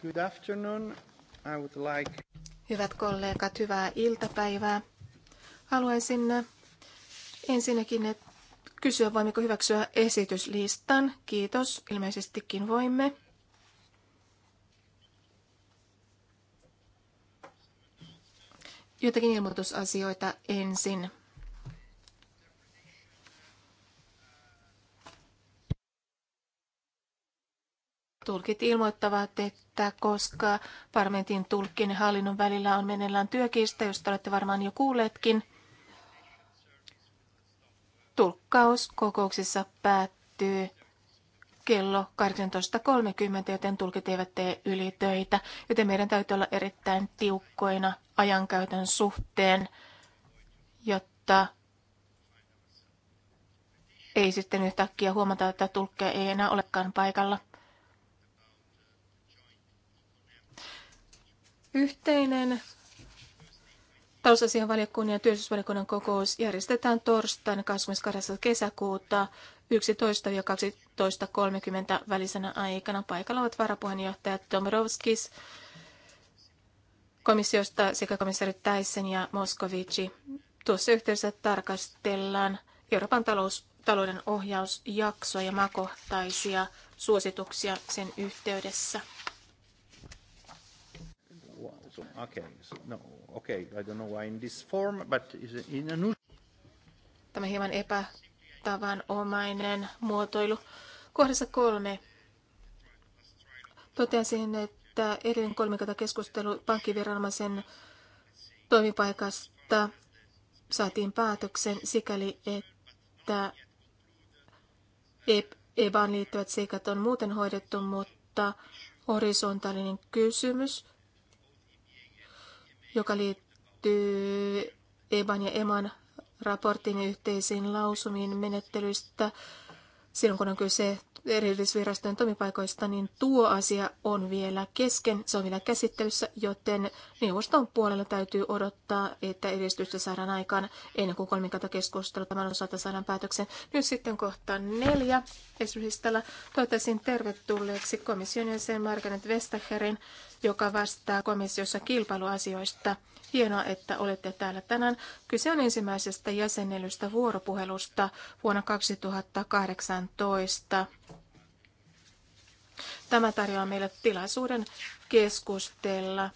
Good afternoon. I would like... Hyvät kollegat, hyvää iltapäivää. Haluaisin äh, ensinnäkin äh, kysyä, voimmeko hyväksyä esityslistan. Kiitos, ilmeisestikin voimme. Jotakin ilmoitusasioita ensin. Tulkit ilmoittavat, että koska parlamentin tulkkin hallinnon välillä on meneillään työkiista, josta olette varmaan jo kuulleetkin, tulkkaus kokouksissa päättyy kello 18.30, joten tulkit eivät tee ylitöitä, joten meidän täytyy olla erittäin tiukkoina ajankäytön suhteen, jotta ei sitten yhtäkkiä huomata, että tulkkeja ei enää olekaan paikalla. Yhteinen talousasianvaliokunnan ja työllisyysvaliokunnan kokous järjestetään torstaina 28. kesäkuuta 11-12.30 välisenä aikana. Paikalla ovat varapuheenjohtaja Domorovskis komissiosta sekä komissari Tyson ja Moskovici. Tuossa yhteydessä tarkastellaan Euroopan talous, talouden ohjausjaksoa ja makohtaisia suosituksia sen yhteydessä. So, okay, so, no, okay, I don't know why in this form, but in a new... Tämä hieman epätavanomainen muotoilu. Kohdassa kolme totesin, että kolmikata keskustelu pankkiviranomaisen toimipaikasta saatiin päätöksen sikäli, että EBAan e liittyvät seikat on muuten hoidettu, mutta horisontaalinen kysymys joka liittyy EBAN ja EMAN raportin yhteisiin lausumiin menettelystä silloin, kun on kyse erillisvirastojen toimipaikoista, niin tuo asia on vielä kesken, se on vielä käsittelyssä, joten neuvoston puolella täytyy odottaa, että edistystä saadaan aikaan ennen kuin keskustelu tämän osalta saadaan päätöksen. Nyt sitten kohta neljä täällä toivottaisin tervetulleeksi komission jäsen Margaret Vestagerin joka vastaa komissiossa kilpailuasioista. Hienoa, että olette täällä tänään. Kyse on ensimmäisestä jäsennellystä vuoropuhelusta vuonna 2018. Tämä tarjoaa meille tilaisuuden keskustella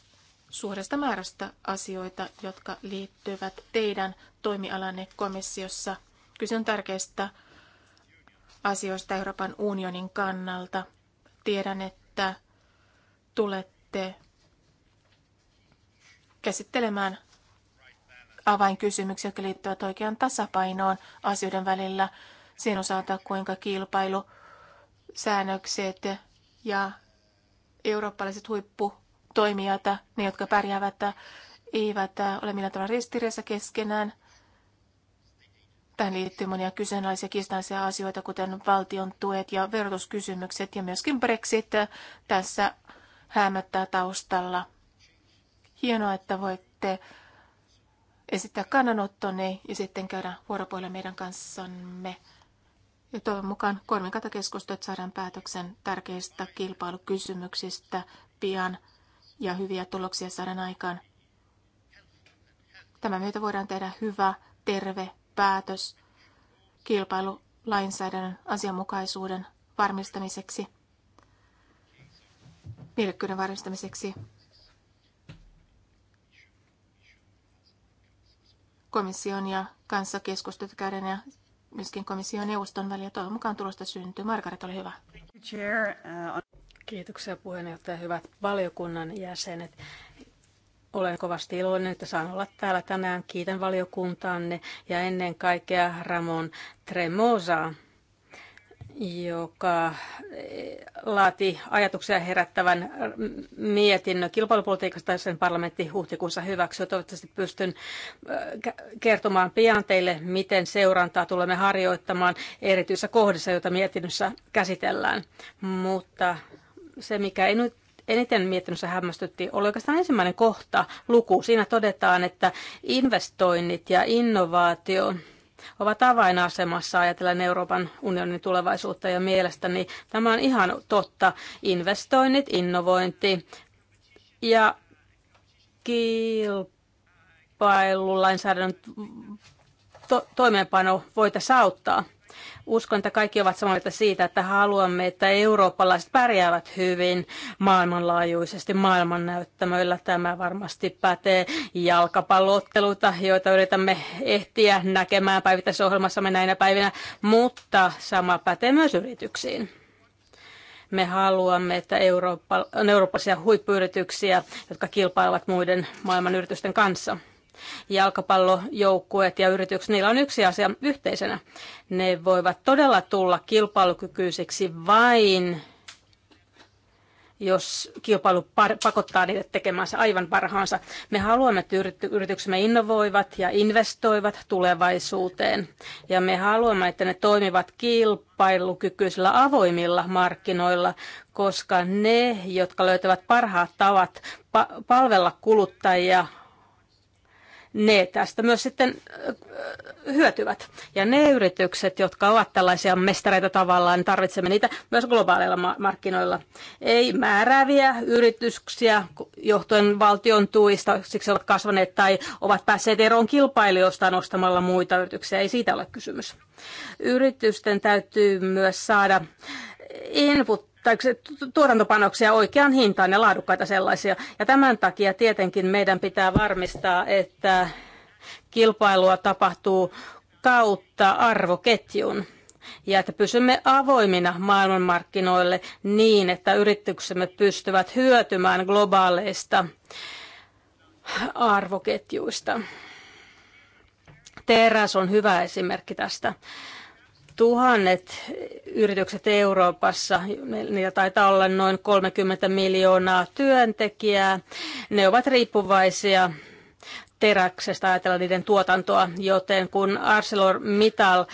suuresta määrästä asioita, jotka liittyvät teidän toimialanne komissiossa. Kyse on tärkeistä asioista Euroopan unionin kannalta. Tiedän, että tulette lähtee käsittelemään avainkysymyksiä, jotka liittyvät oikeaan tasapainoon asioiden välillä sen osalta, kuinka kilpailusäännökset ja eurooppalaiset huipputoimijat, ne jotka pärjäävät, eivät ole millään tavalla ristiriidassa keskenään. Tähän liittyy monia kyseenalaisia kiistanisia asioita, kuten valtion tuet ja verotuskysymykset ja myöskin Brexit. Tässä häämöttää taustalla. Hienoa, että voitte esittää kannanottonne ja sitten käydä vuoropuolella meidän kanssamme. Ja toivon mukaan kolmikantakeskustelut saadaan päätöksen tärkeistä kilpailukysymyksistä pian ja hyviä tuloksia saadaan aikaan. Tämän myötä voidaan tehdä hyvä, terve päätös kilpailulainsäädännön asianmukaisuuden varmistamiseksi mielekkyyden varmistamiseksi. Komission ja kanssa keskustelut käydään ja myöskin komission ja neuvoston välillä. Toivon mukaan tulosta syntyy. Margaret, ole hyvä. Uh, Kiitoksia puheenjohtaja. Hyvät valiokunnan jäsenet. Olen kovasti iloinen, että saan olla täällä tänään. Kiitän valiokuntaanne ja ennen kaikkea Ramon Tremosaa joka eh, laati ajatuksia herättävän mietinnön kilpailupolitiikasta. Sen parlamentti huhtikuussa hyväksyi. Toivottavasti pystyn eh, kertomaan pian teille, miten seurantaa tulemme harjoittamaan erityisissä kohdissa, joita mietinnössä käsitellään. Mutta se, mikä ei nyt eniten mietinnössä hämmästytti, oli oikeastaan ensimmäinen kohta, luku. Siinä todetaan, että investoinnit ja innovaatio – ovat avainasemassa ajatellen Euroopan unionin tulevaisuutta ja mielestäni tämä on ihan totta. Investoinnit, innovointi ja kilpailulainsäädännön to- toimeenpano voi tässä auttaa. Uskon, että kaikki ovat samaa mieltä siitä, että haluamme, että eurooppalaiset pärjäävät hyvin maailmanlaajuisesti maailmannäyttämöillä. Tämä varmasti pätee jalkapallotteluita, joita yritämme ehtiä näkemään päivittäisohjelmassamme näinä päivinä, mutta sama pätee myös yrityksiin me haluamme, että Eurooppa, on eurooppalaisia huippuyrityksiä, jotka kilpailevat muiden maailman yritysten kanssa jalkapallojoukkueet ja yritykset, niillä on yksi asia yhteisenä. Ne voivat todella tulla kilpailukykyisiksi vain, jos kilpailu pakottaa niitä tekemään se aivan parhaansa. Me haluamme, että yrityksemme innovoivat ja investoivat tulevaisuuteen. Ja me haluamme, että ne toimivat kilpailukykyisillä avoimilla markkinoilla, koska ne, jotka löytävät parhaat tavat pa- palvella kuluttajia, ne tästä myös sitten hyötyvät. Ja ne yritykset, jotka ovat tällaisia mestareita tavallaan, niin tarvitsemme niitä myös globaaleilla markkinoilla. Ei määrääviä yrityksiä johtuen valtion tuista, siksi ovat kasvaneet tai ovat päässeet eroon kilpailijoista nostamalla muita yrityksiä. Ei siitä ole kysymys. Yritysten täytyy myös saada input tai tuotantopanoksia oikeaan hintaan ja laadukkaita sellaisia. Ja tämän takia tietenkin meidän pitää varmistaa, että kilpailua tapahtuu kautta arvoketjun ja että pysymme avoimina maailmanmarkkinoille niin, että yrityksemme pystyvät hyötymään globaaleista arvoketjuista. Teräs on hyvä esimerkki tästä tuhannet yritykset Euroopassa, niillä taitaa olla noin 30 miljoonaa työntekijää. Ne ovat riippuvaisia teräksestä ajatellaan niiden tuotantoa, joten kun ArcelorMittal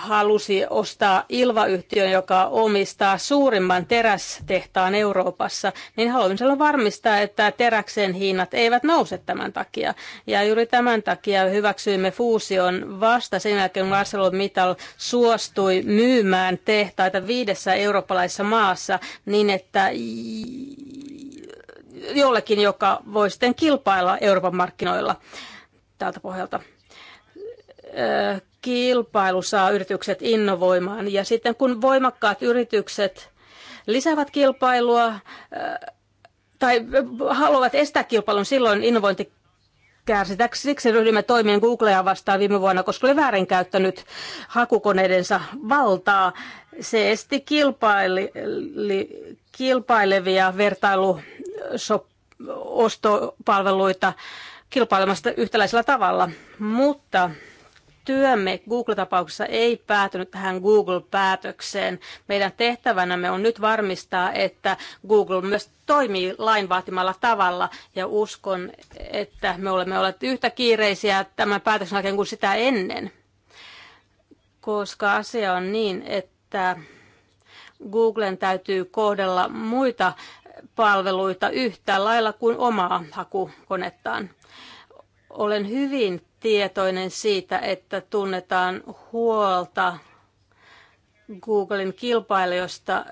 halusi ostaa Ilva-yhtiön, joka omistaa suurimman terästehtaan Euroopassa, niin haluamme sillä varmistaa, että teräksen hinnat eivät nouse tämän takia. Ja juuri tämän takia hyväksyimme fuusion vasta sen jälkeen, kun ArcelorMittal suostui myymään tehtaita viidessä eurooppalaisessa maassa niin, että jollekin, joka voi sitten kilpailla Euroopan markkinoilla tältä pohjalta kilpailu saa yritykset innovoimaan. Ja sitten kun voimakkaat yritykset lisäävät kilpailua äh, tai haluavat estää kilpailun, silloin innovointi kärsii. Siksi ryhdymme toimien Googlea vastaan viime vuonna, koska oli väärinkäyttänyt hakukoneidensa valtaa. Se esti kilpaili, kilpailevia vertailuostopalveluita kilpailemasta yhtäläisellä tavalla, mutta työmme Google-tapauksessa ei päätynyt tähän Google-päätökseen. Meidän tehtävänämme on nyt varmistaa, että Google myös toimii lain vaatimalla tavalla ja uskon, että me olemme olleet yhtä kiireisiä tämän päätöksen jälkeen kuin sitä ennen, koska asia on niin, että Googlen täytyy kohdella muita palveluita yhtä lailla kuin omaa hakukonettaan. Olen hyvin tietoinen siitä, että tunnetaan huolta Googlen kilpailijoista,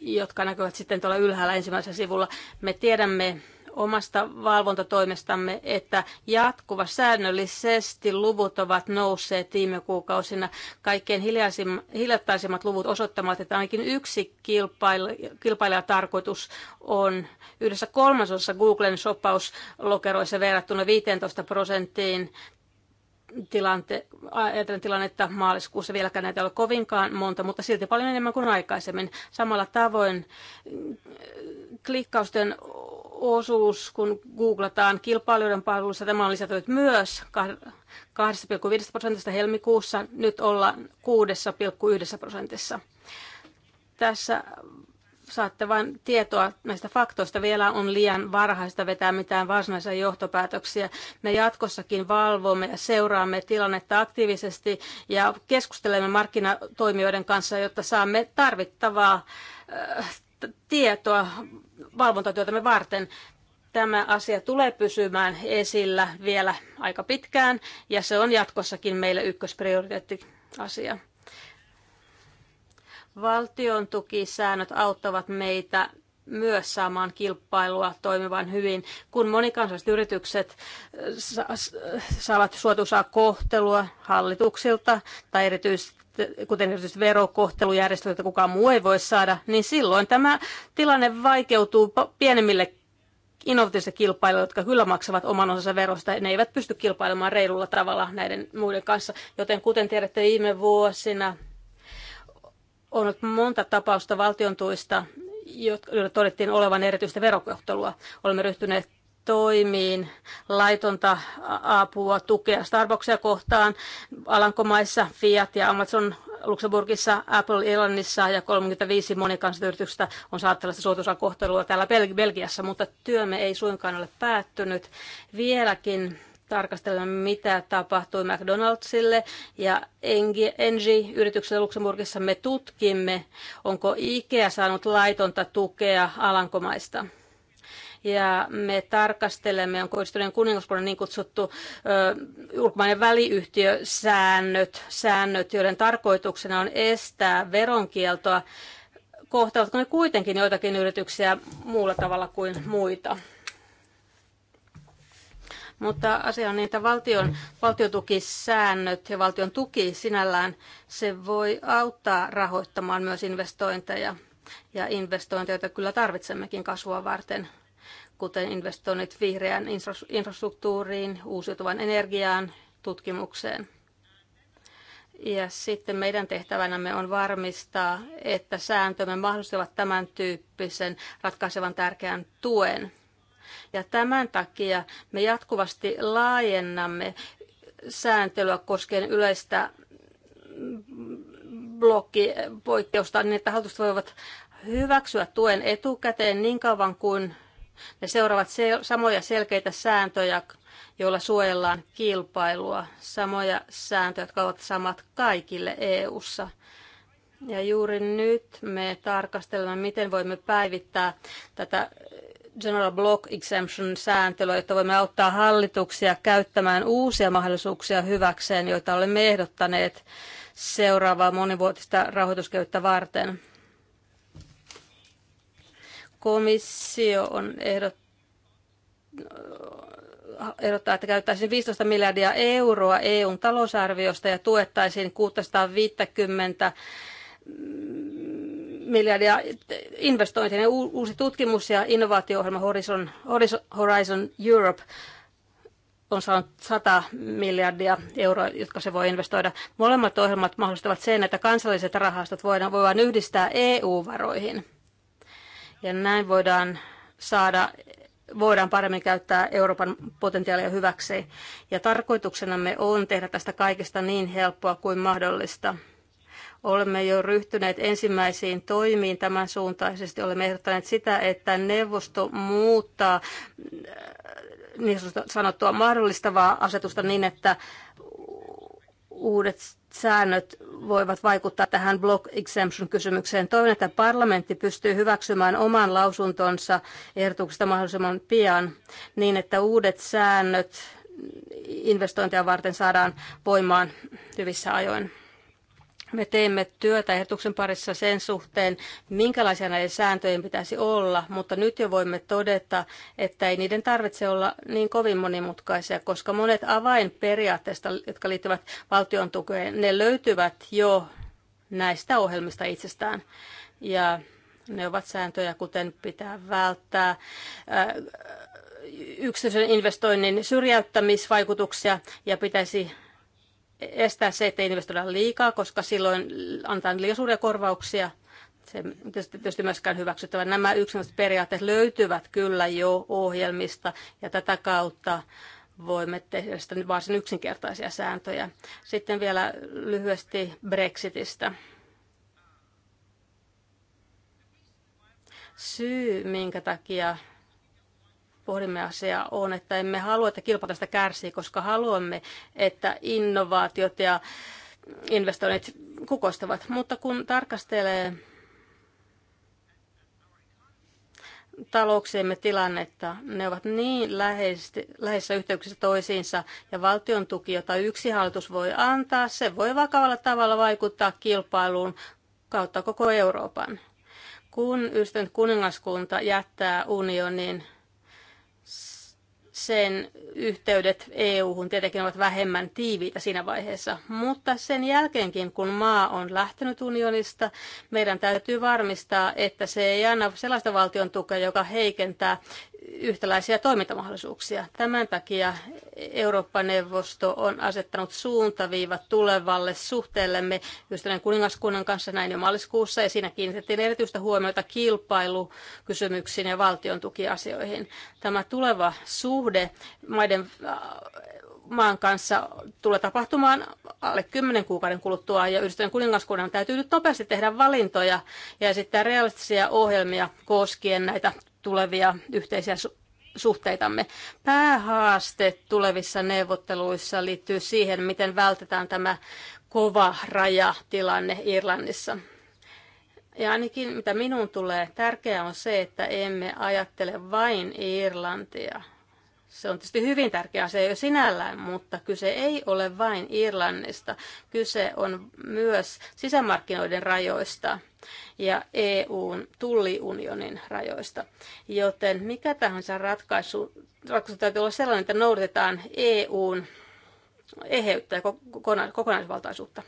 jotka näkyvät sitten tuolla ylhäällä ensimmäisellä sivulla. Me tiedämme, omasta valvontatoimestamme, että jatkuva säännöllisesti luvut ovat nousseet viime kuukausina. Kaikkein hiljattaisimmat luvut osoittavat, että ainakin yksi kilpailijatarkoitus on yhdessä kolmasosassa Googlen shoppauslokeroissa verrattuna 15 prosenttiin tilante, ajatellen tilannetta maaliskuussa vieläkään näitä ei ole kovinkaan monta, mutta silti paljon enemmän kuin aikaisemmin. Samalla tavoin mm, klikkausten osuus, kun googlataan kilpailijoiden palveluissa, tämä on lisätty myös 2,5 prosentista helmikuussa, nyt ollaan 6,1 prosentissa. Tässä saatte vain tietoa näistä faktoista. Vielä on liian varhaista vetää mitään varsinaisia johtopäätöksiä. Me jatkossakin valvomme ja seuraamme tilannetta aktiivisesti ja keskustelemme markkinatoimijoiden kanssa, jotta saamme tarvittavaa äh, tietoa valvontatyötämme varten. Tämä asia tulee pysymään esillä vielä aika pitkään ja se on jatkossakin meille ykkösprioriteettiasia. Valtion tukisäännöt auttavat meitä myös saamaan kilpailua toimivan hyvin, kun monikansalliset yritykset äh, saavat suotuisaa kohtelua hallituksilta tai erityisesti kuten erityisesti että kukaan muu ei voi saada, niin silloin tämä tilanne vaikeutuu pienemmille innovatiivisille kilpailijoille, jotka kyllä maksavat oman osansa verosta, ne eivät pysty kilpailemaan reilulla tavalla näiden muiden kanssa. Joten kuten tiedätte, viime vuosina on ollut monta tapausta valtion tuista, joille todettiin olevan erityistä verokohtelua. Olemme ryhtyneet toimiin laitonta apua, tukea Starbucksia kohtaan, Alankomaissa, Fiat ja Amazon Luxemburgissa, Apple Irlannissa ja 35 monikansallista on saatu tällaista suotuisaa kohtelua täällä Belgiassa, mutta työmme ei suinkaan ole päättynyt. Vieläkin tarkastella, mitä tapahtui McDonaldsille ja Engie-yritykselle Luxemburgissa. Me tutkimme, onko IKEA saanut laitonta tukea Alankomaista. Ja me tarkastelemme, onko yhdistyneen kuningaskunnan niin kutsuttu ulkomainen väliyhtiö säännöt, säännöt, joiden tarkoituksena on estää veronkieltoa. Kohtaavatko ne kuitenkin joitakin yrityksiä muulla tavalla kuin muita? Mutta asia on niin, että valtion, valtiotukisäännöt ja valtion tuki sinällään, se voi auttaa rahoittamaan myös investointeja. Ja investointeja, joita kyllä tarvitsemmekin kasvua varten, kuten investoinnit vihreään infrastruktuuriin, uusiutuvan energiaan, tutkimukseen. Ja sitten meidän tehtävänämme on varmistaa, että sääntömme mahdollistavat tämän tyyppisen ratkaisevan tärkeän tuen ja tämän takia me jatkuvasti laajennamme sääntelyä koskien yleistä blokkipoikkeusta niin, että hallitukset voivat hyväksyä tuen etukäteen niin kauan kuin ne seuraavat se- samoja selkeitä sääntöjä, joilla suojellaan kilpailua, samoja sääntöjä, jotka ovat samat kaikille EU:ssa. Ja juuri nyt me tarkastelemme, miten voimme päivittää tätä General Block Exemption sääntelyä, jotta voimme auttaa hallituksia käyttämään uusia mahdollisuuksia hyväkseen, joita olemme ehdottaneet seuraavaa monivuotista rahoituskeyttä varten. Komissio on ehdottanut ehdottaa, että käyttäisiin 15 miljardia euroa EUn talousarviosta ja tuettaisiin 650 miljardia investointeja, uusi tutkimus- ja innovaatio-ohjelma Horizon, Horizon Europe on saanut 100 miljardia euroa, jotka se voi investoida. Molemmat ohjelmat mahdollistavat sen, että kansalliset rahastot voidaan, voidaan yhdistää EU-varoihin. Ja näin voidaan saada voidaan paremmin käyttää Euroopan potentiaalia hyväksi. Ja tarkoituksenamme on tehdä tästä kaikesta niin helppoa kuin mahdollista – Olemme jo ryhtyneet ensimmäisiin toimiin tämän suuntaisesti. Olemme ehdottaneet sitä, että neuvosto muuttaa äh, niin sanottua mahdollistavaa asetusta niin, että uudet säännöt voivat vaikuttaa tähän block exemption kysymykseen. Toivon, että parlamentti pystyy hyväksymään oman lausuntonsa ehdotuksesta mahdollisimman pian niin, että uudet säännöt investointeja varten saadaan voimaan hyvissä ajoin. Me teemme työtä ehdotuksen parissa sen suhteen, minkälaisia näiden sääntöjen pitäisi olla, mutta nyt jo voimme todeta, että ei niiden tarvitse olla niin kovin monimutkaisia, koska monet avainperiaatteista, jotka liittyvät valtion tukeen, ne löytyvät jo näistä ohjelmista itsestään. Ja ne ovat sääntöjä, kuten pitää välttää äh, yksityisen investoinnin syrjäyttämisvaikutuksia ja pitäisi estää se, että investoida liikaa, koska silloin antaa liian suuria korvauksia. Se tietysti, tietysti myöskään hyväksyttävä. Nämä yksilölliset periaatteet löytyvät kyllä jo ohjelmista ja tätä kautta voimme tehdä sitä varsin yksinkertaisia sääntöjä. Sitten vielä lyhyesti Brexitistä. Syy, minkä takia pohdimme asiaa, on, että emme halua, että kilpailusta kärsii, koska haluamme, että innovaatiot ja investoinnit kukoistavat. Mutta kun tarkastelee talouksiemme tilannetta, ne ovat niin läheisesti, läheisissä yhteyksissä toisiinsa ja valtion tuki, jota yksi hallitus voi antaa, se voi vakavalla tavalla vaikuttaa kilpailuun kautta koko Euroopan. Kun ystävät kuningaskunta jättää unionin, sen yhteydet EU-hun tietenkin ovat vähemmän tiiviitä siinä vaiheessa, mutta sen jälkeenkin, kun maa on lähtenyt unionista, meidän täytyy varmistaa, että se ei anna sellaista valtion tukea, joka heikentää yhtäläisiä toimintamahdollisuuksia. Tämän takia Eurooppa-neuvosto on asettanut suuntaviivat tulevalle suhteellemme ystävän kuningaskunnan kanssa näin jo maaliskuussa, ja siinä kiinnitettiin erityistä huomiota kilpailukysymyksiin ja valtion tukiasioihin. Tämä tuleva suhde maiden äh, maan kanssa tulee tapahtumaan alle 10 kuukauden kuluttua ja yhdistyneen kuningaskunnan täytyy nyt nopeasti tehdä valintoja ja esittää realistisia ohjelmia koskien näitä tulevia yhteisiä suhteitamme. Päähaaste tulevissa neuvotteluissa liittyy siihen, miten vältetään tämä kova rajatilanne Irlannissa. Ja ainakin mitä minun tulee, tärkeää on se, että emme ajattele vain Irlantia. Se on tietysti hyvin tärkeä asia jo sinällään, mutta kyse ei ole vain Irlannista. Kyse on myös sisämarkkinoiden rajoista – ja EUn tulliunionin rajoista. Joten mikä tahansa ratkaisu, ratkaisu täytyy olla sellainen, että noudatetaan EUn eheyttä ja kokonaisvaltaisuutta.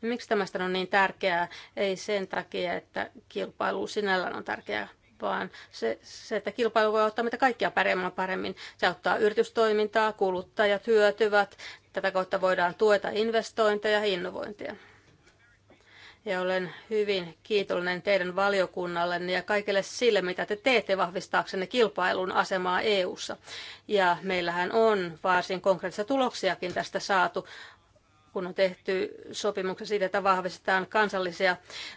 Miksi tämä on niin tärkeää? Ei sen takia, että kilpailu sinällään on tärkeää, vaan se, se että kilpailu voi ottaa meitä kaikkia paremmin paremmin. Se auttaa yritystoimintaa, kuluttajat hyötyvät. Tätä kautta voidaan tueta investointeja ja innovointia ja olen hyvin kiitollinen teidän valiokunnallenne ja kaikille sille, mitä te teette vahvistaaksenne kilpailun asemaa EU:ssa. Ja meillähän on varsin konkreettisia tuloksiakin tästä saatu kun on tehty sopimuksia siitä, että vahvistetaan kansallisia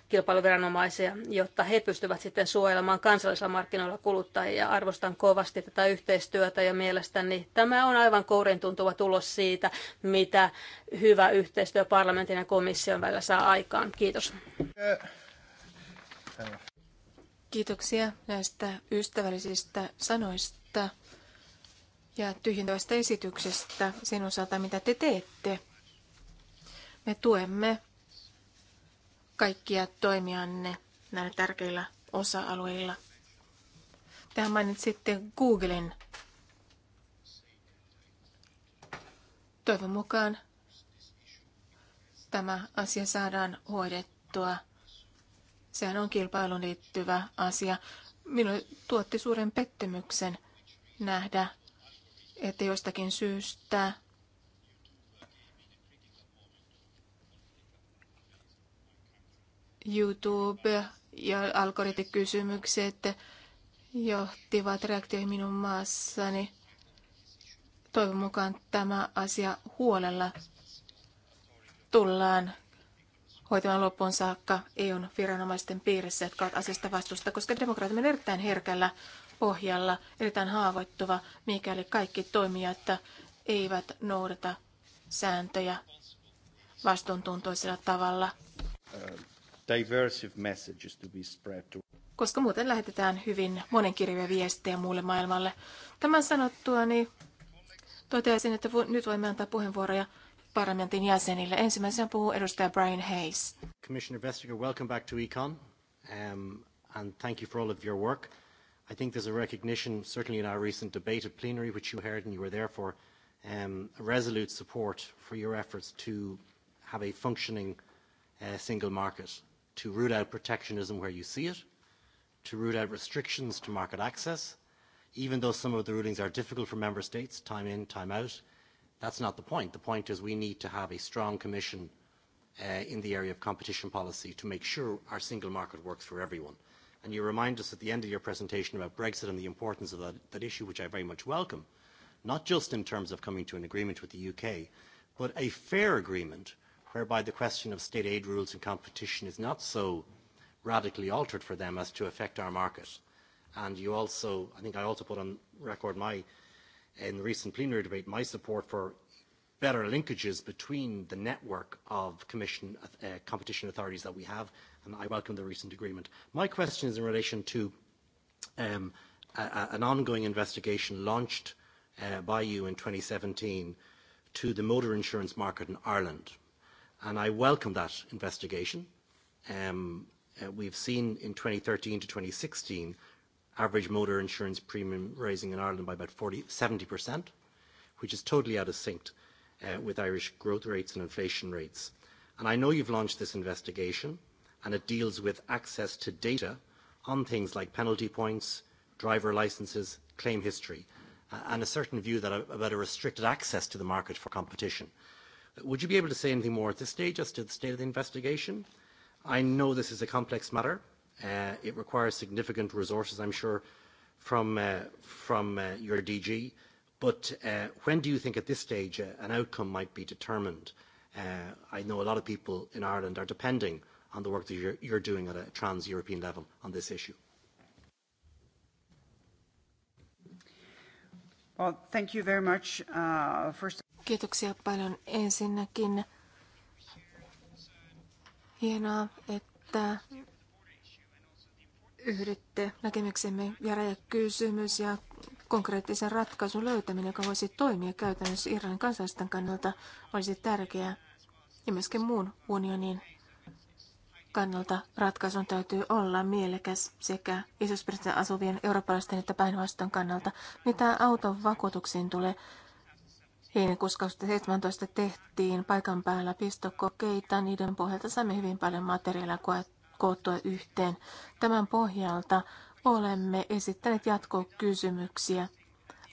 kilpailuviranomaisia, jotta he pystyvät sitten suojelemaan kansallisilla markkinoilla kuluttajia. Arvostan kovasti tätä yhteistyötä ja mielestäni tämä on aivan kourin tuntuva tulos siitä, mitä hyvä yhteistyö parlamentin ja komission välillä saa aikaan. Kiitos. Kiitoksia näistä ystävällisistä sanoista ja tyhjentävästä esityksestä sen osalta, mitä te teette me tuemme kaikkia toimijanne näillä tärkeillä osa-alueilla. Tähän mainitsitte Googlen. Toivon mukaan tämä asia saadaan hoidettua. Sehän on kilpailuun liittyvä asia. Minulle tuotti suuren pettymyksen nähdä, että jostakin syystä YouTube ja algoritmikysymykset johtivat reaktioihin minun maassani. Toivon mukaan tämä asia huolella tullaan hoitamaan loppuun saakka EUn viranomaisten piirissä, jotka ovat asiasta vastuusta, koska demokraatia on erittäin herkällä pohjalla, erittäin haavoittuva, mikäli kaikki toimijat eivät noudata sääntöjä vastuuntuntoisella tavalla diversive messages to to. be spread Koska muuten lähetetään hyvin monenkirjoja viestejä muulle maailmalle. Tämän sanottua niin toteaisin, että nyt voimme antaa puheenvuoroja parlamentin jäsenille. Ensimmäisenä puhuu edustaja Brian Hayes. Commissioner Vestager, welcome back to Econ um, and thank you for all of your work. I think there's a recognition, certainly in our recent debate at plenary, which you heard and you were there for, um, a resolute support for your efforts to have a functioning uh, single market to root out protectionism where you see it, to root out restrictions to market access. Even though some of the rulings are difficult for member states, time in, time out, that's not the point. The point is we need to have a strong commission uh, in the area of competition policy to make sure our single market works for everyone. And you remind us at the end of your presentation about Brexit and the importance of that, that issue, which I very much welcome, not just in terms of coming to an agreement with the UK, but a fair agreement whereby the question of state aid rules and competition is not so radically altered for them as to affect our market. And you also, I think I also put on record my, in the recent plenary debate, my support for better linkages between the network of commission uh, competition authorities that we have, and I welcome the recent agreement. My question is in relation to um, a, a, an ongoing investigation launched uh, by you in 2017 to the motor insurance market in Ireland and I welcome that investigation. Um, uh, we've seen in 2013 to 2016 average motor insurance premium rising in Ireland by about 40, 70%, which is totally out of sync uh, with Irish growth rates and inflation rates. And I know you've launched this investigation, and it deals with access to data on things like penalty points, driver licenses, claim history, and a certain view that, about a restricted access to the market for competition. Would you be able to say anything more at this stage as to the state of the investigation? I know this is a complex matter. Uh, it requires significant resources, I'm sure, from, uh, from uh, your DG. But uh, when do you think at this stage uh, an outcome might be determined? Uh, I know a lot of people in Ireland are depending on the work that you're, you're doing at a trans-European level on this issue. Well, thank you very much. Uh, first Kiitoksia paljon ensinnäkin. Hienoa, että yhditte näkemyksemme ja kysymys ja konkreettisen ratkaisun löytäminen, joka voisi toimia käytännössä iranin kansalaisten kannalta, olisi tärkeää. Ja myöskin muun unionin kannalta ratkaisun täytyy olla mielekäs sekä isosperinnässä asuvien eurooppalaisten että päinvastoin kannalta. Mitä auton vakuutuksiin tulee, Heinäkuussa 2017 tehtiin paikan päällä pistokokeita. Niiden pohjalta saimme hyvin paljon materiaalia koottua yhteen. Tämän pohjalta olemme esittäneet jatkokysymyksiä.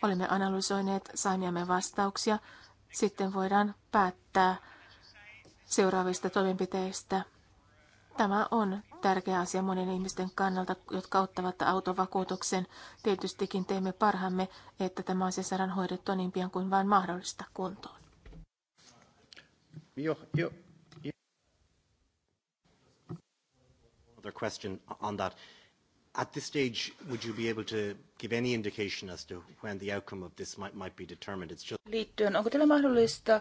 Olemme analysoineet saamiamme vastauksia. Sitten voidaan päättää seuraavista toimenpiteistä Tämä on tärkeä asia monen ihmisten kannalta, jotka ottavat autovakuutuksen. Tietystikin teemme parhaamme, että tämä asia saadaan hoidettua niin pian kuin vain mahdollista kuntoon. Jo, jo. Another question on that. At this stage, would you be able to give any indication as to when the outcome of this might, might be determined? It's just... Liittyen, onko teillä mahdollista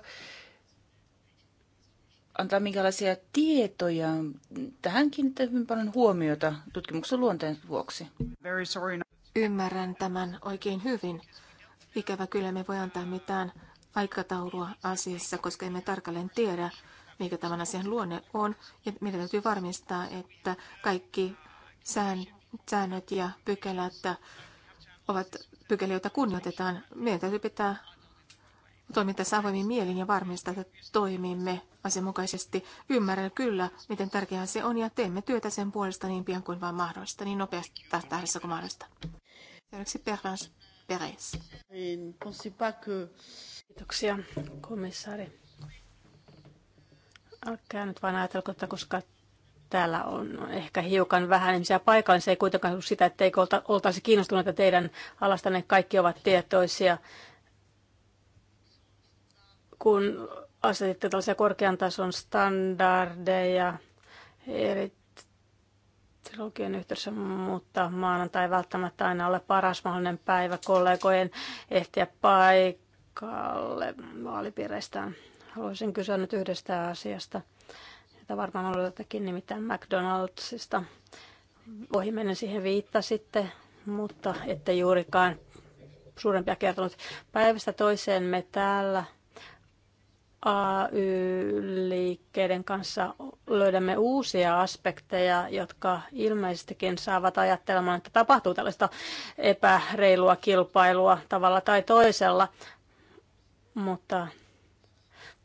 antaa minkälaisia tietoja. Tähän kiinnittää hyvin paljon huomiota tutkimuksen luonteen vuoksi. Ymmärrän tämän oikein hyvin. Ikävä kyllä me voi antaa mitään aikataulua asiassa, koska emme tarkalleen tiedä, mikä tämän asian luonne on. Ja meidän täytyy varmistaa, että kaikki säännöt ja pykälät ovat pykäliä, joita kunnioitetaan. Meidän täytyy pitää toiminta tässä avoimin mielin ja varmistaa, että toimimme asianmukaisesti. Ymmärrän kyllä, miten tärkeää se on ja teemme työtä sen puolesta niin pian kuin vain mahdollista, niin nopeasti tahdissa kuin mahdollista. Seuraavaksi Perrans Perez. Kiitoksia, komissaari. Älkää nyt vain ajatelko, että koska täällä on ehkä hiukan vähän ihmisiä paikalla, niin se ei kuitenkaan ole sitä, että eikö oltaisi kiinnostuneita teidän alastanne. Kaikki ovat tietoisia kun asetitte tällaisia korkean tason standardeja eri trilogian yhteydessä, mutta maanantai välttämättä aina ole paras mahdollinen päivä kollegojen ehtiä paikalle vaalipiireistään. Haluaisin kysyä nyt yhdestä asiasta, jota varmaan on jotakin nimittäin McDonaldsista. Ohi menen siihen viitta sitten, mutta ette juurikaan suurempia kertonut. Päivästä toiseen me täällä – AY-liikkeiden kanssa löydämme uusia aspekteja, jotka ilmeisestikin saavat ajattelemaan, että tapahtuu tällaista epäreilua kilpailua tavalla tai toisella. Mutta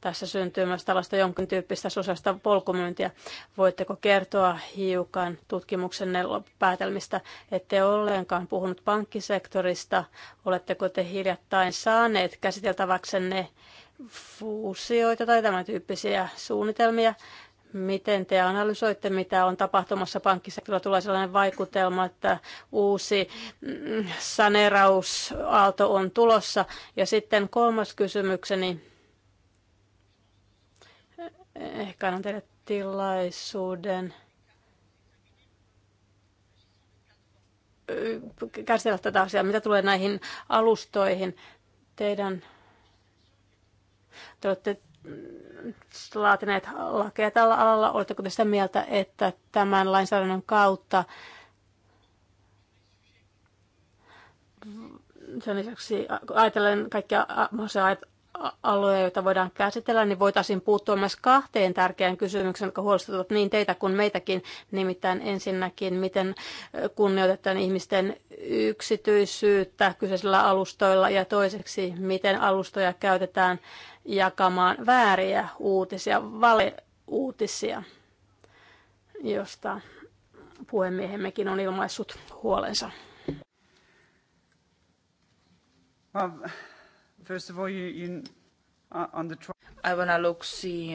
tässä syntyy myös tällaista jonkin tyyppistä sosiaalista polkumyyntiä. Voitteko kertoa hiukan tutkimuksenne päätelmistä? Ette ollenkaan puhunut pankkisektorista. Oletteko te hiljattain saaneet käsiteltäväksenne fuusioita tai tämän tyyppisiä suunnitelmia. Miten te analysoitte, mitä on tapahtumassa pankkisektorilla? Tulee sellainen vaikutelma, että uusi mm, saneerausaalto on tulossa. Ja sitten kolmas kysymykseni. Ehkä annan teille tilaisuuden käsitellä tätä asiaa, mitä tulee näihin alustoihin. Teidän te olette mm, laatineet lakeja tällä alalla. Oletteko te sitä mieltä, että tämän lainsäädännön kautta sen lisäksi ajatellen kaikkia mahdollisia alueita, joita voidaan käsitellä, niin voitaisiin puuttua myös kahteen tärkeään kysymykseen, jotka huolestuttavat niin teitä kuin meitäkin. Nimittäin ensinnäkin, miten kunnioitetaan ihmisten yksityisyyttä kyseisillä alustoilla ja toiseksi, miten alustoja käytetään jakamaan vääriä uutisia, valeuutisia, josta puhemiehemmekin on ilmaissut huolensa. Aivan aluksi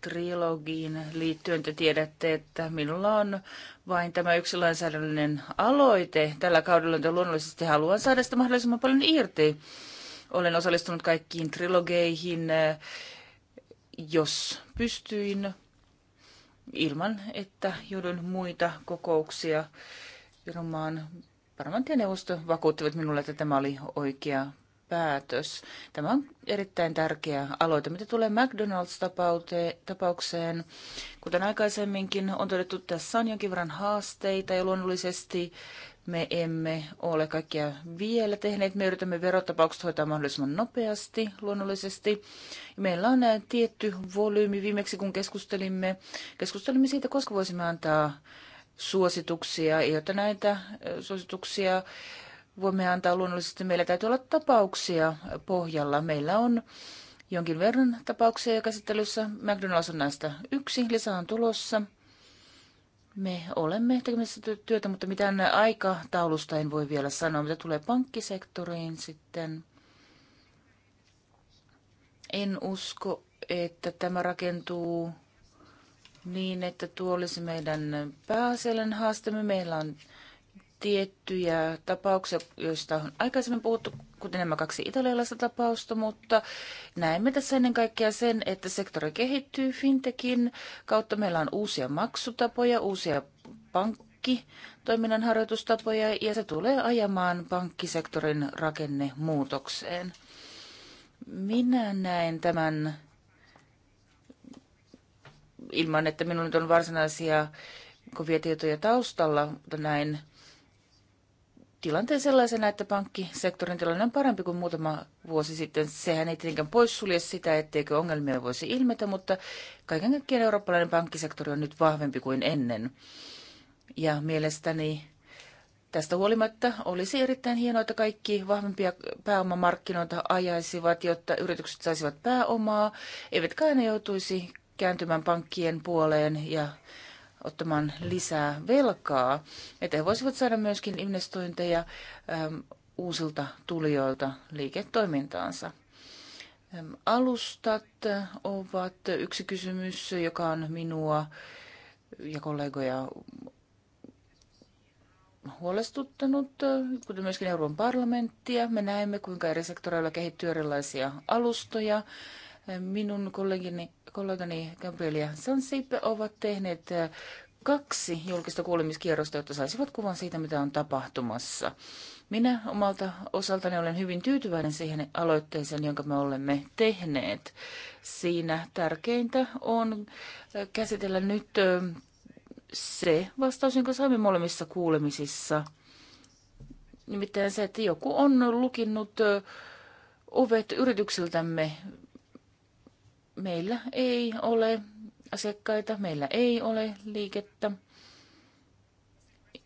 trilogiin liittyen te tiedätte, että minulla on vain tämä yksi lainsäädännöllinen aloite. Tällä kaudella te luonnollisesti haluan saada sitä mahdollisimman paljon irti. Olen osallistunut kaikkiin trilogeihin, eh, jos pystyin, ilman että joudun muita kokouksia ilmaan. Parlamenttineuvosto vakuuttivat minulle, että tämä oli oikea päätös. Tämä on erittäin tärkeä aloite. Mitä tulee McDonald's-tapaukseen, kuten aikaisemminkin on todettu, tässä on jonkin verran haasteita ja luonnollisesti me emme ole kaikkia vielä tehneet. Me yritämme verotapaukset hoitaa mahdollisimman nopeasti, luonnollisesti. Meillä on äh, tietty volyymi. Viimeksi kun keskustelimme, keskustelimme siitä, koska voisimme antaa suosituksia, jotta näitä äh, suosituksia voimme antaa luonnollisesti. Meillä täytyy olla tapauksia pohjalla. Meillä on jonkin verran tapauksia jo käsittelyssä. McDonald's on näistä yksi, lisää on tulossa – me olemme tekemässä työtä, mutta mitään aikataulusta en voi vielä sanoa, mitä tulee pankkisektoriin sitten. En usko, että tämä rakentuu niin, että tuo olisi meidän pääasiallinen haasteemme. Meillä on tiettyjä tapauksia, joista on aikaisemmin puhuttu, kuten nämä kaksi italialaista tapausta, mutta näemme tässä ennen kaikkea sen, että sektori kehittyy fintekin kautta. Meillä on uusia maksutapoja, uusia pankkitoiminnan harjoitustapoja ja se tulee ajamaan pankkisektorin rakennemuutokseen. Minä näen tämän ilman, että minulla nyt on varsinaisia kovia tietoja taustalla, mutta näin tilanteen sellaisena, että pankkisektorin tilanne on parempi kuin muutama vuosi sitten. Sehän ei tietenkään poissulje sitä, etteikö ongelmia voisi ilmetä, mutta kaiken kaikkiaan eurooppalainen pankkisektori on nyt vahvempi kuin ennen. Ja mielestäni tästä huolimatta olisi erittäin hienoa, että kaikki vahvempia pääomamarkkinoita ajaisivat, jotta yritykset saisivat pääomaa, eivätkä aina joutuisi kääntymään pankkien puoleen ja ottamaan lisää velkaa, että he voisivat saada myöskin investointeja ähm, uusilta tulijoilta liiketoimintaansa. Ähm, alustat äh, ovat yksi kysymys, joka on minua ja kollegoja huolestuttanut, äh, kuten myöskin Euroopan parlamenttia. Me näemme, kuinka eri sektoreilla kehittyy erilaisia alustoja, Minun kollegini, kollegani Gabriel ja Sansip ovat tehneet äh, kaksi julkista kuulemiskierrosta, jotta saisivat kuvan siitä, mitä on tapahtumassa. Minä omalta osaltani olen hyvin tyytyväinen siihen aloitteeseen, jonka me olemme tehneet. Siinä tärkeintä on äh, käsitellä nyt äh, se vastaus, jonka saimme molemmissa kuulemisissa. Nimittäin se, että joku on lukinnut ovet yrityksiltämme meillä ei ole asiakkaita, meillä ei ole liikettä.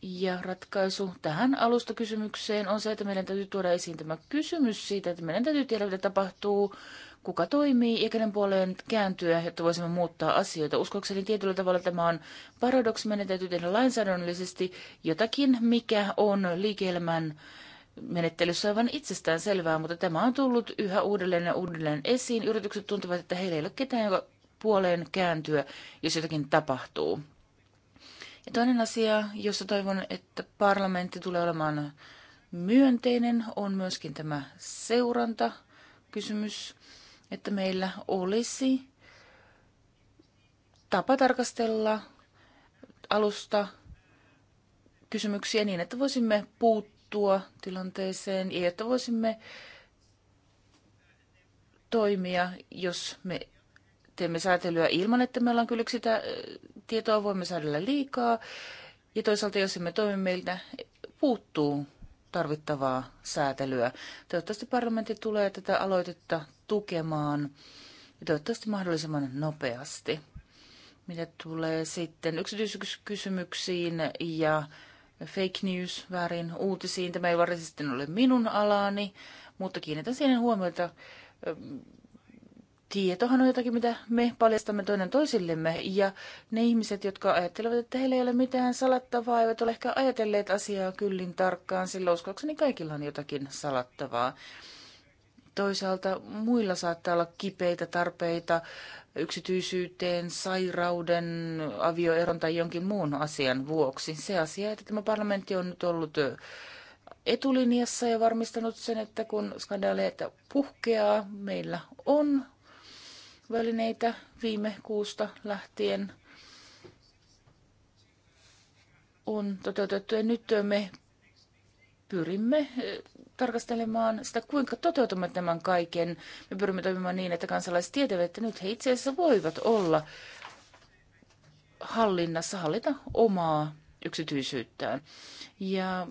Ja ratkaisu tähän alustakysymykseen on se, että meidän täytyy tuoda esiin tämä kysymys siitä, että meidän täytyy tiedä, mitä tapahtuu, kuka toimii ja kenen puoleen kääntyä, jotta voisimme muuttaa asioita. Uskoakseni tietyllä tavalla tämä on paradoksi. Meidän täytyy tehdä lainsäädännöllisesti jotakin, mikä on liike-elämän menettelyssä aivan itsestään selvää, mutta tämä on tullut yhä uudelleen ja uudelleen esiin. Yritykset tuntuvat, että heillä ei ole ketään, joka puoleen kääntyä, jos jotakin tapahtuu. Ja toinen asia, jossa toivon, että parlamentti tulee olemaan myönteinen, on myöskin tämä seuranta kysymys, että meillä olisi tapa tarkastella alusta kysymyksiä niin, että voisimme puuttua puuttua tilanteeseen ja että voisimme toimia, jos me teemme säätelyä ilman, että meillä on kyllä sitä tietoa, voimme säädellä liikaa. Ja toisaalta, jos emme toimi, meiltä puuttuu tarvittavaa säätelyä. Toivottavasti parlamentti tulee tätä aloitetta tukemaan ja toivottavasti mahdollisimman nopeasti. Mitä tulee sitten yksityiskysymyksiin ja fake news, väärin uutisiin. Tämä ei varsinaisesti ole minun alaani, mutta kiinnitän siihen huomiota. Tietohan on jotakin, mitä me paljastamme toinen toisillemme, ja ne ihmiset, jotka ajattelevat, että heillä ei ole mitään salattavaa, eivät ole ehkä ajatelleet asiaa kyllin tarkkaan, sillä uskoakseni kaikilla on jotakin salattavaa. Toisaalta muilla saattaa olla kipeitä tarpeita, yksityisyyteen, sairauden, avioeron tai jonkin muun asian vuoksi. Se asia, että tämä parlamentti on nyt ollut etulinjassa ja varmistanut sen, että kun skandaaleita puhkeaa, meillä on välineitä viime kuusta lähtien on toteutettu. Ja nyt me pyrimme tarkastelemaan sitä, kuinka toteutamme tämän kaiken. Me pyrimme toimimaan niin, että kansalaiset tietävät, että nyt he itse asiassa voivat olla hallinnassa, hallita omaa yksityisyyttään. Ja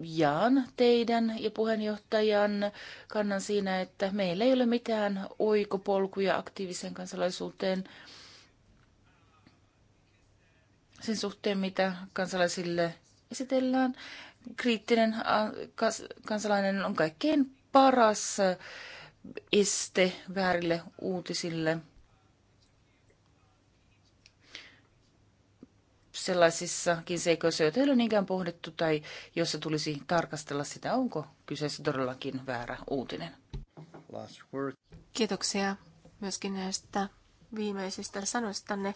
jaan teidän ja puheenjohtajan kannan siinä, että meillä ei ole mitään oikopolkuja aktiiviseen kansalaisuuteen sen suhteen, mitä kansalaisille esitellään kriittinen kansalainen on kaikkein paras este väärille uutisille. sellaisissakin seikoissa, joita ei ole niinkään pohdittu tai jossa tulisi tarkastella sitä, onko kyseessä todellakin väärä uutinen. Kiitoksia myöskin näistä viimeisistä sanoistanne.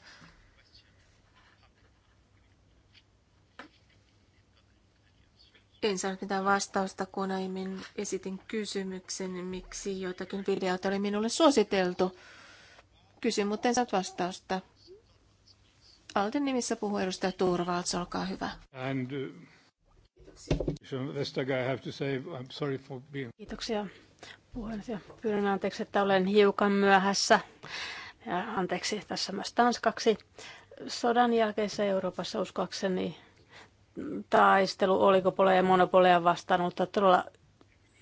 En saanut mitään vastausta, kun aiemmin esitin kysymyksen, miksi joitakin videoita oli minulle suositeltu. Kysyn, mutta en saanut vastausta. Alten nimissä puhuu edustaja Turvalts, olkaa hyvä. And, uh... Kiitoksia puheenjohtaja. Pyydän anteeksi, että olen hiukan myöhässä. Ja anteeksi tässä myös tanskaksi. Sodan jälkeisessä Euroopassa uskoakseni taistelu oligopoleja ja monopoleja vastaan, mutta todella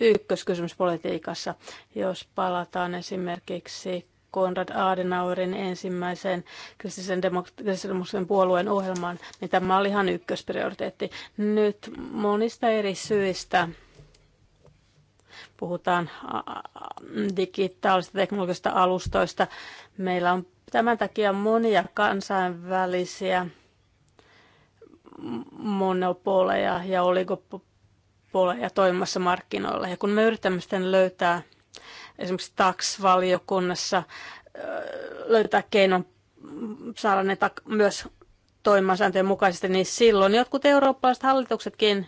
ykköskysymys politiikassa. Jos palataan esimerkiksi Konrad Adenauerin ensimmäisen kristillisen demokratian puolueen ohjelmaan, niin tämä oli ihan ykkösprioriteetti. Nyt monista eri syistä puhutaan digitaalisista teknologisista alustoista. Meillä on tämän takia monia kansainvälisiä monopoleja ja oligopoleja toimimassa markkinoilla. Ja kun me yritämme sitten löytää esimerkiksi TAX-valiokunnassa löytää keinon saada ne myös toimimaan sääntöjen mukaisesti, niin silloin jotkut eurooppalaiset hallituksetkin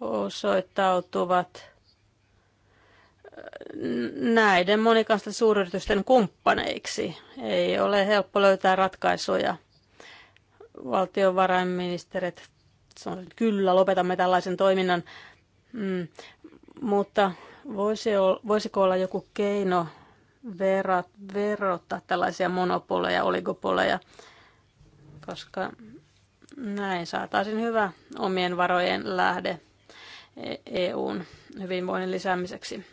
osoittautuvat näiden monikansallisten suuryritysten kumppaneiksi. Ei ole helppo löytää ratkaisuja – valtiovarainministerit sanoivat, kyllä, lopetamme tällaisen toiminnan. Mm, mutta voisi ol, voisiko olla joku keino verot, verottaa tällaisia monopoleja, oligopoleja, koska näin saataisiin hyvä omien varojen lähde e-, EUn hyvinvoinnin lisäämiseksi.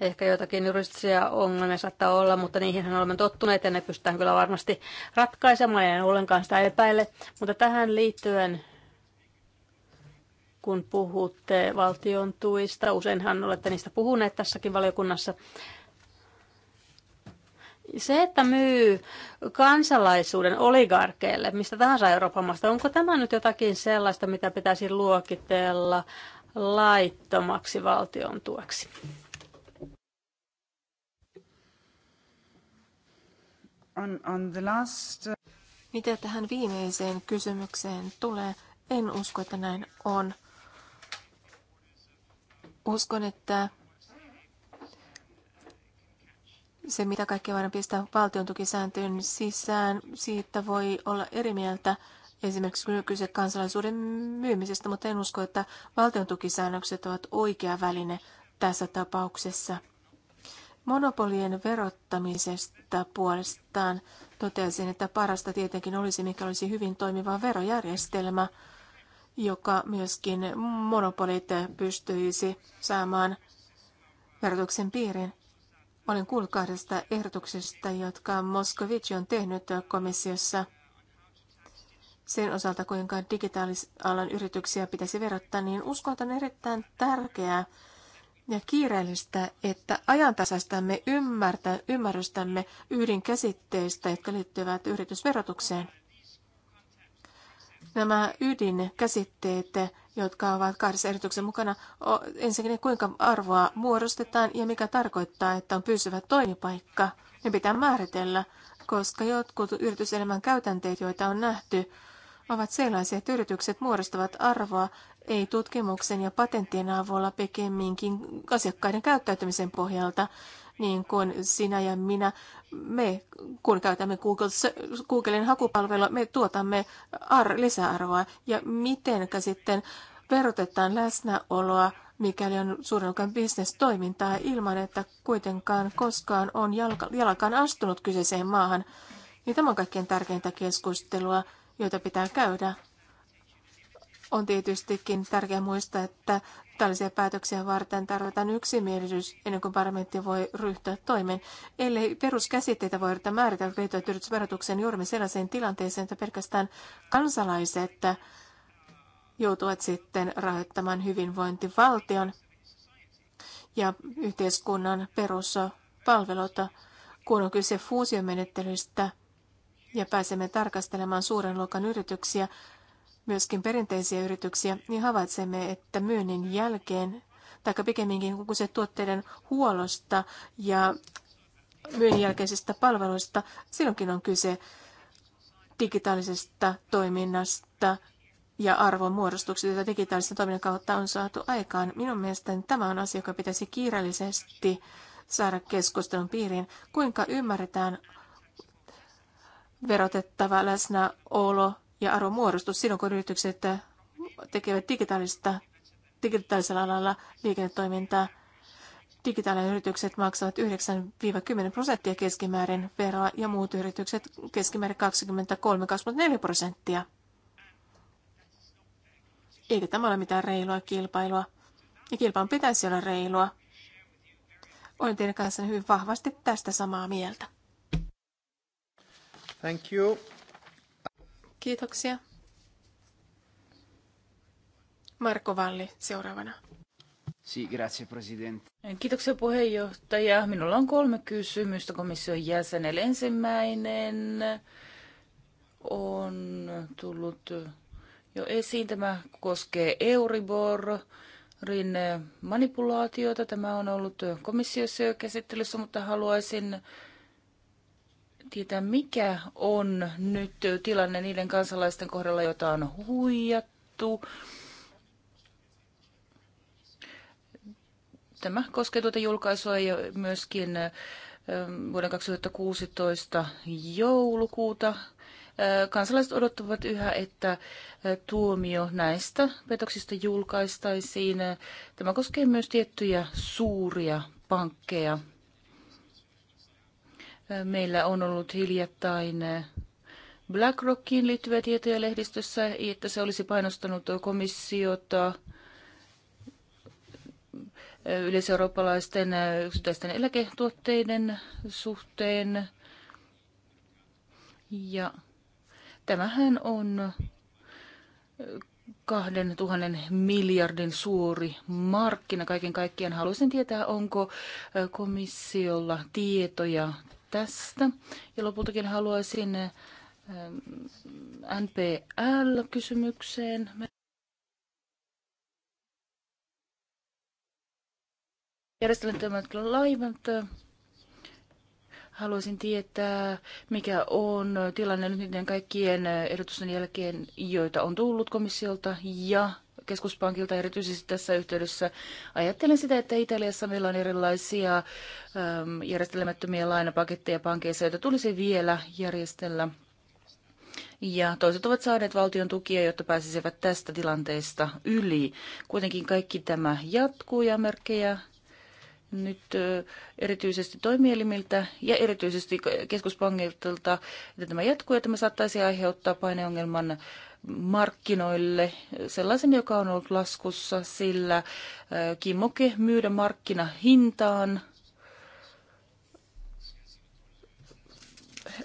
Ehkä jotakin juristisia ongelmia saattaa olla, mutta niihin olemme tottuneet ja ne pystytään kyllä varmasti ratkaisemaan ja en ollenkaan sitä epäile. Mutta tähän liittyen kun puhutte valtion tuista, useinhan olette niistä puhuneet tässäkin valiokunnassa, se, että myy kansalaisuuden oligarkeille, mistä tahansa Euroopan maasta, onko tämä nyt jotakin sellaista, mitä pitäisi luokitella laittomaksi valtion tueksi? On, on the last... Uh, mitä tähän viimeiseen kysymykseen tulee, en usko, että näin on. Uskon, että se, mitä kaikki voidaan pistää valtion tukisääntöön sisään, siitä voi olla eri mieltä esimerkiksi kyse kansalaisuuden myymisestä, mutta en usko, että valtion tukisäännökset ovat oikea väline tässä tapauksessa. Monopolien verottamisesta puolestaan totesin, että parasta tietenkin olisi, mikä olisi hyvin toimiva verojärjestelmä, joka myöskin monopolit pystyisi saamaan verotuksen piiriin. Olen kuullut kahdesta ehdotuksesta, jotka Moskovici on tehnyt komissiossa sen osalta, kuinka digitaalisalan yrityksiä pitäisi verottaa, niin uskon, että on erittäin tärkeää, ja kiireellistä, että ajantasaistamme ymmärtä, ymmärrystämme ydinkäsitteistä, jotka liittyvät yritysverotukseen. Nämä ydinkäsitteet, jotka ovat kahdessa erityksen mukana, ensinnäkin kuinka arvoa muodostetaan ja mikä tarkoittaa, että on pysyvä toimipaikka. Ne pitää määritellä, koska jotkut yrityselämän käytänteet, joita on nähty, ovat sellaisia, että yritykset muodostavat arvoa, ei tutkimuksen ja patenttien avulla pikemminkin asiakkaiden käyttäytymisen pohjalta, niin kuin sinä ja minä, me kun käytämme Google, Googlen hakupalvelua, me tuotamme ar- lisäarvoa. Ja miten sitten verotetaan läsnäoloa, mikäli on suurin business bisnestoimintaa ilman, että kuitenkaan koskaan on jalka, jalkaan astunut kyseiseen maahan. Niin tämä on kaikkein tärkeintä keskustelua, joita pitää käydä on tietystikin tärkeää muistaa, että tällaisia päätöksiä varten tarvitaan yksimielisyys ennen kuin parlamentti voi ryhtyä toimeen. Ellei peruskäsitteitä voi yrittää määritellä liittyvät yritysverotukseen, juuri sellaiseen tilanteeseen, että pelkästään kansalaiset joutuvat sitten rahoittamaan hyvinvointivaltion ja yhteiskunnan peruspalvelut, kun on kyse fuusiomenettelystä ja pääsemme tarkastelemaan suuren luokan yrityksiä, myöskin perinteisiä yrityksiä, niin havaitsemme, että myynnin jälkeen, tai pikemminkin koko se tuotteiden huollosta ja myynnin jälkeisistä palveluista, silloinkin on kyse digitaalisesta toiminnasta ja arvonmuodostuksesta, jota digitaalisen toiminnan kautta on saatu aikaan. Minun mielestäni tämä on asia, joka pitäisi kiireellisesti saada keskustelun piiriin, kuinka ymmärretään verotettava läsnäolo ja arvon muodostus silloin, kun yritykset tekevät digitaalista, digitaalisella alalla liiketoimintaa. Digitaaliset yritykset maksavat 9-10 prosenttia keskimäärin veroa ja muut yritykset keskimäärin 23-24 prosenttia. Eikä tämä ole mitään reilua kilpailua. Ja kilpailun pitäisi olla reilua. Olen teidän kanssanne hyvin vahvasti tästä samaa mieltä. Thank you. Kiitoksia. Marko Valli seuraavana. Si, grazie, presidente. Kiitoksia puheenjohtaja. Minulla on kolme kysymystä komission jäsenelle. Ensimmäinen on tullut jo esiin. Tämä koskee Euribor. Rin manipulaatiota. Tämä on ollut komissiossa jo käsittelyssä, mutta haluaisin tietää, mikä on nyt tilanne niiden kansalaisten kohdalla, joita on huijattu. Tämä koskee tuota julkaisua ja myöskin vuoden 2016 joulukuuta. Kansalaiset odottavat yhä, että tuomio näistä petoksista julkaistaisiin. Tämä koskee myös tiettyjä suuria pankkeja. Meillä on ollut hiljattain BlackRockiin liittyvä tietoja lehdistössä, että se olisi painostanut komissiota eh, yleiseurooppalaisten eh, yksittäisten eläketuotteiden suhteen. Ja tämähän on 2000 miljardin suuri markkina kaiken kaikkiaan. Haluaisin tietää, onko eh, komissiolla tietoja tästä. Ja lopultakin haluaisin eh, NPL-kysymykseen. tämän laivan. Haluaisin tietää, mikä on tilanne nyt niiden kaikkien ehdotusten jälkeen, joita on tullut komissiolta ja keskuspankilta erityisesti tässä yhteydessä. Ajattelen sitä, että Italiassa meillä on erilaisia äm, järjestelemättömiä lainapaketteja pankeissa, joita tulisi vielä järjestellä. Ja toiset ovat saaneet valtion tukia, jotta pääsisivät tästä tilanteesta yli. Kuitenkin kaikki tämä jatkuu ja merkkejä nyt erityisesti toimielimiltä ja erityisesti keskuspankilta, että tämä jatkuu ja tämä saattaisi aiheuttaa paineongelman markkinoille sellaisen, joka on ollut laskussa, sillä kimmoke myydä markkinahintaan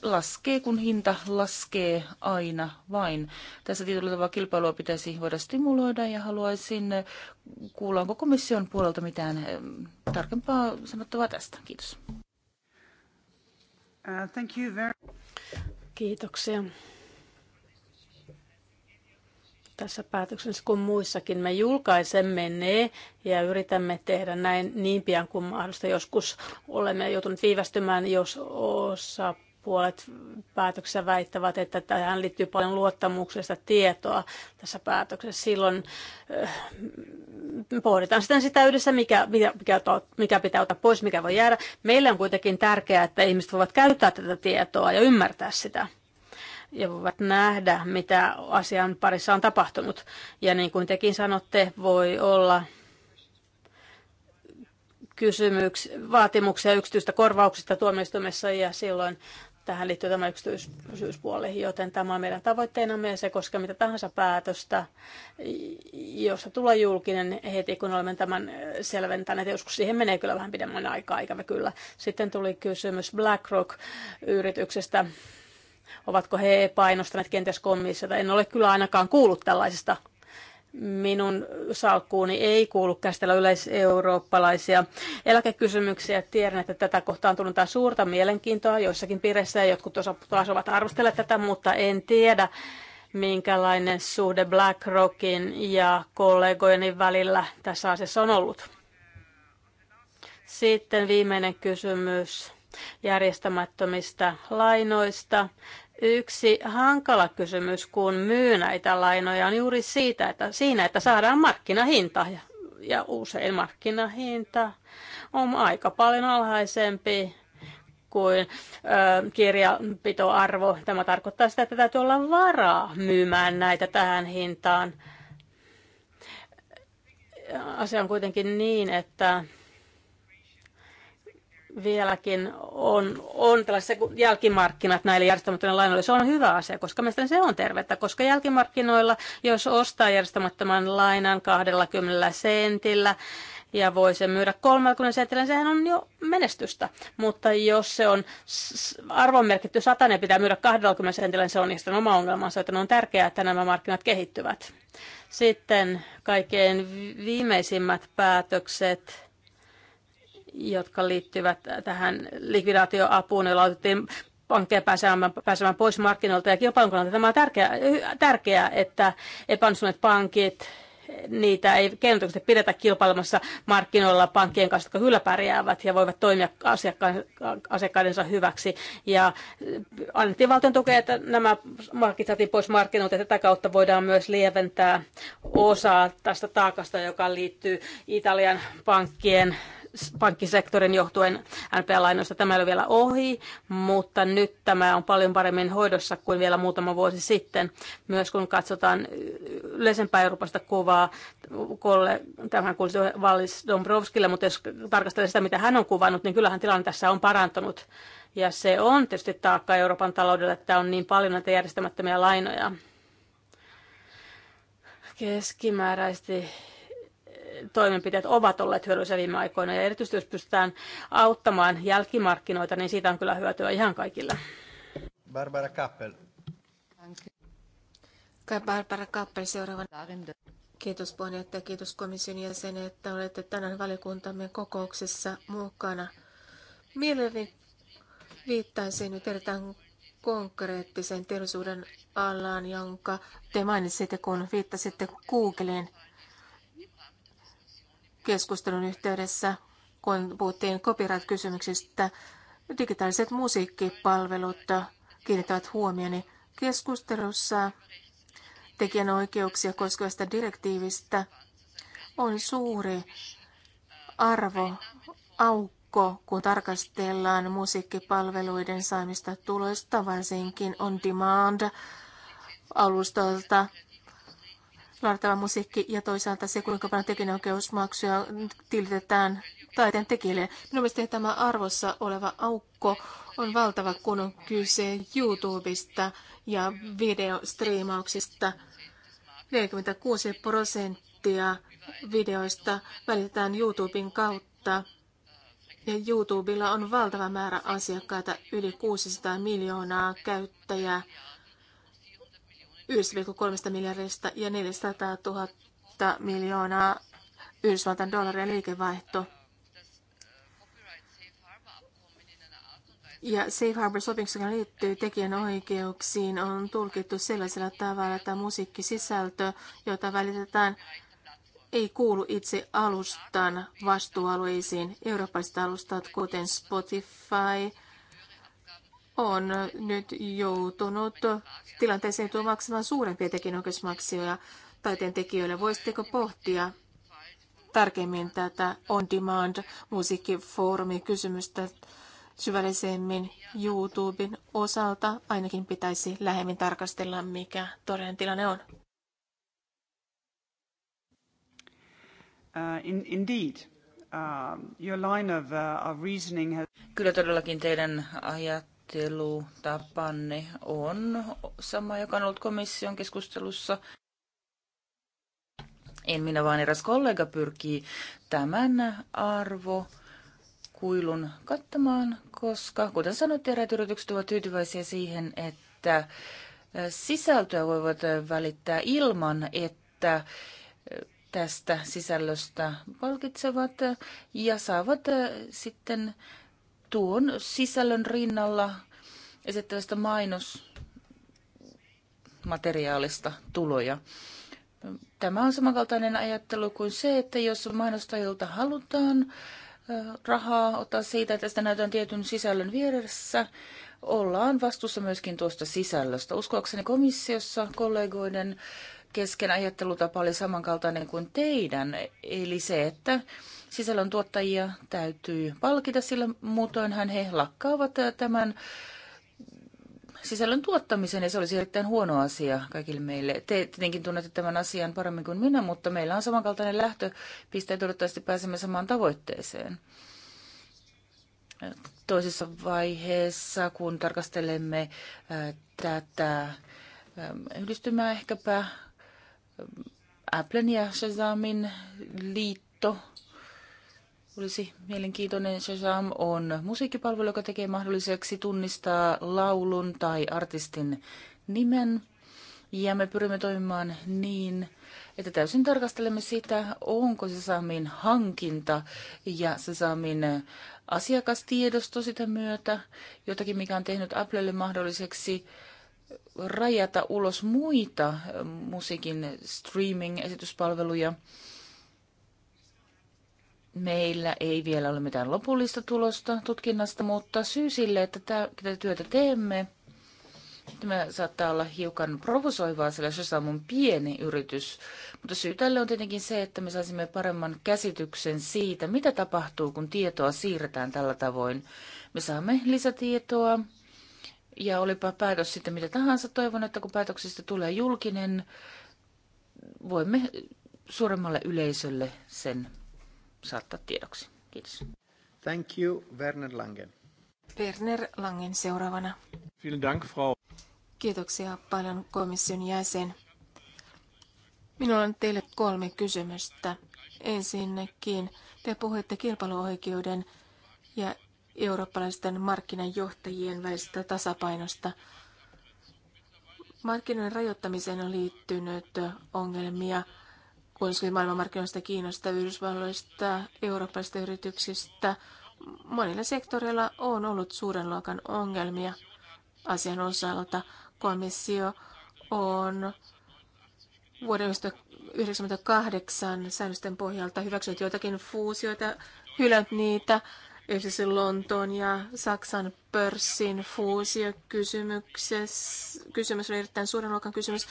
laskee, kun hinta laskee aina vain. Tässä tietyllä tavalla kilpailua pitäisi voida stimuloida ja haluaisin kuulla, onko komission puolelta mitään tarkempaa sanottavaa tästä. Kiitos. Uh, thank you very... Kiitoksia tässä päätöksessä kuin muissakin. Me julkaisemme ne ja yritämme tehdä näin niin pian kuin mahdollista. Joskus olemme joutuneet viivästymään, jos osa puolet päätöksessä väittävät, että tähän liittyy paljon luottamuksesta tietoa tässä päätöksessä. Silloin eh, pohditaan sitten sitä yhdessä, mikä, mikä, mikä pitää ottaa pois, mikä voi jäädä. Meille on kuitenkin tärkeää, että ihmiset voivat käyttää tätä tietoa ja ymmärtää sitä ja voivat nähdä, mitä asian parissa on tapahtunut. Ja niin kuin tekin sanotte, voi olla kysymyks- vaatimuksia yksityistä korvauksista tuomioistuimessa ja silloin tähän liittyy tämä yksityisyyspuoli, joten tämä on meidän tavoitteenamme ja se koskee mitä tahansa päätöstä, jossa tulee julkinen heti, kun olemme tämän selventäneet. Joskus siihen menee kyllä vähän pidemmän aikaa, ikävä kyllä. Sitten tuli kysymys BlackRock-yrityksestä. Ovatko he painostaneet kenties komissiota? En ole kyllä ainakaan kuullut tällaisesta. Minun salkkuuni ei kuulu käsitellä yleiseurooppalaisia eläkekysymyksiä. Tiedän, että tätä kohtaan tunnetaan suurta mielenkiintoa joissakin piireissä ja jotkut taas ovat arvostelleet tätä, mutta en tiedä minkälainen suhde BlackRockin ja kollegojeni välillä tässä asiassa on ollut. Sitten viimeinen kysymys järjestämättömistä lainoista. Yksi hankala kysymys, kun myy näitä lainoja, on juuri siitä, että siinä, että saadaan markkinahinta. Ja usein markkinahinta on aika paljon alhaisempi kuin ö, kirjanpitoarvo. Tämä tarkoittaa sitä, että täytyy olla varaa myymään näitä tähän hintaan. Asia on kuitenkin niin, että vieläkin on, on tällaiset jälkimarkkinat näille järjestämättömille lainoille. Se on hyvä asia, koska mielestäni se on tervettä, koska jälkimarkkinoilla, jos ostaa järjestämättömän lainan 20 sentillä, ja voi sen myydä 30 sentillä, niin sehän on jo menestystä. Mutta jos se on arvonmerkitty satane, pitää myydä 20 sentillä, niin se on niistä oma ongelmansa, joten on tärkeää, että nämä markkinat kehittyvät. Sitten kaikkein viimeisimmät päätökset jotka liittyvät tähän likvidaatioapuun, jolla otettiin pankkeja pääsemään, pääsemään pois markkinoilta ja kilpailun Tämä on tärkeää, tärkeää että epäonnistuneet pankit, niitä ei keinotekoisesti pidetä kilpailemassa markkinoilla pankkien kanssa, jotka kyllä pärjäävät ja voivat toimia asiakkaidensa hyväksi. Ja äh, annettiin valtion tukea, että nämä markkit saatiin pois markkinoilta ja tätä kautta voidaan myös lieventää osaa tästä taakasta, joka liittyy Italian pankkien pankkisektorin johtuen NPL-lainoista. Tämä ei ole vielä ohi, mutta nyt tämä on paljon paremmin hoidossa kuin vielä muutama vuosi sitten. Myös kun katsotaan yleisempää Euroopasta kuvaa, kolle, tämähän kuulisi Vallis Dombrovskille, mutta jos tarkastelee sitä, mitä hän on kuvannut, niin kyllähän tilanne tässä on parantunut. Ja se on tietysti taakka Euroopan taloudelle, että on niin paljon näitä järjestämättömiä lainoja keskimääräisesti toimenpiteet ovat olleet hyödyllisiä viime aikoina. Ja erityisesti jos pystytään auttamaan jälkimarkkinoita, niin siitä on kyllä hyötyä ihan kaikille. Barbara Kappel. Barbara Kappel seuraava. Kiitos puheenjohtaja, kiitos komission jäsen, että olette tänään valiokuntamme kokouksessa mukana. Mielelläni viittaisin nyt erittäin konkreettiseen teollisuuden alaan, jonka te mainitsitte, kun viittasitte Googleen keskustelun yhteydessä, kun puhuttiin copyright-kysymyksistä, digitaaliset musiikkipalvelut kiinnittävät huomioni keskustelussa tekijänoikeuksia koskevasta direktiivistä on suuri arvo, aukko, kun tarkastellaan musiikkipalveluiden saamista tuloista, varsinkin on demand alustalta laulettava musiikki ja toisaalta se, kuinka paljon tekijänoikeusmaksuja tilitetään taiteen tekijälle. Minun mielestäni tämä arvossa oleva aukko on valtava, kun on kyse YouTubesta ja videostriimauksista. 46 prosenttia videoista välitetään YouTuben kautta. Ja YouTubella on valtava määrä asiakkaita, yli 600 miljoonaa käyttäjää 1,3 miljardista ja 400 000 miljoonaa Yhdysvaltain dollaria liikevaihto. Ja Safe Harbor-sopimus, joka liittyy tekijänoikeuksiin, on tulkittu sellaisella tavalla, että musiikkisisältö, jota välitetään, ei kuulu itse alustan vastuualueisiin. Eurooppalaiset alustat, kuten Spotify, on nyt joutunut tilanteeseen tuo maksamaan suurempia tekijänoikeusmaksuja taiteen tekijöille. Voisitteko pohtia tarkemmin tätä on-demand musiikkifoorumin kysymystä syvällisemmin YouTuben osalta? Ainakin pitäisi lähemmin tarkastella, mikä todellinen tilanne on. Uh, indeed. Uh, your line of, uh, of reasoning has... Kyllä todellakin teidän ajat keskustelutapanne on sama, joka on ollut komission keskustelussa. En minä, vaan eräs kollega pyrkii tämän arvo kuilun kattamaan, koska kuten sanoit, eräät yritykset ovat tyytyväisiä siihen, että sisältöä voivat välittää ilman, että tästä sisällöstä palkitsevat ja saavat sitten tuon sisällön rinnalla esittävästä mainosmateriaalista tuloja. Tämä on samankaltainen ajattelu kuin se, että jos mainostajilta halutaan rahaa ottaa siitä, että sitä näytetään tietyn sisällön vieressä, ollaan vastuussa myöskin tuosta sisällöstä. Uskoakseni komissiossa kollegoiden kesken ajattelutapa oli samankaltainen kuin teidän, eli se, että sisällön tuottajia täytyy palkita, sillä muutoinhan he lakkaavat äh, tämän sisällön tuottamisen, ja se olisi erittäin huono asia kaikille meille. Te tietenkin tunnette tämän asian paremmin kuin minä, mutta meillä on samankaltainen lähtöpiste, ja toivottavasti pääsemme samaan tavoitteeseen. Toisessa vaiheessa, kun tarkastelemme äh, tätä ähm, yhdistymää ehkäpä ähm, Applen ja Shazamin liitto olisi mielenkiintoinen. Shazam on musiikkipalvelu, joka tekee mahdolliseksi tunnistaa laulun tai artistin nimen. Ja me pyrimme toimimaan niin, että täysin tarkastelemme sitä, onko Sesamin hankinta ja Sesamin asiakastiedosto sitä myötä jotakin, mikä on tehnyt Applelle mahdolliseksi rajata ulos muita musiikin streaming-esityspalveluja – Meillä ei vielä ole mitään lopullista tulosta tutkinnasta, mutta syy sille, että tätä työtä teemme, tämä saattaa olla hiukan provosoivaa, sillä se on pieni yritys, mutta syy tälle on tietenkin se, että me saisimme paremman käsityksen siitä, mitä tapahtuu, kun tietoa siirretään tällä tavoin. Me saamme lisätietoa, ja olipa päätös sitten mitä tahansa, toivon, että kun päätöksistä tulee julkinen, voimme suuremmalle yleisölle sen saattaa tiedoksi. Kiitos. Thank you, Werner Langen. Werner Langen seuraavana. Vielen Dank, Frau. Kiitoksia paljon komission jäsen. Minulla on teille kolme kysymystä. Ensinnäkin te puhuitte kilpailuoikeuden ja eurooppalaisten markkinajohtajien välisestä tasapainosta. Markkinoiden rajoittamiseen on liittynyt ongelmia kun maailmanmarkkinoista, Kiinasta, Yhdysvalloista, eurooppalaisista yrityksistä. Monilla sektoreilla on ollut suuren luokan ongelmia asian osalta. Komissio on vuoden 1998 säännösten pohjalta hyväksynyt joitakin fuusioita, hylännyt niitä, esimerkiksi Lontoon ja Saksan pörssin fuusiokysymyksessä. Kysymys oli erittäin suuren luokan kysymys.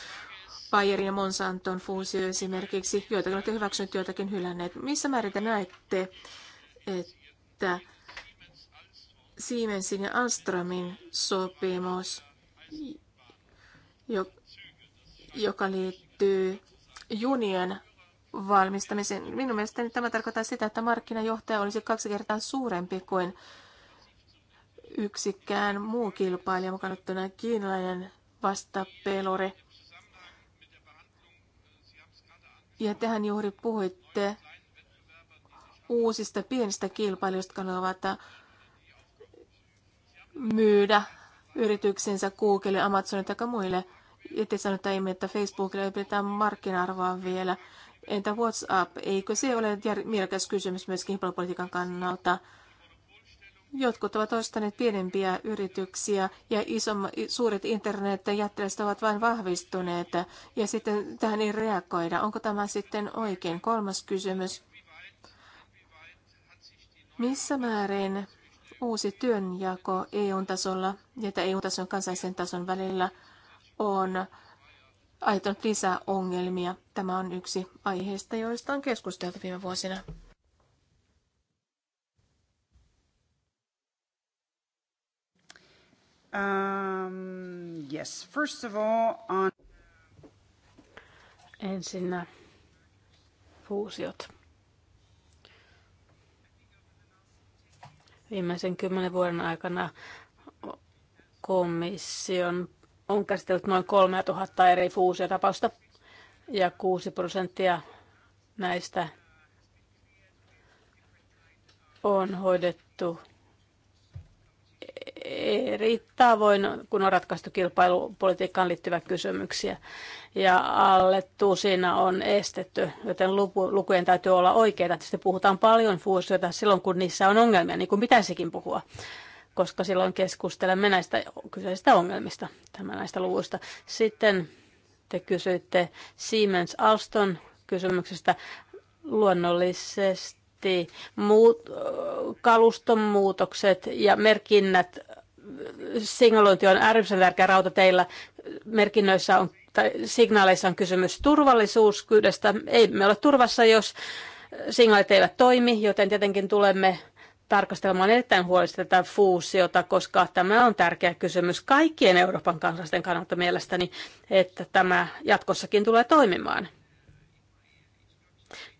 Bayerin ja Monsanton fuusio esimerkiksi, joitakin olette hyväksyneet, joitakin hylänneet. Missä määrin te näette, että Siemensin ja Alstromin sopimus, joka liittyy junien valmistamiseen. Minun mielestäni tämä tarkoittaa sitä, että markkinajohtaja olisi kaksi kertaa suurempi kuin yksikään muu kilpailija, mukaan ottuna kiinalainen vastapelore. Ja tähän juuri puhuitte uusista pienistä kilpailijoista, jotka ovat myydä yrityksensä Google, Amazonin tai muille. Ette sanotte ihme, että Facebookille ei pidetä markkina-arvoa vielä. Entä WhatsApp? Eikö se ole mielekäs kysymys myös kilpailupolitiikan kannalta? Jotkut ovat ostaneet pienempiä yrityksiä ja isomma, suuret internet ovat vain vahvistuneet ja sitten tähän ei reagoida. Onko tämä sitten oikein? Kolmas kysymys. Missä määrin uusi työnjako EU-tasolla ja EU-tason e kansallisen tason välillä on aiheuttanut lisää ongelmia? Tämä on yksi aiheista, joista on keskusteltu viime vuosina. Um, yes, first of all on... Ensinnä fuusiot. Viimeisen kymmenen vuoden aikana komission on käsitellyt noin 3000 eri fuusiotapausta ja 6 prosenttia näistä on hoidettu eri tavoin, kun on ratkaistu kilpailupolitiikkaan liittyviä kysymyksiä. Ja alle tusina on estetty, joten luku, lukujen täytyy olla oikeita. Tietysti puhutaan paljon fuusioita silloin, kun niissä on ongelmia, niin kuin pitäisikin puhua koska silloin keskustelemme näistä kyseisistä ongelmista, tämä näistä luvuista. Sitten te kysyitte Siemens Alston kysymyksestä luonnollisesti muut, kalustonmuutokset ja merkinnät signalointi on äärimmäisen tärkeä rautateillä. Merkinnöissä on, tai signaaleissa on kysymys turvallisuuskyydestä. Ei me ole turvassa, jos signaalit eivät toimi, joten tietenkin tulemme tarkastelemaan erittäin huolellisesti tätä fuusiota, koska tämä on tärkeä kysymys kaikkien Euroopan kansalaisten kannalta mielestäni, että tämä jatkossakin tulee toimimaan.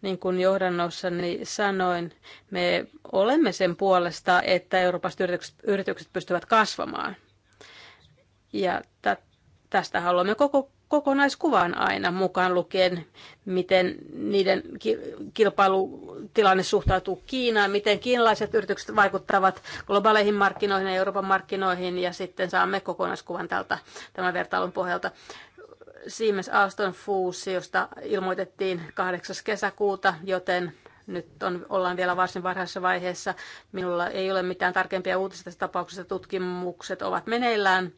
Niin kuin johdannossani sanoin, me olemme sen puolesta, että Euroopan yritykset, yritykset pystyvät kasvamaan. Ja tästä haluamme koko kokonaiskuvan aina mukaan lukien, miten niiden kilpailutilanne suhtautuu Kiinaan, miten kiinalaiset yritykset vaikuttavat globaaleihin markkinoihin ja Euroopan markkinoihin, ja sitten saamme kokonaiskuvan tältä tämän vertailun pohjalta. Siemens Aston fuusiosta ilmoitettiin 8. kesäkuuta, joten nyt on, ollaan vielä varsin varhaisessa vaiheessa. Minulla ei ole mitään tarkempia uutisia tässä tapauksessa. Tutkimukset ovat meneillään.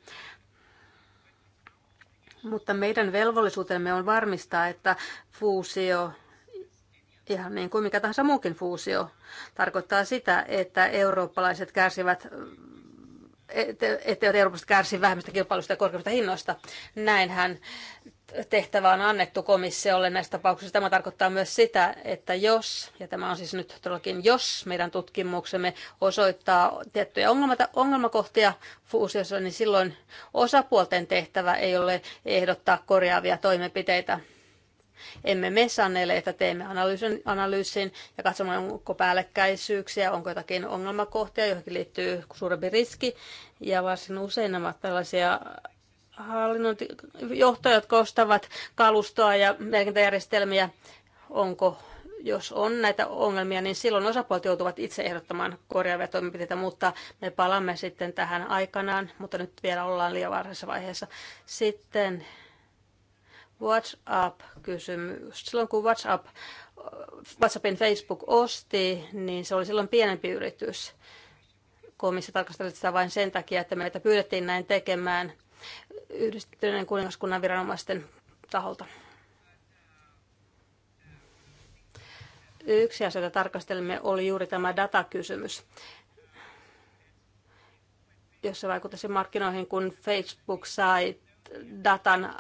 Mutta meidän velvollisuutemme on varmistaa, että fuusio, ihan niin kuin mikä tahansa muukin fuusio, tarkoittaa sitä, että eurooppalaiset kärsivät et Euroopasta kärsi vähemmistä kilpailusta ja korkeimmista hinnoista. Näinhän tehtävä on annettu komissiolle näissä tapauksissa. Tämä tarkoittaa myös sitä, että jos, ja tämä on siis nyt todellakin jos, meidän tutkimuksemme osoittaa tiettyjä ongelmakohtia fuusiossa, niin silloin osapuolten tehtävä ei ole ehdottaa korjaavia toimenpiteitä. Emme me sanele, että teemme analyysin, analyysin ja katsomme, onko päällekkäisyyksiä, onko jotakin ongelmakohtia, johonkin liittyy suurempi riski. Ja varsin usein nämä tällaisia hallinnon johtajat, jotka ostavat kalustoa ja merkintäjärjestelmiä, onko jos on näitä ongelmia, niin silloin osapuolet joutuvat itse ehdottamaan korjaavia toimenpiteitä, mutta me palamme sitten tähän aikanaan, mutta nyt vielä ollaan liian varhaisessa vaiheessa. Sitten WhatsApp-kysymys. Silloin kun WhatsApp, WhatsAppin Facebook osti, niin se oli silloin pienempi yritys. Komissio tarkasteli sitä vain sen takia, että meitä pyydettiin näin tekemään yhdistyneen kuningaskunnan viranomaisten taholta. Yksi asia, jota tarkastelimme, oli juuri tämä datakysymys jossa vaikuttaisi markkinoihin, kun Facebook sai datan äh,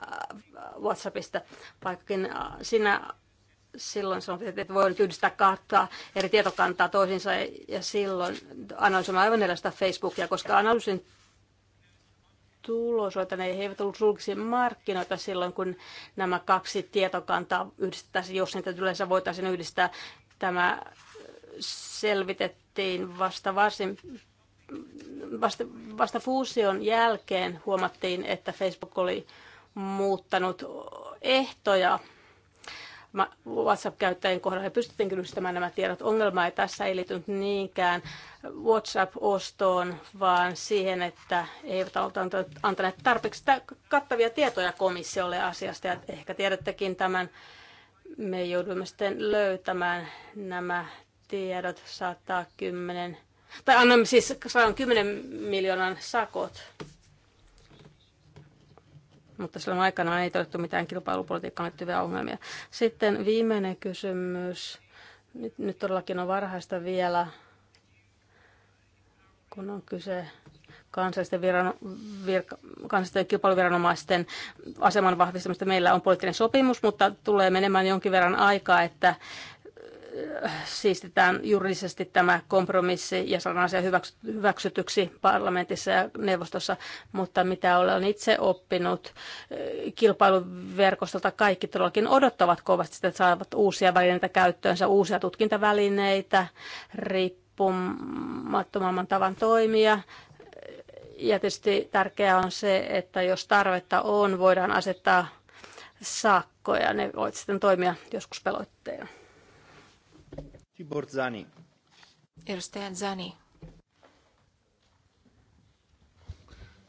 WhatsAppista, vaikkakin äh, sinä silloin on, että voi nyt yhdistää kahta eri tietokantaa toisiinsa ja silloin analysoin aivan erilaista Facebookia, koska analysin tulos, että ne eivät ollut julkisia markkinoita silloin, kun nämä kaksi tietokantaa yhdistettäisiin, jos niitä yleensä voitaisiin yhdistää. Tämä selvitettiin vasta varsin vasta, vasta fuusion jälkeen huomattiin, että Facebook oli muuttanut ehtoja WhatsApp-käyttäjien kohdalla. He pystyttiin kyllä nämä tiedot. Ongelma ei tässä ei liittynyt niinkään WhatsApp-ostoon, vaan siihen, että eivät ole antaneet tarpeeksi kattavia tietoja komissiolle asiasta. Ja ehkä tiedättekin tämän. Me joudumme sitten löytämään nämä tiedot 110 tai annamme siis 10 miljoonan sakot. Mutta silloin aikana ei todettu mitään kilpailupolitiikkaan liittyviä ongelmia. Sitten viimeinen kysymys. Nyt, nyt todellakin on varhaista vielä, kun on kyse kansallisten, viran, virka, kansallisten kilpailuviranomaisten aseman vahvistamista. Meillä on poliittinen sopimus, mutta tulee menemään jonkin verran aikaa, että siistetään juridisesti tämä kompromissi ja saadaan se hyväksytyksi parlamentissa ja neuvostossa, mutta mitä olen itse oppinut eh, kilpailuverkostolta, kaikki todellakin odottavat kovasti sitä, että saavat uusia välineitä käyttöönsä, uusia tutkintavälineitä, riippumattomamman tavan toimia, ja tietysti tärkeää on se, että jos tarvetta on, voidaan asettaa sakkoja. Ne voit sitten toimia joskus pelotteena. Tibor Zani. Edustaja Zani.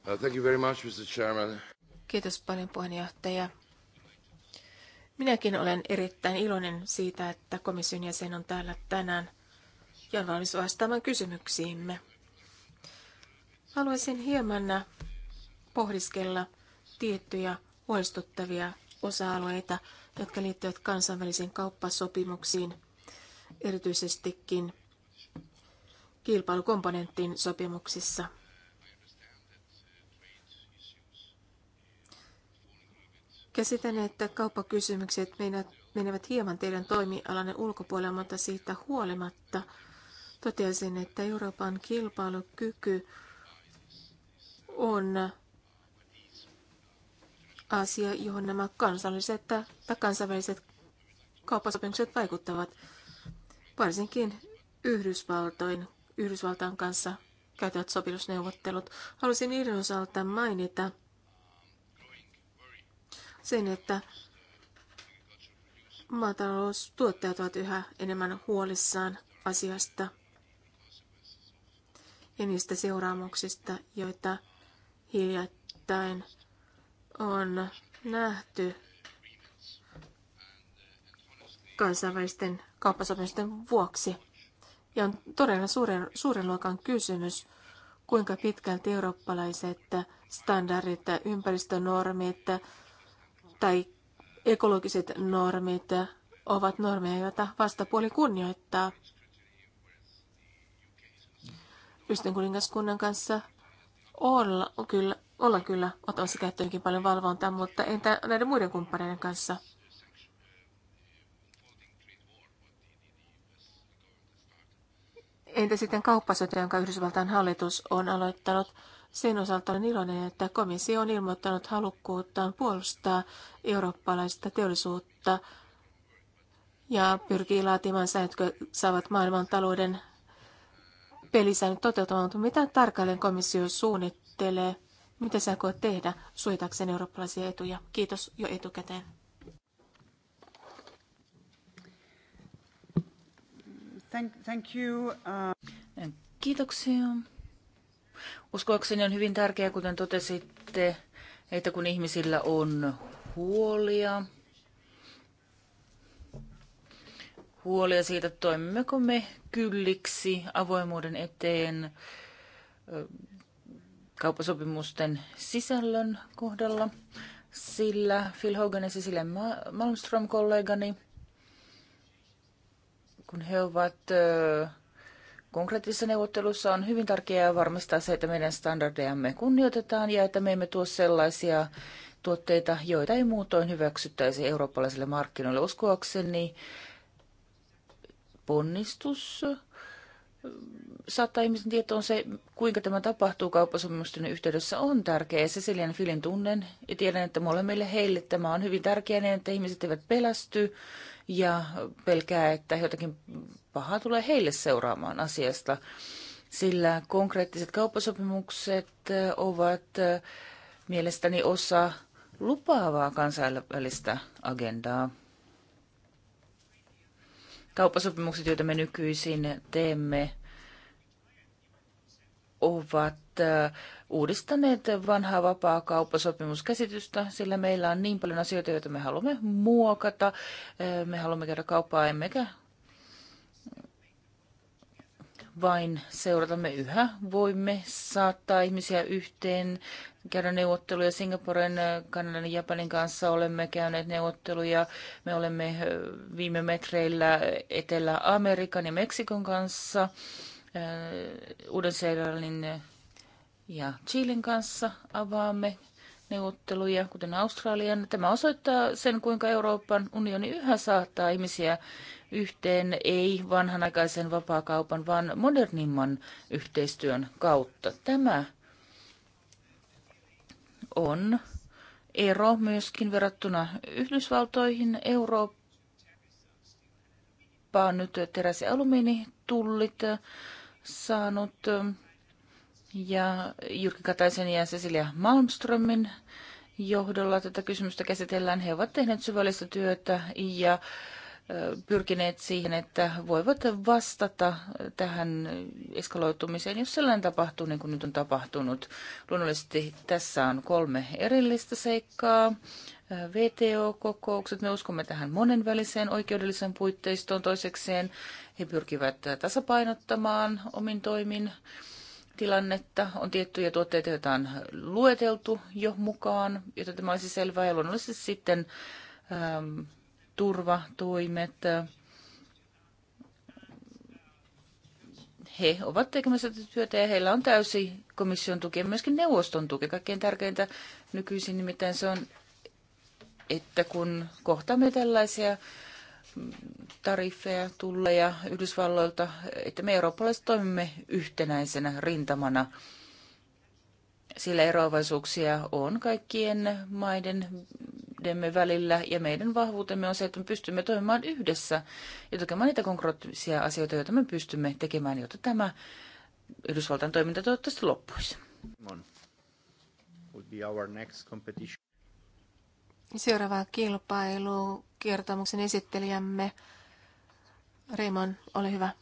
Uh, thank you very much, Mr. Chairman. Kiitos paljon puheenjohtaja. Minäkin olen erittäin iloinen siitä, että komission jäsen on täällä tänään ja on valmis vastaamaan kysymyksiimme. Haluaisin hieman pohdiskella tiettyjä huolestuttavia osa-alueita, jotka liittyvät kansainvälisiin kauppasopimuksiin erityisestikin kilpailukomponentin sopimuksissa. Käsitän, että kauppakysymykset menevät hieman teidän toimialanne ulkopuolelle, mutta siitä huolimatta totesin, että Euroopan kilpailukyky on asia, johon nämä kansalliset tai kansainväliset kauppasopimukset vaikuttavat varsinkin Yhdysvaltoin, Yhdysvaltain kanssa käytävät sopimusneuvottelut. Haluaisin niiden osalta mainita sen, että maataloustuottajat ovat yhä enemmän huolissaan asiasta ja niistä seuraamuksista, joita hiljattain on nähty kansainvälisten kauppasopimusten vuoksi. Ja on todella suuren, suuren luokan kysymys, kuinka pitkälti eurooppalaiset standardit, ympäristönormit tai ekologiset normit ovat normeja, joita vastapuoli kunnioittaa. Pystyn kuningaskunnan kanssa olla kyllä, olla kyllä ottamassa käyttöönkin paljon valvontaa, mutta entä näiden muiden kumppaneiden kanssa – Entä sitten kauppasota, jonka Yhdysvaltain hallitus on aloittanut? Sen osalta on, iloinen, että komissio on ilmoittanut halukkuuttaan puolustaa eurooppalaista teollisuutta ja pyrkii laatimaan säännöt, saavat maailman talouden pelisäännöt toteutumaan. Mutta mitä tarkalleen komissio suunnittelee? Mitä sä koet tehdä suojatakseen eurooppalaisia etuja? Kiitos jo etukäteen. Thank, thank uh, Kiitoksia. Uskoakseni on hyvin tärkeää, kuten totesitte, että kun ihmisillä on huolia, huolia siitä, toimimmeko me kylliksi avoimuuden eteen kauppasopimusten sisällön kohdalla, sillä Phil Hogan ja Cecilia Malmström-kollegani – kun he ovat konkreettisissa neuvottelussa, on hyvin tärkeää varmistaa se, että meidän standardejamme kunnioitetaan ja että me emme tuo sellaisia tuotteita, joita ei muutoin hyväksyttäisi eurooppalaisille markkinoille. Uskoakseni ponnistus saattaa ihmisen tietoon se, kuinka tämä tapahtuu kauppasopimusten yhteydessä, on tärkeä. Cecilian Filin tunnen ja tiedän, että molemmille heille tämä on hyvin tärkeää, niin että ihmiset eivät pelästy ja pelkää, että jotakin pahaa tulee heille seuraamaan asiasta, sillä konkreettiset kauppasopimukset ovat mielestäni osa lupaavaa kansainvälistä agendaa. Kauppasopimukset, joita me nykyisin teemme, ovat uudistaneet vanhaa vapaa kauppasopimuskäsitystä, sillä meillä on niin paljon asioita, joita me haluamme muokata. Me haluamme käydä kauppaa, emmekä vain seurata. Me yhä voimme saattaa ihmisiä yhteen, käydä neuvotteluja Singaporen, Kanadan ja Japanin kanssa. Olemme käyneet neuvotteluja. Me olemme viime metreillä Etelä-Amerikan ja Meksikon kanssa. Äh, Uuden-Seelannin ja Chilen kanssa avaamme neuvotteluja, kuten Australian. Tämä osoittaa sen, kuinka Euroopan unioni yhä saattaa ihmisiä yhteen, ei vanhanaikaisen vapaakaupan, vaan modernimman yhteistyön kautta. Tämä on ero myöskin verrattuna Yhdysvaltoihin. Eurooppaan nyt teräs- ja alumiinitullit saanut ähm, ja Jyrki Kataisen ja Cecilia Malmströmin johdolla tätä kysymystä käsitellään. He ovat tehneet syvällistä työtä ja äh, pyrkineet siihen, että voivat vastata tähän eskaloitumiseen, jos sellainen tapahtuu niin kuin nyt on tapahtunut. Luonnollisesti tässä on kolme erillistä seikkaa. Äh, VTO-kokoukset, me uskomme tähän monenväliseen oikeudelliseen puitteistoon toisekseen he pyrkivät tasapainottamaan omin toimin tilannetta. On tiettyjä tuotteita, joita on lueteltu jo mukaan, jotta tämä olisi selvää. Ja luonnollisesti sitten ähm, turvatoimet. He ovat tekemässä työtä ja heillä on täysi komission tuki ja myöskin neuvoston tuki. Kaikkein tärkeintä nykyisin nimittäin se on, että kun kohtaamme tällaisia tariffeja, tulleja Yhdysvalloilta, että me eurooppalaiset toimimme yhtenäisenä rintamana. Sillä eroavaisuuksia on kaikkien maiden maidemme välillä ja meidän vahvuutemme on se, että me pystymme toimimaan yhdessä ja tukemaan niitä konkreettisia asioita, joita me pystymme tekemään, jotta tämä Yhdysvaltain toiminta toivottavasti loppuisi. Seuraava kilpailu kertomuksen esittelijämme. Reimon, ole hyvä.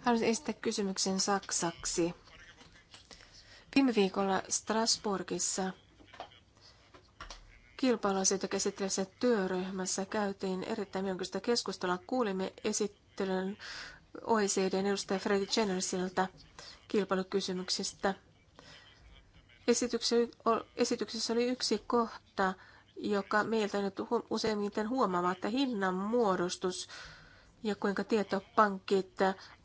Haluaisin esittää kysymyksen saksaksi. Viime viikolla Strasbourgissa kilpailuasioita käsittelevässä työryhmässä käytiin erittäin jonkinlaista keskustelua. Kuulimme esittelyn OECDn edustaja Freddy Jennersiltä kilpailukysymyksistä Esityksessä oli yksi kohta, joka meiltä nyt useimmiten että hinnan muodostus ja kuinka tietopankit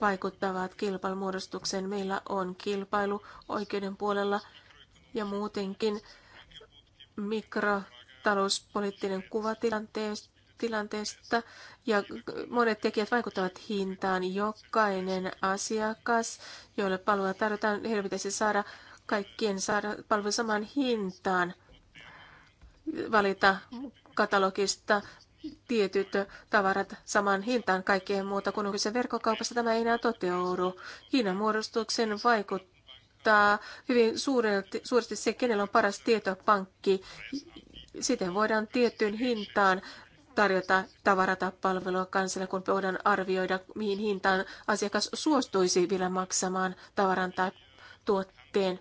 vaikuttavat kilpailumuodostukseen. Meillä on kilpailu oikeuden puolella ja muutenkin mikrotalouspoliittinen kuva tilanteesta ja monet tekijät vaikuttavat hintaan. Jokainen asiakas, jolle palvelua tarjotaan, heidän pitäisi saada kaikkien saada palvelu samaan hintaan, valita katalogista tietyt tavarat samaan hintaan kaikkeen muuta kuin se verkkokaupassa tämä ei enää toteudu. Hinnan muodostuksen vaikuttaa hyvin suurelti, suuresti se, kenellä on paras tietopankki. Siten voidaan tiettyyn hintaan tarjota tavarata palvelua kansalle, kun voidaan arvioida, mihin hintaan asiakas suostuisi vielä maksamaan tavaran tai tuotteen.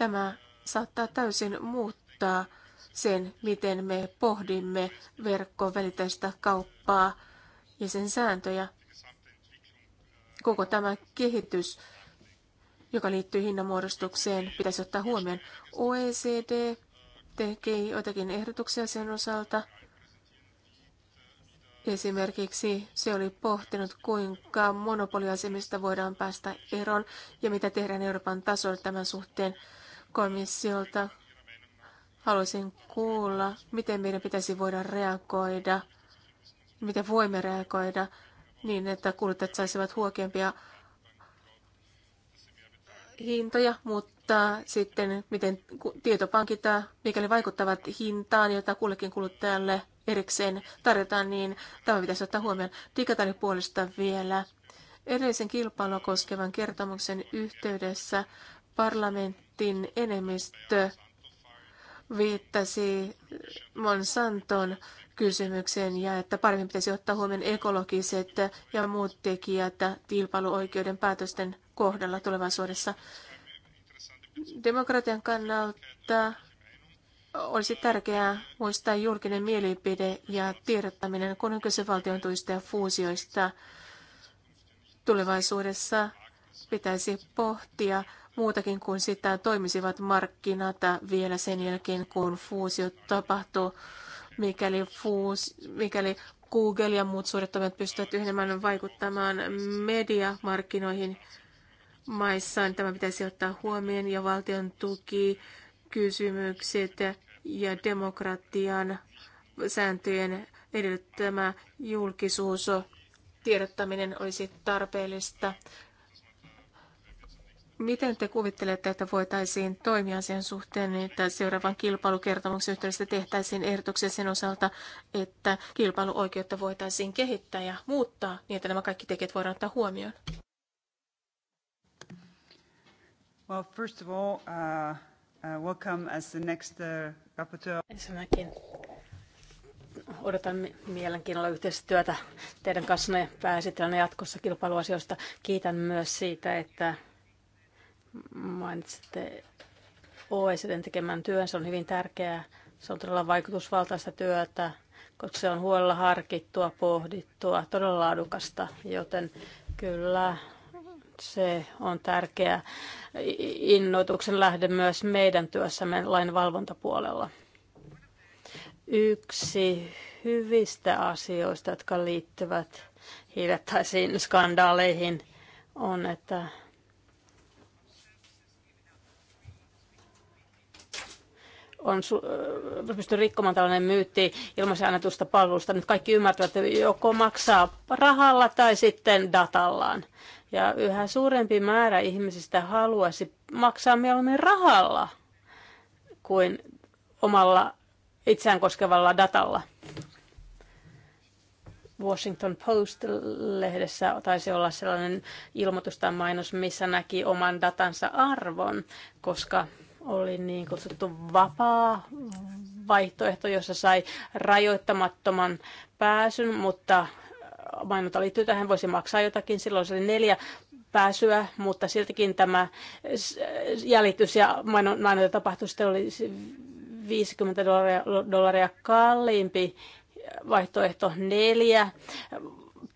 Tämä saattaa täysin muuttaa sen, miten me pohdimme välitäistä kauppaa ja sen sääntöjä. Koko tämä kehitys, joka liittyy hinnanmuodostukseen, pitäisi ottaa huomioon. OECD teki jotakin ehdotuksia sen osalta. Esimerkiksi se oli pohtinut, kuinka monopoliasemista voidaan päästä eroon ja mitä tehdään Euroopan tasolla tämän suhteen komissiolta haluaisin kuulla, miten meidän pitäisi voida reagoida, miten voimme reagoida niin, että kuluttajat saisivat huokeampia hintoja, mutta sitten miten tietopankit, äh, mikäli vaikuttavat hintaan, jota kullekin kuluttajalle erikseen tarjotaan, niin tämä pitäisi ottaa huomioon digitaalipuolesta vielä. Edellisen kilpailua koskevan kertomuksen yhteydessä parlamentti parlamentin enemmistö viittasi Monsanton kysymykseen ja että paremmin pitäisi ottaa huomioon ekologiset ja muut tekijät kilpailuoikeuden päätösten kohdalla tulevaisuudessa. Demokratian kannalta olisi tärkeää muistaa julkinen mielipide ja tiedottaminen, kun on kyse valtion tuista ja fuusioista. Tulevaisuudessa pitäisi pohtia muutakin kuin sitä toimisivat markkinat vielä sen jälkeen, kun fuusio tapahtuu. Mikäli, fuus, mikäli Google ja muut suuret toimijat pystyvät yhdemmän vaikuttamaan mediamarkkinoihin maissaan, niin tämä pitäisi ottaa huomioon ja valtion tuki, kysymykset ja demokratian sääntöjen edellyttämä julkisuus tiedottaminen olisi tarpeellista Miten te kuvittelette, että voitaisiin toimia sen suhteen, että seuraavan kilpailukertomuksen yhteydessä tehtäisiin ehdotuksia sen osalta, että kilpailuoikeutta voitaisiin kehittää ja muuttaa niin, että nämä kaikki tekijät voidaan ottaa huomioon? Well, first of all, uh, uh, welcome as the next uh, rapporteur. Ensinnäkin odotan mielenkiinnolla yhteistyötä teidän kanssanne pääesittelijänä jatkossa kilpailuasioista. Kiitän myös siitä, että Mainitsitte OECDn tekemän työn, se on hyvin tärkeää. Se on todella vaikutusvaltaista työtä, koska se on huolella harkittua, pohdittua, todella laadukasta, joten kyllä se on tärkeä innoituksen lähde myös meidän työssämme lainvalvontapuolella. Yksi hyvistä asioista, jotka liittyvät hiljattaisiin skandaaleihin, on, että on su- äh, pysty rikkomaan tällainen myytti ilmaisen annetusta palvelusta. Nyt kaikki ymmärtävät, että joko maksaa rahalla tai sitten datallaan. Ja yhä suurempi määrä ihmisistä haluaisi maksaa mieluummin rahalla kuin omalla itseään koskevalla datalla. Washington Post-lehdessä taisi olla sellainen ilmoitus tai mainos, missä näki oman datansa arvon, koska oli niin kutsuttu vapaa vaihtoehto, jossa sai rajoittamattoman pääsyn, mutta mainonta liittyy tähän, voisi maksaa jotakin. Silloin se oli neljä pääsyä, mutta siltikin tämä jäljitys ja mainonta tapahtui sitten oli 50 dollaria, dollaria kalliimpi vaihtoehto neljä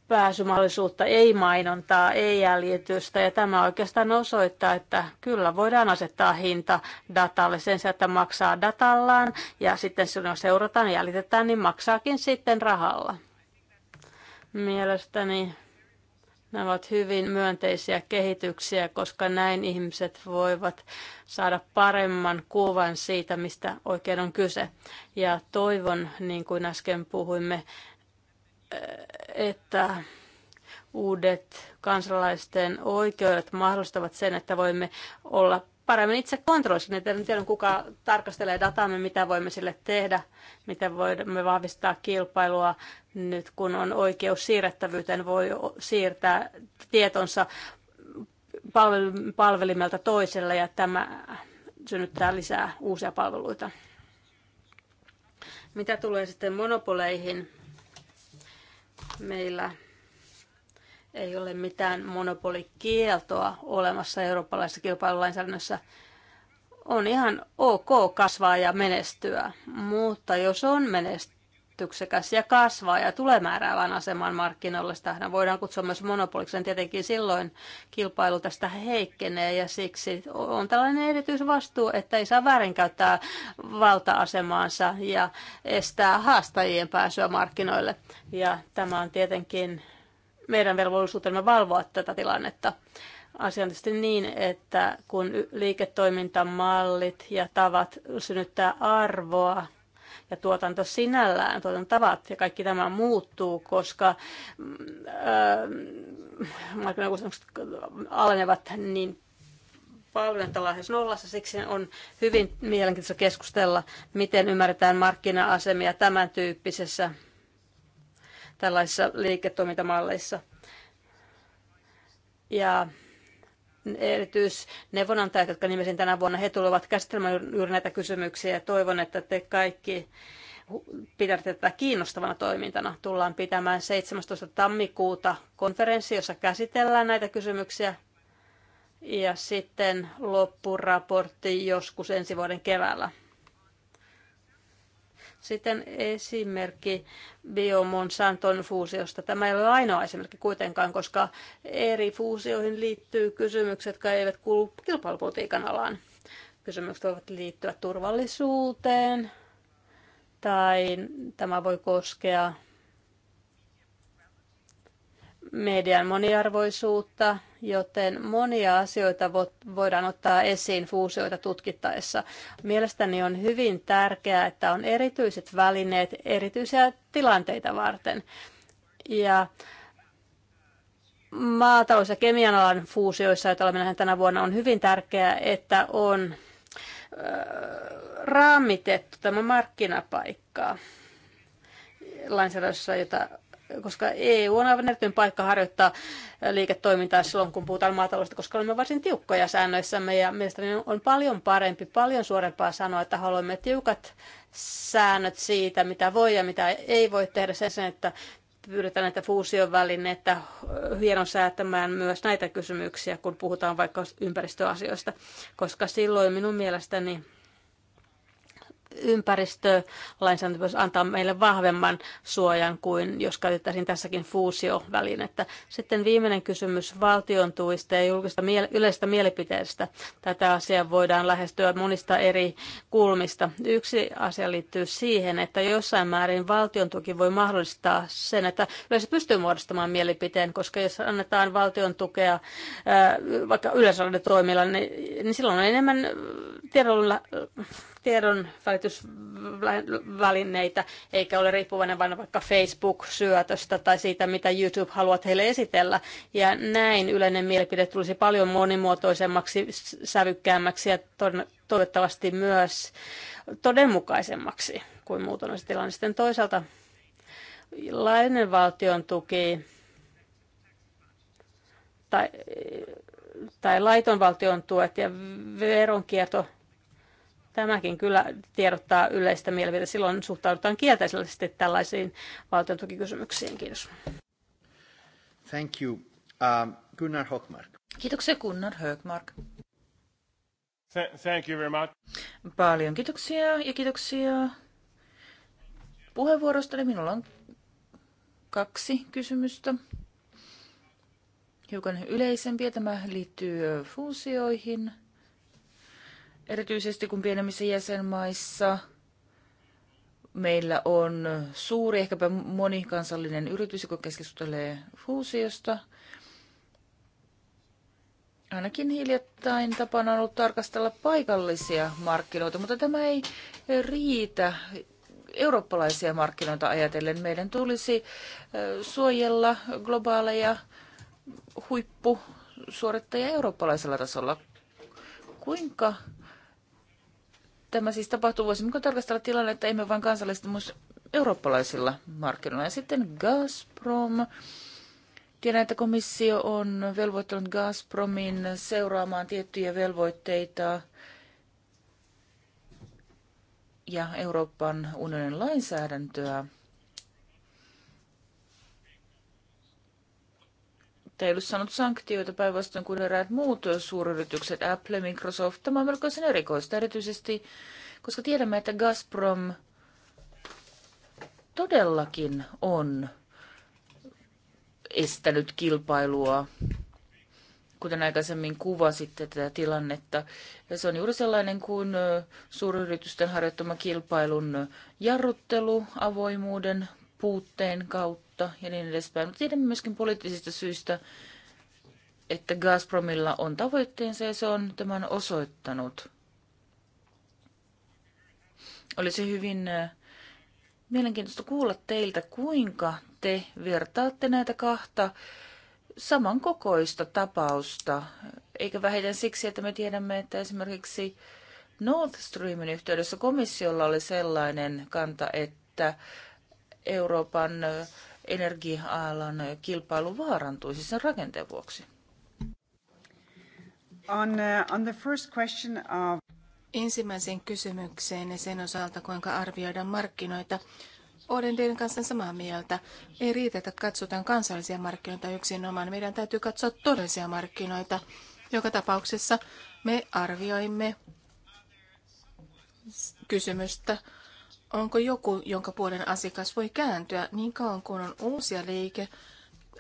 pääsymahdollisuutta, ei mainontaa, ei jäljitystä. Ja tämä oikeastaan osoittaa, että kyllä voidaan asettaa hinta datalle sen sijaan, että maksaa datallaan ja sitten silloin seurataan ja jäljitetään, niin maksaakin sitten rahalla. Mielestäni nämä ovat hyvin myönteisiä kehityksiä, koska näin ihmiset voivat saada paremman kuvan siitä, mistä oikein on kyse. Ja toivon, niin kuin äsken puhuimme, että uudet kansalaisten oikeudet mahdollistavat sen, että voimme olla paremmin itse kontrollissa. Niin en tiedä, kuka tarkastelee dataamme, mitä voimme sille tehdä, miten voimme vahvistaa kilpailua. Nyt kun on oikeus siirrettävyyteen, voi siirtää tietonsa palvelimelta toiselle ja tämä synnyttää lisää uusia palveluita. Mitä tulee sitten monopoleihin, Meillä ei ole mitään monopolikieltoa olemassa eurooppalaisessa kilpailulainsäädännössä. On ihan ok kasvaa ja menestyä, mutta jos on menest- menestyksekäs ja kasvaa ja tulee määräävän aseman markkinoille. Sitä voidaan kutsua myös monopoliksi. Tietenkin silloin kilpailu tästä heikkenee ja siksi on tällainen erityisvastuu, että ei saa väärinkäyttää valta-asemaansa ja estää haastajien pääsyä markkinoille. Ja tämä on tietenkin meidän velvollisuutemme valvoa tätä tilannetta asiallisesti niin, että kun liiketoimintamallit ja tavat synnyttää arvoa, ja tuotanto sinällään, tuotantavat ja kaikki tämä muuttuu, koska mm, äh, markkinakustannukset alenevat niin paljon, että lähes nollassa. Siksi on hyvin mielenkiintoista keskustella, miten ymmärretään markkina-asemia tämän tyyppisessä tällaisissa liiketoimintamalleissa. Ja erityisneuvonantajat, jotka nimesin tänä vuonna, he tulevat käsittelemään juuri näitä kysymyksiä ja toivon, että te kaikki pidätte tätä kiinnostavana toimintana. Tullaan pitämään 17. tammikuuta konferenssi, jossa käsitellään näitä kysymyksiä ja sitten loppuraportti joskus ensi vuoden keväällä. Sitten esimerkki Biomonsanton fuusiosta. Tämä ei ole ainoa esimerkki kuitenkaan, koska eri fuusioihin liittyy kysymykset, jotka eivät kuulu kilpailupolitiikan alaan. Kysymykset voivat liittyä turvallisuuteen tai tämä voi koskea median moniarvoisuutta, joten monia asioita voidaan ottaa esiin fuusioita tutkittaessa. Mielestäni on hyvin tärkeää, että on erityiset välineet erityisiä tilanteita varten. Ja maatalous- ja kemianalan fuusioissa, joita olemme nähneet tänä vuonna, on hyvin tärkeää, että on raamitettu tämä markkinapaikka lainsäädännössä, jota koska EU on aivan erityinen paikka harjoittaa liiketoimintaa silloin, kun puhutaan maataloudesta, koska olemme varsin tiukkoja säännöissämme ja mielestäni on paljon parempi, paljon suorempaa sanoa, että haluamme tiukat säännöt siitä, mitä voi ja mitä ei voi tehdä sen, että pyydetään näitä fuusiovälineitä hienon säätämään myös näitä kysymyksiä, kun puhutaan vaikka ympäristöasioista, koska silloin minun mielestäni ympäristölainsäädäntö voisi antaa meille vahvemman suojan kuin jos käytettäisiin tässäkin fuusiovälinettä. Sitten viimeinen kysymys valtion tuista ja julkista miele- yleistä mielipiteestä. Tätä asiaa voidaan lähestyä monista eri kulmista. Yksi asia liittyy siihen, että jossain määrin valtion tuki voi mahdollistaa sen, että yleensä pystyy muodostamaan mielipiteen, koska jos annetaan valtion tukea vaikka yleisradiotoimilla, niin, niin silloin on enemmän tiedolla tiedonvälitysvälineitä, eikä ole riippuvainen vain vaikka Facebook-syötöstä tai siitä, mitä YouTube haluaa heille esitellä. Ja näin yleinen mielipide tulisi paljon monimuotoisemmaksi, sävykkäämmäksi ja toivottavasti myös todenmukaisemmaksi kuin muuton olisi tilanne. Sitten toisaalta lainen valtion tuki tai, tai laiton valtion tuet ja veronkierto Tämäkin kyllä tiedottaa yleistä mielipiteitä. Silloin suhtaudutaan kielteisesti tällaisiin valtion Kiitos. Thank you. Uh, Gunnar Hökmark. Kiitoksia Gunnar Hökmark. Thank you very much. Paljon kiitoksia ja kiitoksia Eli Minulla on kaksi kysymystä. Hiukan yleisempiä. Tämä liittyy fuusioihin – erityisesti kun pienemmissä jäsenmaissa meillä on suuri, ehkäpä monikansallinen yritys, joka keskustelee fuusiosta. Ainakin hiljattain tapana on ollut tarkastella paikallisia markkinoita, mutta tämä ei riitä eurooppalaisia markkinoita ajatellen. Meidän tulisi suojella globaaleja huippusuorittajia eurooppalaisella tasolla. Kuinka tämä siis tapahtuu, voisimmeko tarkastella tilannetta, emme vain kansallisesti, myös eurooppalaisilla markkinoilla. Ja sitten Gazprom. Tiedän, että komissio on velvoittanut Gazpromin seuraamaan tiettyjä velvoitteita ja Euroopan unionin lainsäädäntöä että ei ollut saanut sanktioita päinvastoin kuin eräät muut suuryritykset, Apple, Microsoft. Tämä on melkoisen erikoista, erityisesti koska tiedämme, että Gazprom todellakin on estänyt kilpailua, kuten aikaisemmin kuvasitte tätä tilannetta. Ja se on juuri sellainen kuin suuryritysten harjoittama kilpailun jarruttelu, avoimuuden puutteen kautta ja niin edespäin. Mutta tiedämme myöskin poliittisista syistä, että Gazpromilla on tavoitteensa ja se on tämän osoittanut. Olisi hyvin äh, mielenkiintoista kuulla teiltä, kuinka te vertaatte näitä kahta samankokoista tapausta, eikä vähiten siksi, että me tiedämme, että esimerkiksi Nord Streamin yhteydessä komissiolla oli sellainen kanta, että Euroopan energiaalan kilpailu vaarantuisi sen rakenteen vuoksi? On, uh, on the first question of... Ensimmäisen kysymykseen ja sen osalta, kuinka arvioidaan markkinoita, olen teidän kanssa samaa mieltä. Ei riitä, että katsotaan kansallisia markkinoita yksinomaan. Meidän täytyy katsoa todellisia markkinoita. Joka tapauksessa me arvioimme kysymystä Onko joku, jonka puolen asiakas voi kääntyä niin kauan kuin on uusia liike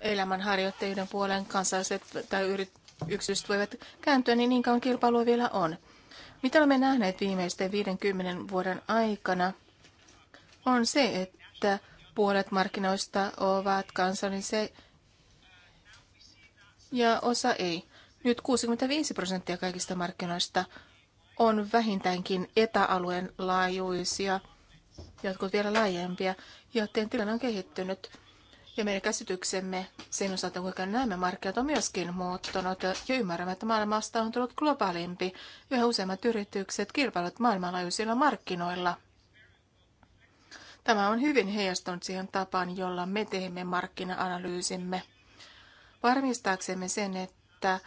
elämänharjoittajien puolen kansalaiset tai yksityiset voivat kääntyä, niin niin kauan kilpailua vielä on. Mitä olemme nähneet viimeisten 50 vuoden aikana on se, että puolet markkinoista ovat kansallisia ja osa ei. Nyt 65 prosenttia kaikista markkinoista on vähintäänkin etäalueen laajuisia – jotkut vielä laajempia, joiden tilanne on kehittynyt. Ja meidän käsityksemme sen osalta, kuinka näemme markkinat, on myöskin muuttunut ja ymmärrämme, että maailmasta on tullut globaalimpi. Yhä useammat yritykset kilpailut maailmanlaajuisilla markkinoilla. Tämä on hyvin heijastunut siihen tapaan, jolla me teemme markkina-analyysimme. Varmistaaksemme sen, että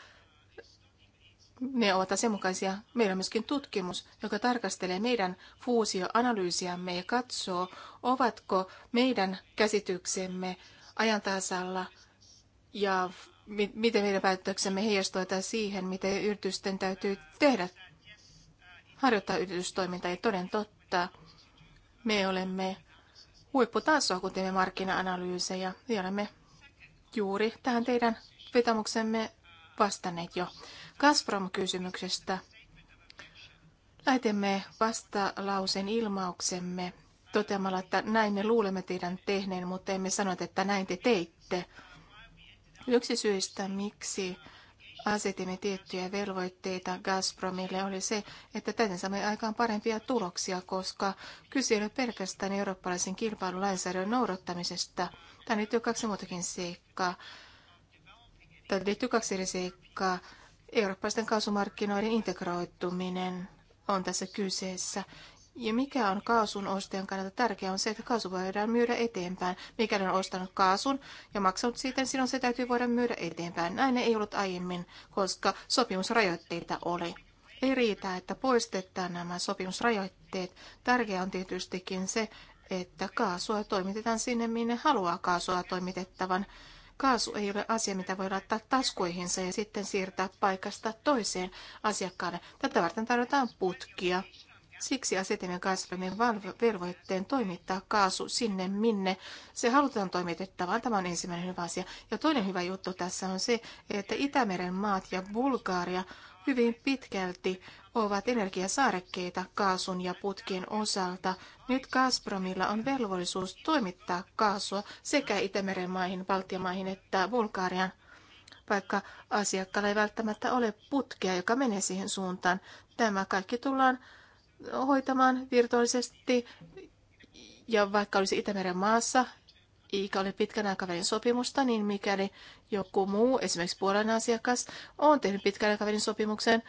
ne ovat asianmukaisia. Meillä on myöskin tutkimus, joka tarkastelee meidän fuusioanalyysiamme ja katsoo, ovatko meidän käsityksemme ajan tasalla ja miten meidän päätöksemme heijastuvat siihen, miten yritysten täytyy tehdä, harjoittaa yritystoimintaa. Ja toden totta, me olemme huipputasoa, kun teemme markkina-analyysejä. Me olemme juuri tähän teidän vetämuksemme vastanneet jo Gazprom-kysymyksestä. Laitemme vastalausen ilmauksemme toteamalla, että näin me luulemme teidän tehneen, mutta emme sano, että näin te teitte. Yksi syistä, miksi asetimme tiettyjä velvoitteita Gazpromille, oli se, että täten saamme aikaan parempia tuloksia, koska kyse ei ole pelkästään eurooppalaisen kilpailulainsäädännön noudattamisesta. Tämä liittyy kaksi muutakin seikkaa. Tähän liittyy kaksi eri seikkaa. Eurooppaisten kaasumarkkinoiden integroituminen on tässä kyseessä. Ja mikä on kaasun ostajan kannalta tärkeää on se, että kaasu voidaan myydä eteenpäin. Mikäli on ostanut kaasun ja maksanut siitä, niin silloin se täytyy voida myydä eteenpäin. Näin ei ollut aiemmin, koska sopimusrajoitteita oli. Ei riitä, että poistetaan nämä sopimusrajoitteet. Tärkeää on tietystikin se, että kaasua toimitetaan sinne, minne haluaa kaasua toimitettavan. Kaasu ei ole asia, mitä voi laittaa taskuihinsa ja sitten siirtää paikasta toiseen asiakkaalle. Tätä varten tarvitaan putkia. Siksi asetimme Gazpromin velvoitteen toimittaa kaasu sinne, minne se halutaan toimitettavaan. Tämä on ensimmäinen hyvä asia. Ja toinen hyvä juttu tässä on se, että Itämeren maat ja Bulgaria hyvin pitkälti ovat energiasaarekkeita kaasun ja putkien osalta. Nyt Gazpromilla on velvollisuus toimittaa kaasua sekä Itämeren maihin, Baltiamaihin että Bulgarian, vaikka asiakkaalla ei välttämättä ole putkea, joka menee siihen suuntaan. Tämä kaikki tullaan hoitamaan virtuaalisesti ja vaikka olisi Itämeren maassa, eikä ole pitkän aikavälin sopimusta, niin mikäli joku muu, esimerkiksi Puolan asiakas, on tehnyt pitkän aikavälin sopimuksen,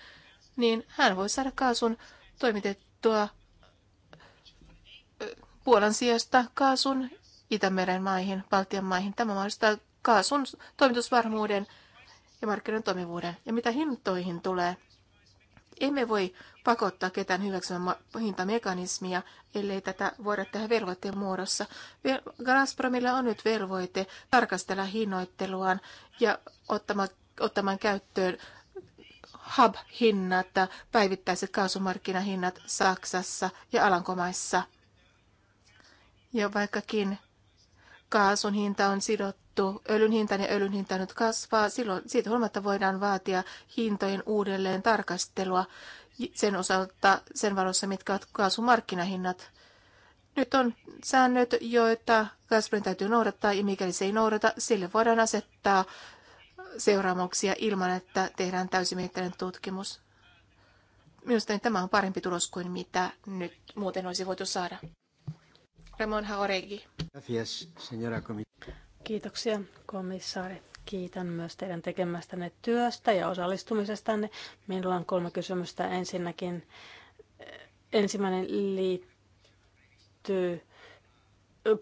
niin hän voi saada kaasun toimitettua Puolan sijasta kaasun Itämeren maihin, Baltian maihin. Tämä mahdollistaa kaasun toimitusvarmuuden ja markkinoiden toimivuuden. Ja mitä hintoihin tulee, emme voi pakottaa ketään hyväksymään hintamekanismia, ellei tätä voida tehdä velvoitteen muodossa. Gazpromilla on nyt velvoite tarkastella hinnoitteluaan ja ottamaan, ottamaan käyttöön hub-hinnat, päivittäiset kaasumarkkinahinnat Saksassa ja Alankomaissa. Ja vaikkakin kaasun hinta on sidottu öljyn hintaan ja öljyn hinta nyt kasvaa, silloin siitä huolimatta voidaan vaatia hintojen uudelleen tarkastelua sen osalta sen valossa, mitkä ovat kaasumarkkinahinnat. Nyt on säännöt, joita Gazprom täytyy noudattaa, ja mikäli se ei noudata, sille voidaan asettaa seuraamuksia ilman, että tehdään täysimittainen tutkimus. Minusta tämä on parempi tulos kuin mitä nyt muuten olisi voitu saada. Ramon Haoregi. Kiitoksia, komissaari. Kiitän myös teidän tekemästänne työstä ja osallistumisestanne. Minulla on kolme kysymystä. Ensinnäkin eh, ensimmäinen liittyy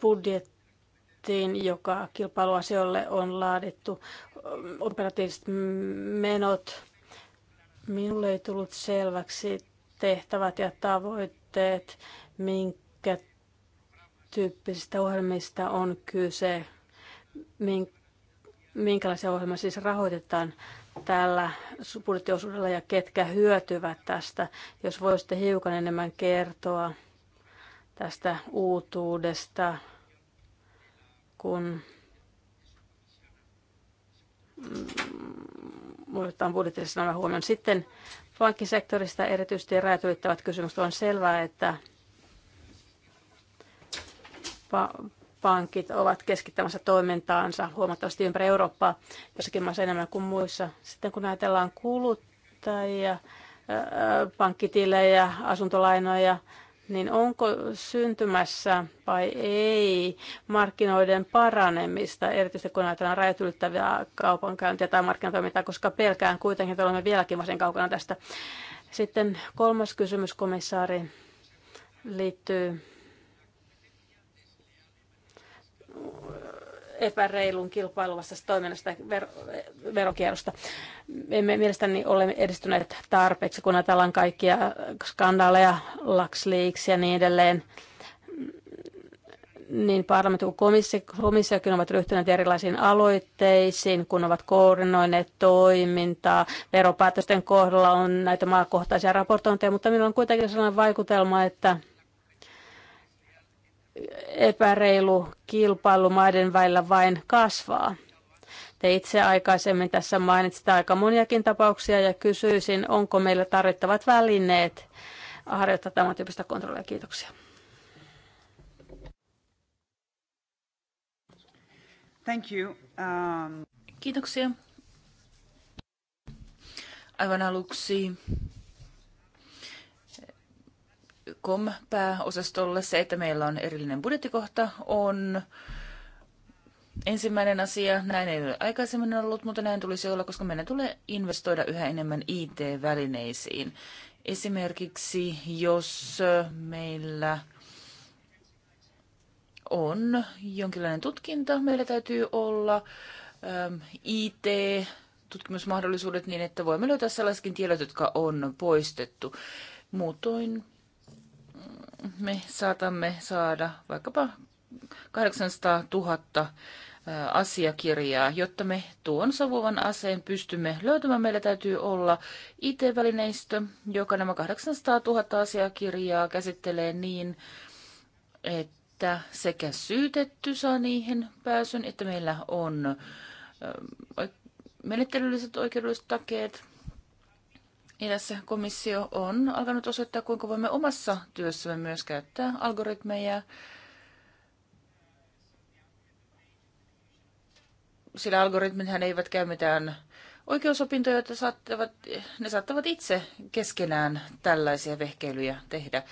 budjettiin budjettiin, joka kilpailuasiolle on laadittu, operatiiviset menot. Minulle ei tullut selväksi tehtävät ja tavoitteet, minkä tyyppisistä ohjelmista on kyse, minkälaisia ohjelmia siis rahoitetaan tällä budjettiosuudella ja ketkä hyötyvät tästä. Jos voisitte hiukan enemmän kertoa tästä uutuudesta, kun muutetaan mm, budjetissa nämä huomioon. Sitten pankkisektorista erityisesti rajat ylittävät kysymykset. On selvää, että pa- pankit ovat keskittämässä toimintaansa huomattavasti ympäri Eurooppaa, jossakin maassa enemmän kuin muissa. Sitten kun ajatellaan kuluttajia, pankkitilejä, asuntolainoja, niin onko syntymässä vai ei markkinoiden paranemista, erityisesti kun ajatellaan rajat ylittäviä kaupankäyntiä tai markkinatoimintaa, koska pelkään kuitenkin, että olemme vieläkin varsin kaukana tästä. Sitten kolmas kysymys, komissaari, liittyy epäreilun kilpailuvastaisesta toiminnasta ja verokierrosta. Emme mielestäni ole edistyneet tarpeeksi, kun ajatellaan kaikkia skandaaleja, LuxLeaks ja niin edelleen niin parlamentti kuin komissio, komissiokin ovat ryhtyneet erilaisiin aloitteisiin, kun ovat koordinoineet toimintaa. Veropäätösten kohdalla on näitä maakohtaisia raportointeja, mutta minulla on kuitenkin sellainen vaikutelma, että epäreilu kilpailu maiden välillä vain kasvaa. Te itse aikaisemmin tässä mainitsit aika moniakin tapauksia ja kysyisin, onko meillä tarvittavat välineet harjoittaa tämän tyyppistä kontrollia. Kiitoksia. Thank you. Um... Kiitoksia. Aivan aluksi COM-pääosastolle. Se, että meillä on erillinen budjettikohta, on ensimmäinen asia. Näin ei ole aikaisemmin ollut, mutta näin tulisi olla, koska meidän tulee investoida yhä enemmän IT-välineisiin. Esimerkiksi jos meillä on jonkinlainen tutkinta, meillä täytyy olla äm, IT, tutkimusmahdollisuudet niin, että voimme löytää sellaisetkin tiedot, jotka on poistettu. Muutoin me saatamme saada vaikkapa 800 000 asiakirjaa. Jotta me tuon savuvan aseen pystymme löytämään, meillä täytyy olla IT-välineistö, joka nämä 800 000 asiakirjaa käsittelee niin, että sekä syytetty saa niihin pääsyn, että meillä on menettelylliset oikeudelliset takeet, tässä komissio on alkanut osoittaa, kuinka voimme omassa työssämme myös käyttää algoritmeja, sillä algoritmithän eivät käy mitään oikeusopintoja, että saattavat, ne saattavat itse keskenään tällaisia vehkeilyjä tehdä.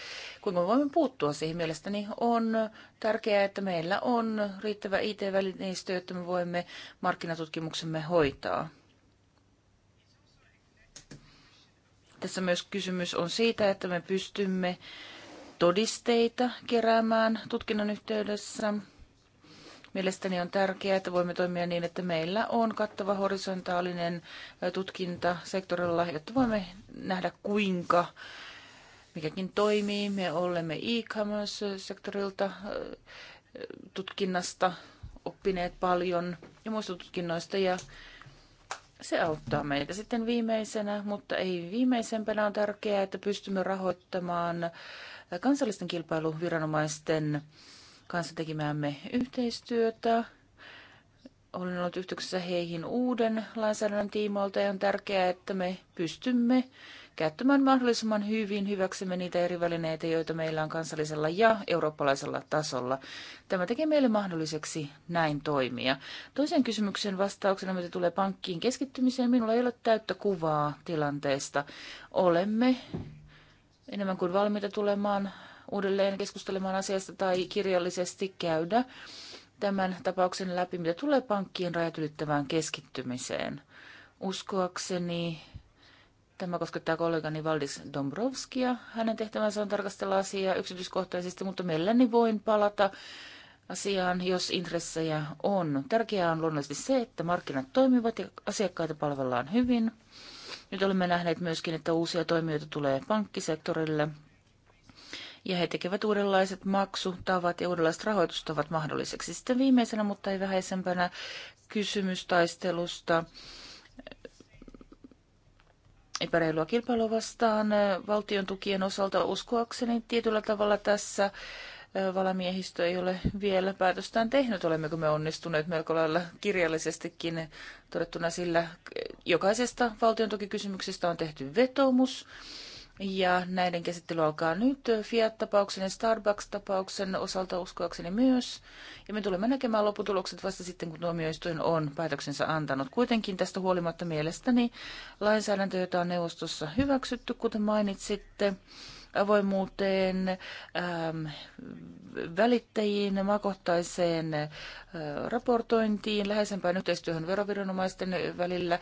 Kuinka me voimme puuttua siihen mielestäni on tärkeää, että meillä on riittävä IT-välineistö, jotta me voimme markkinatutkimuksemme hoitaa. Tässä myös kysymys on siitä, että me pystymme todisteita keräämään tutkinnon yhteydessä. Mielestäni on tärkeää, että voimme toimia niin, että meillä on kattava horisontaalinen tutkinta sektorilla, jotta voimme nähdä kuinka mikäkin toimii. Me olemme e-commerce-sektorilta tutkinnasta oppineet paljon ja muista tutkinnoista ja se auttaa meitä. Sitten viimeisenä, mutta ei viimeisempänä on tärkeää, että pystymme rahoittamaan kansallisten kilpailuviranomaisten kanssa tekemäämme yhteistyötä. Olen ollut yhteyksissä heihin uuden lainsäädännön tiimoilta ja on tärkeää, että me pystymme käyttämään mahdollisimman hyvin hyväksemme niitä eri välineitä, joita meillä on kansallisella ja eurooppalaisella tasolla. Tämä tekee meille mahdolliseksi näin toimia. Toisen kysymyksen vastauksena, mitä tulee pankkiin keskittymiseen, minulla ei ole täyttä kuvaa tilanteesta. Olemme enemmän kuin valmiita tulemaan uudelleen keskustelemaan asiasta tai kirjallisesti käydä tämän tapauksen läpi, mitä tulee pankkien rajat ylittävään keskittymiseen. Uskoakseni Tämä koskettaa kollegani Valdis Dombrovskia. Hänen tehtävänsä on tarkastella asiaa yksityiskohtaisesti, mutta mielelläni voin palata asiaan, jos intressejä on. Tärkeää on luonnollisesti se, että markkinat toimivat ja asiakkaita palvellaan hyvin. Nyt olemme nähneet myöskin, että uusia toimijoita tulee pankkisektorille ja he tekevät uudenlaiset maksutavat ja uudenlaiset rahoitustavat mahdolliseksi. Sitten viimeisenä, mutta ei vähäisempänä, kysymystaistelusta epäreilua kilpailua vastaan valtion tukien osalta. Uskoakseni tietyllä tavalla tässä valamiehistö ei ole vielä päätöstään tehnyt. Olemmeko me onnistuneet melko lailla kirjallisestikin todettuna sillä jokaisesta valtion tukikysymyksestä on tehty vetomus ja näiden käsittely alkaa nyt Fiat-tapauksen ja Starbucks-tapauksen osalta uskoakseni myös. Ja me tulemme näkemään lopputulokset vasta sitten, kun tuomioistuin on päätöksensä antanut. Kuitenkin tästä huolimatta mielestäni lainsäädäntö, jota on neuvostossa hyväksytty, kuten mainitsitte, avoimuuteen, ähm, välittäjiin, makohtaiseen äh, raportointiin, läheisempään yhteistyöhön veroviranomaisten välillä, äh,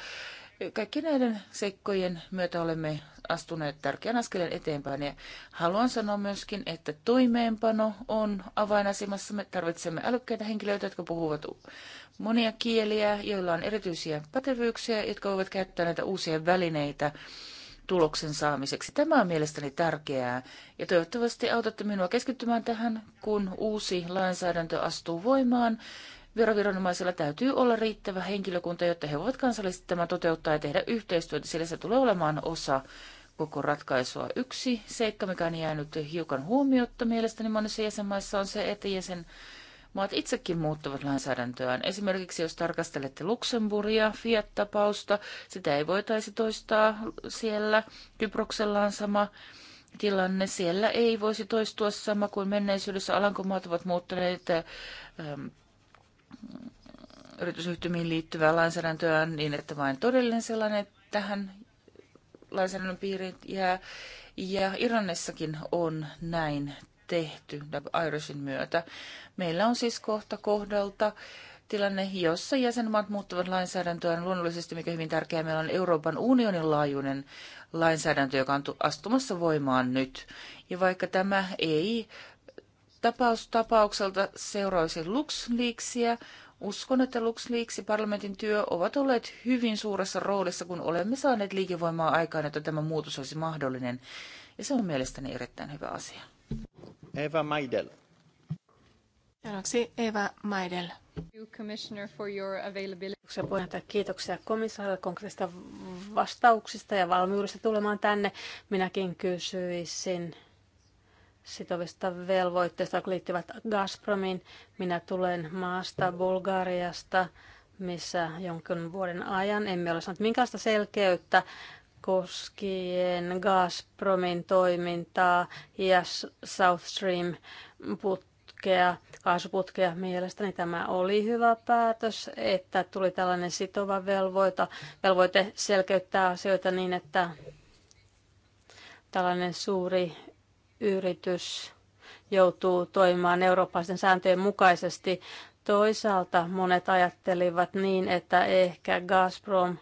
kaikki näiden seikkojen myötä olemme astuneet tärkeän askeleen eteenpäin. Ja haluan sanoa myöskin, että toimeenpano on avainasemassa. Me tarvitsemme älykkäitä henkilöitä, jotka puhuvat monia kieliä, joilla on erityisiä pätevyyksiä, jotka voivat käyttää näitä uusia välineitä tuloksen saamiseksi. Tämä on mielestäni tärkeää ja toivottavasti autatte minua keskittymään tähän, kun uusi lainsäädäntö astuu voimaan veroviranomaisilla täytyy olla riittävä henkilökunta, jotta he voivat kansallisesti tämän toteuttaa ja tehdä yhteistyötä, sillä se tulee olemaan osa koko ratkaisua. Yksi seikka, mikä on jäänyt hiukan huomiotta mielestäni monissa jäsenmaissa, on se, että jäsen Maat itsekin muuttavat lainsäädäntöään. Esimerkiksi jos tarkastelette Luxemburgia, Fiat-tapausta, sitä ei voitaisi toistaa siellä. Kyproksella on sama tilanne. Siellä ei voisi toistua sama kuin menneisyydessä. Alankomaat ovat muuttaneet ähm, yritysyhtymiin liittyvää lainsäädäntöä niin, että vain todellinen sellainen tähän lainsäädännön piiriin jää. Ja Irannessakin on näin tehty Irishin myötä. Meillä on siis kohta kohdalta tilanne, jossa jäsenmaat muuttavat lainsäädäntöä. luonnollisesti, mikä hyvin tärkeää. Meillä on Euroopan unionin laajuinen lainsäädäntö, joka on astumassa voimaan nyt. Ja vaikka tämä ei tapaus tapaukselta seuraisi LuxLeaksia. Uskon, että LuxLeaks ja parlamentin työ ovat olleet hyvin suuressa roolissa, kun olemme saaneet liikevoimaa aikaan, että tämä muutos olisi mahdollinen. Ja se on mielestäni erittäin hyvä asia. Eva Maidel. Seuraavaksi Eva Maidel. Kiitoksia komissaarille konkreettista vastauksista ja valmiudesta tulemaan tänne. Minäkin kysyisin sitovista velvoitteista, jotka liittyvät Gazpromiin. Minä tulen maasta Bulgariasta, missä jonkin vuoden ajan emme ole saanut minkäänlaista selkeyttä koskien Gazpromin toimintaa ja South Stream putkea, kaasuputkea. Mielestäni tämä oli hyvä päätös, että tuli tällainen sitova velvoite, velvoite selkeyttää asioita niin, että tällainen suuri yritys joutuu toimimaan eurooppalaisten sääntöjen mukaisesti. Toisaalta monet ajattelivat niin, että ehkä Gazprom äh,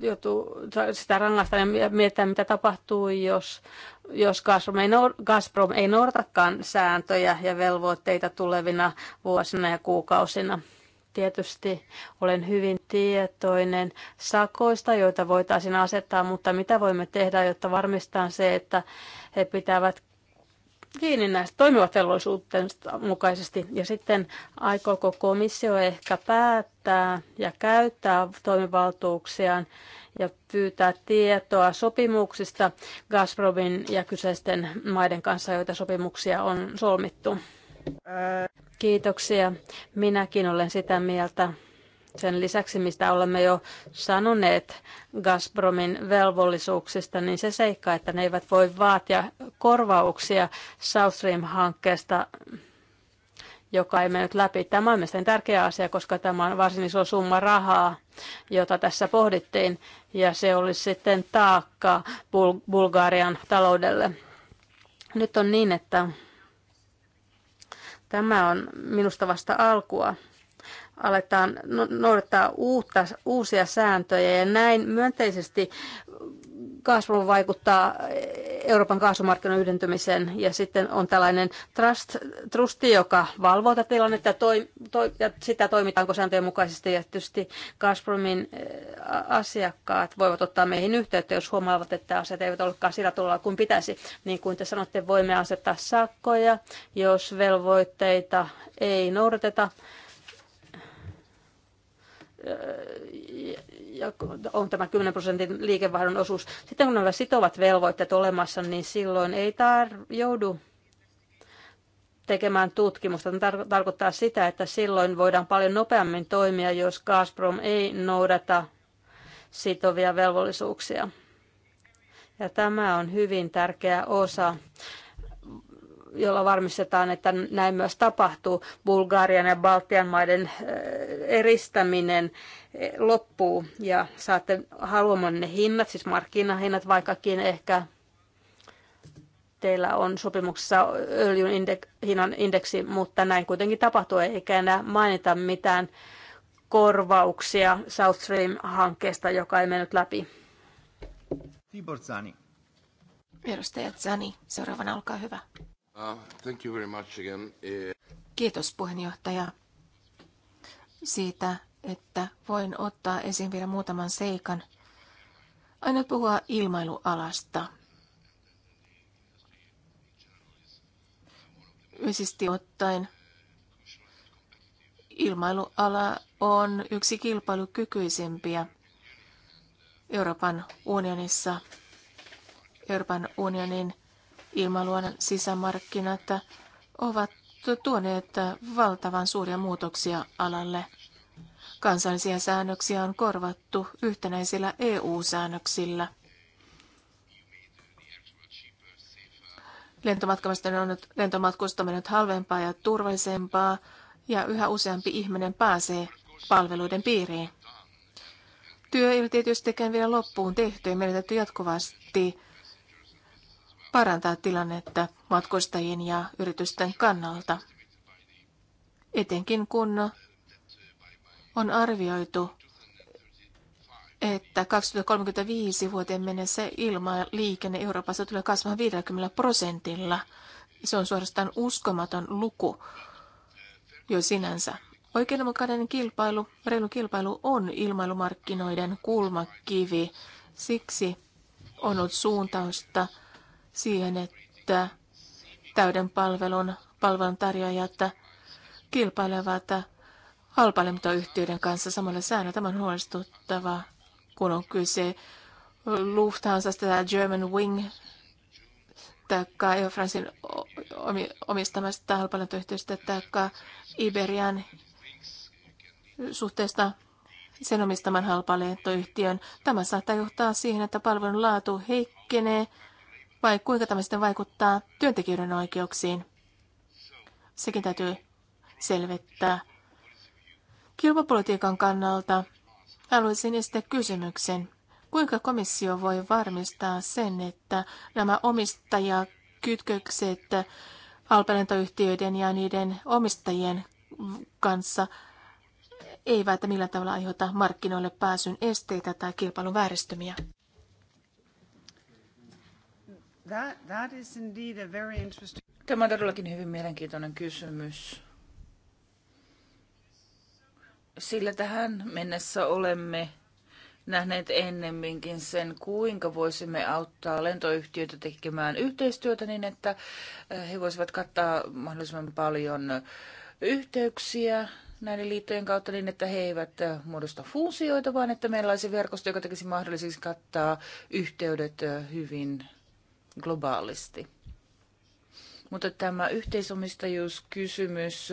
joutuu, sitä rangaista ja miettää, mitä tapahtuu, jos, jos Gazprom, ei, Gazprom ei noudatakaan sääntöjä ja velvoitteita tulevina vuosina ja kuukausina. Tietysti olen hyvin tietoinen sakoista, joita voitaisiin asettaa, mutta mitä voimme tehdä, jotta varmistetaan se, että he pitävät kiinni näistä toimivat mukaisesti. Ja sitten aikooko komissio ehkä päättää ja käyttää toimivaltuuksiaan ja pyytää tietoa sopimuksista Gazprobin ja kyseisten maiden kanssa, joita sopimuksia on solmittu. Kiitoksia. Minäkin olen sitä mieltä. Sen lisäksi, mistä olemme jo sanoneet Gazpromin velvollisuuksista, niin se seikka, että ne eivät voi vaatia korvauksia South Stream-hankkeesta, joka ei mennyt läpi. Tämä on mielestäni tärkeä asia, koska tämä on varsin iso summa rahaa, jota tässä pohdittiin, ja se olisi sitten taakka Bul- Bulgarian taloudelle. Nyt on niin, että Tämä on minusta vasta alkua. Aletaan no- noudattaa uutta, uusia sääntöjä ja näin myönteisesti Gazprom vaikuttaa Euroopan kaasumarkkinoiden yhdentymiseen ja sitten on tällainen trust, trusti, joka valvoo tätä tilannetta ja, toi, toi, ja sitä toimitaanko sääntöjen mukaisesti ja tietysti Gazpromin äh, asiakkaat voivat ottaa meihin yhteyttä, jos huomaavat, että asiat eivät olekaan sillä tulolla kuin pitäisi. Niin kuin te sanotte, voimme asettaa sakkoja, jos velvoitteita ei noudateta ja on tämä 10 prosentin liikevaihdon osuus. Sitten kun nämä sitovat velvoitteet olemassa, niin silloin ei tar- joudu tekemään tutkimusta. Tämä tar- tarkoittaa sitä, että silloin voidaan paljon nopeammin toimia, jos Gazprom ei noudata sitovia velvollisuuksia. Ja tämä on hyvin tärkeä osa jolla varmistetaan, että näin myös tapahtuu. Bulgarian ja Baltian maiden eristäminen loppuu ja saatte haluamanne hinnat, siis markkinahinnat, vaikkakin ehkä teillä on sopimuksessa öljyn indek, hinnan indeksi, mutta näin kuitenkin tapahtuu, eikä enää mainita mitään korvauksia South Stream-hankkeesta, joka ei mennyt läpi. Tibor Zani. Edustaja Zani, seuraavana olkaa hyvä. Uh, thank you very much again. Kiitos puheenjohtaja siitä, että voin ottaa esiin vielä muutaman seikan. Aina puhua ilmailualasta. Yleisesti ottaen ilmailuala on yksi kilpailukykyisimpiä Euroopan unionissa. Euroopan unionin ilmailualan sisämarkkinat ovat tuoneet valtavan suuria muutoksia alalle. Kansallisia säännöksiä on korvattu yhtenäisillä EU-säännöksillä. Lentomatkustaminen on, lentomatkustaminen halvempaa ja turvallisempaa, ja yhä useampi ihminen pääsee palveluiden piiriin. Työ ei tietysti vielä loppuun tehty ja menetetty jatkuvasti parantaa tilannetta matkustajien ja yritysten kannalta. Etenkin kun on arvioitu, että 2035 vuoteen mennessä ilmaliikenne Euroopassa tulee kasvamaan 50 prosentilla. Se on suorastaan uskomaton luku jo sinänsä. Oikeudenmukainen kilpailu, reilu kilpailu on ilmailumarkkinoiden kulmakivi. Siksi on ollut suuntausta siihen, että täyden palvelun tarjoajat kilpailevat halpalentoyhtiöiden kanssa samalla säännöllä. Tämä on huolestuttava, kun on kyse Lufthansa, tämä German Wing taikka Air Francein omistamasta halpalentoyhtiöstä taikka Iberian suhteesta sen omistaman halpalentoyhtiön. Tämä saattaa johtaa siihen, että palvelun laatu heikkenee vai kuinka tämä sitten vaikuttaa työntekijöiden oikeuksiin? Sekin täytyy selvittää. Kilpapolitiikan kannalta haluaisin esittää kysymyksen. Kuinka komissio voi varmistaa sen, että nämä omistajakytkökset alpelentoyhtiöiden ja niiden omistajien kanssa eivät millään tavalla aiheuta markkinoille pääsyn esteitä tai kilpailun vääristymiä? That, that is indeed a very interesting... Tämä on todellakin hyvin mielenkiintoinen kysymys. Sillä tähän mennessä olemme nähneet ennemminkin sen, kuinka voisimme auttaa lentoyhtiöitä tekemään yhteistyötä niin, että eh, he voisivat kattaa mahdollisimman paljon eh, yhteyksiä näiden liittojen kautta niin, että he eivät eh, muodosta fuusioita, vaan että meillä olisi verkosto, joka tekisi mahdolliseksi kattaa yhteydet hyvin globaalisti. Mutta tämä yhteisomistajuuskysymys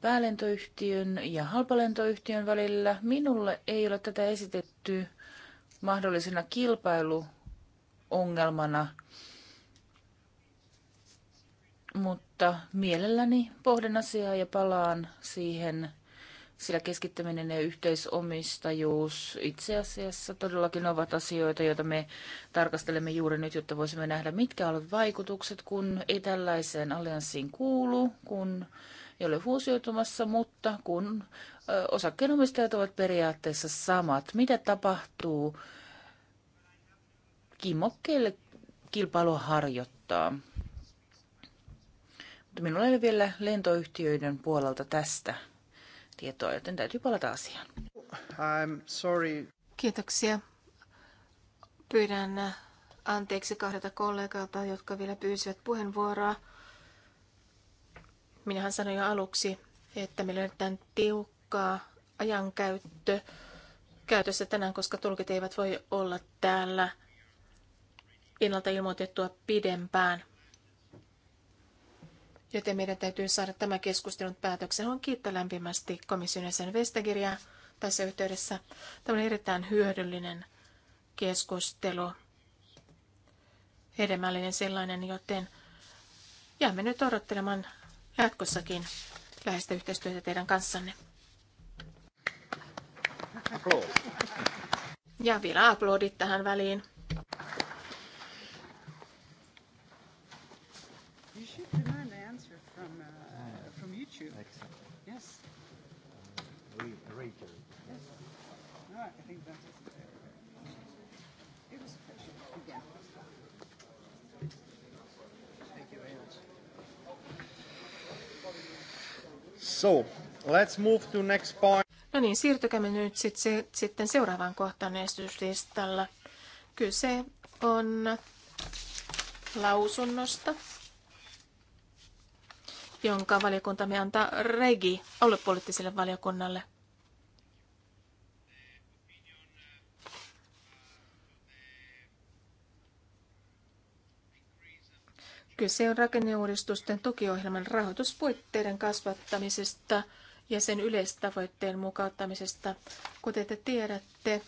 päälentoyhtiön ja halpalentoyhtiön välillä, minulle ei ole tätä esitetty mahdollisena kilpailuongelmana, mutta mielelläni pohdin asiaa ja palaan siihen – sillä keskittäminen ja yhteisomistajuus itse asiassa todellakin ovat asioita, joita me tarkastelemme juuri nyt, jotta voisimme nähdä, mitkä ovat vaikutukset, kun ei tällaiseen allianssiin kuulu, kun ei ole fuusioitumassa, mutta kun osakkeenomistajat ovat periaatteessa samat. Mitä tapahtuu kimokkeille kilpailua harjoittaa? Mutta minulla ei ole vielä lentoyhtiöiden puolelta tästä tietoa, joten täytyy palata asiaan. I'm sorry. Kiitoksia. Pyydän anteeksi kahdelta kollegalta, jotka vielä pyysivät puheenvuoroa. Minähän sanoin jo aluksi, että meillä on tämän tiukkaa ajankäyttö käytössä tänään, koska tulkit eivät voi olla täällä ennalta ilmoitettua pidempään joten meidän täytyy saada tämä keskustelun päätöksen. Haluan kiittää lämpimästi komission jäsen Vestagiriä tässä yhteydessä. Tämä oli erittäin hyödyllinen keskustelu, hedelmällinen sellainen, joten jäämme nyt odottelemaan jatkossakin läheistä yhteistyötä teidän kanssanne. Ja vielä aplodit tähän väliin. So, let's move to next point. No niin, siirtykäämme nyt sit se, sitten seuraavaan kohtaan esityslistalla. Kyse on lausunnosta jonka valiokuntamme antaa regi aluepoliittiselle valiokunnalle. Kyse on rakenneuudistusten tukiohjelman rahoituspuitteiden kasvattamisesta ja sen yleistavoitteen mukauttamisesta. Kuten te tiedätte,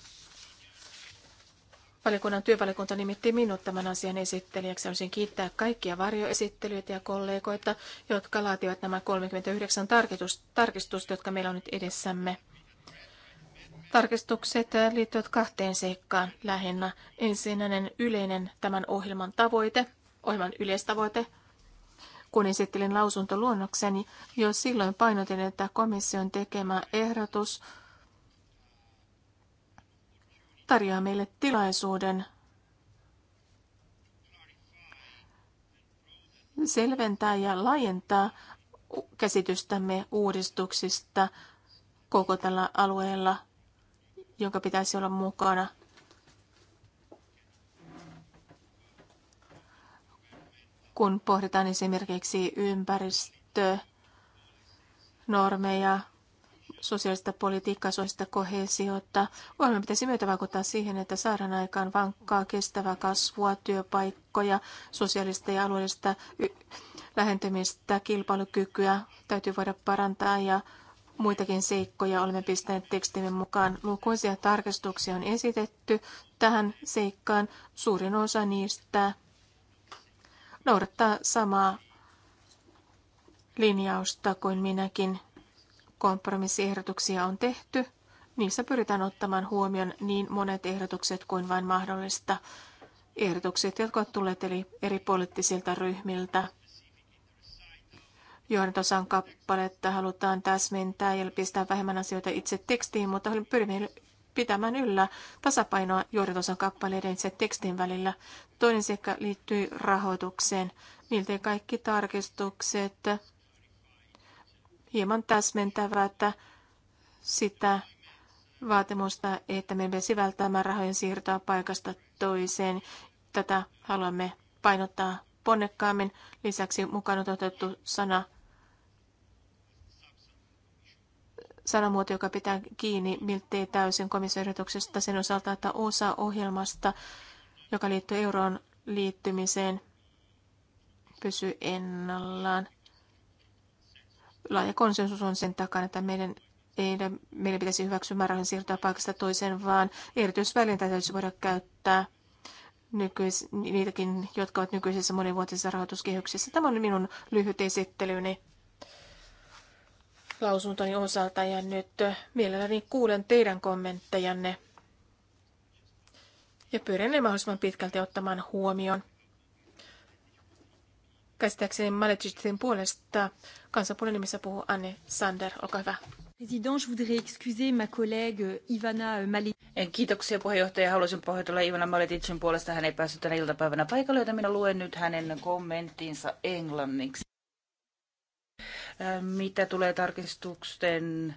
Valiokunnan työvaliokunta nimitti minut tämän asian esittelijäksi. Haluaisin kiittää kaikkia varjoesittelyitä ja kollegoita, jotka laativat nämä 39 tarkistusta, jotka meillä on nyt edessämme. Tarkistukset liittyvät kahteen seikkaan lähinnä. Ensinnäinen yleinen tämän ohjelman tavoite, ohjelman yleistavoite, kun esittelin lausuntoluonnokseni, jo silloin painotin, että komission tekemä ehdotus – tarjoaa meille tilaisuuden selventää ja laajentaa käsitystämme uudistuksista koko tällä alueella, jonka pitäisi olla mukana. Kun pohditaan esimerkiksi ympäristönormeja, sosiaalista politiikkaa, sosiaalista kohesiota. Ohjelman pitäisi myötä vaikuttaa siihen, että saadaan aikaan vankkaa, kestävää kasvua, työpaikkoja, sosiaalista ja alueellista lähentymistä, kilpailukykyä täytyy voida parantaa ja muitakin seikkoja olemme pistäneet tekstimme mukaan. Lukuisia tarkistuksia on esitetty tähän seikkaan. Suurin osa niistä noudattaa samaa linjausta kuin minäkin. Kompromissiehdotuksia on tehty. Niissä pyritään ottamaan huomioon niin monet ehdotukset kuin vain mahdollista. Ehdotukset, jotka ovat tulleet eli eri poliittisilta ryhmiltä. Johdantosan kappaletta halutaan täsmentää ja pistää vähemmän asioita itse tekstiin, mutta pyrimme pitämään yllä tasapainoa johdantosan kappaleiden itse tekstin välillä. Toinen seikka liittyy rahoitukseen. Miltei kaikki tarkistukset hieman täsmentävät sitä vaatimusta, että meidän pitäisi välttämään rahojen siirtoa paikasta toiseen. Tätä haluamme painottaa ponnekkaammin. Lisäksi mukaan on otettu sana sanamuoto, joka pitää kiinni miltei täysin komissioehdotuksesta sen osalta, että osa ohjelmasta, joka liittyy euroon liittymiseen, pysyy ennallaan laaja konsensus on sen takana, että meidän ei meidän pitäisi hyväksyä määrärahan siirtoa paikasta toiseen, vaan erityisvälineitä täytyisi voida käyttää nykyis, niitäkin, jotka ovat nykyisessä monivuotisessa rahoituskehyksessä. Tämä on minun lyhyt esittelyni lausuntoni osalta ja nyt mielelläni kuulen teidän kommenttejanne ja pyydän ne mahdollisimman pitkälti ottamaan huomioon Käsittääkseni Maleticin puolesta kansanpuolen nimissä puhuu Anne Sander. Olkaa hyvä. Président, je voudrais excuser ma collègue Ivana Maletic. Kiitoksia puheenjohtaja. Haluaisin pohjoitella Ivana Maleticin puolesta. Hän ei päässyt tänä iltapäivänä paikalle, joten minä luen nyt hänen kommenttinsa englanniksi. Äh, mitä tulee tarkistusten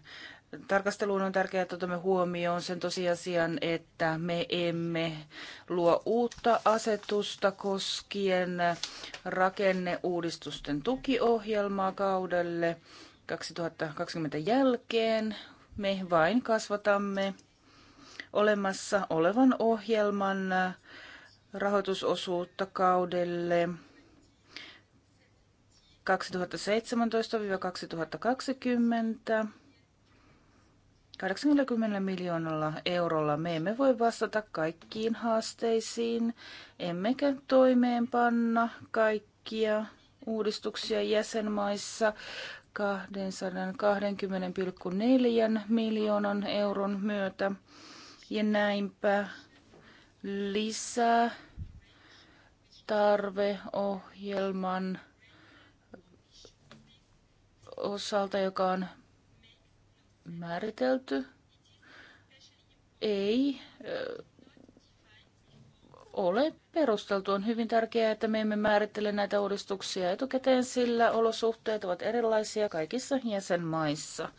tarkasteluun on tärkeää, että otamme huomioon sen tosiasian, että me emme luo uutta asetusta koskien rakenneuudistusten tukiohjelmaa kaudelle 2020 jälkeen. Me vain kasvatamme olemassa olevan ohjelman rahoitusosuutta kaudelle 2017-2020 80 miljoonalla eurolla me emme voi vastata kaikkiin haasteisiin, emmekä toimeenpanna kaikkia uudistuksia jäsenmaissa 220,4 miljoonan euron myötä. Ja näinpä lisää tarveohjelman osalta, joka on määritelty, ei ole perusteltu. On hyvin tärkeää, että me emme määrittele näitä uudistuksia etukäteen, sillä olosuhteet ovat erilaisia kaikissa jäsenmaissa.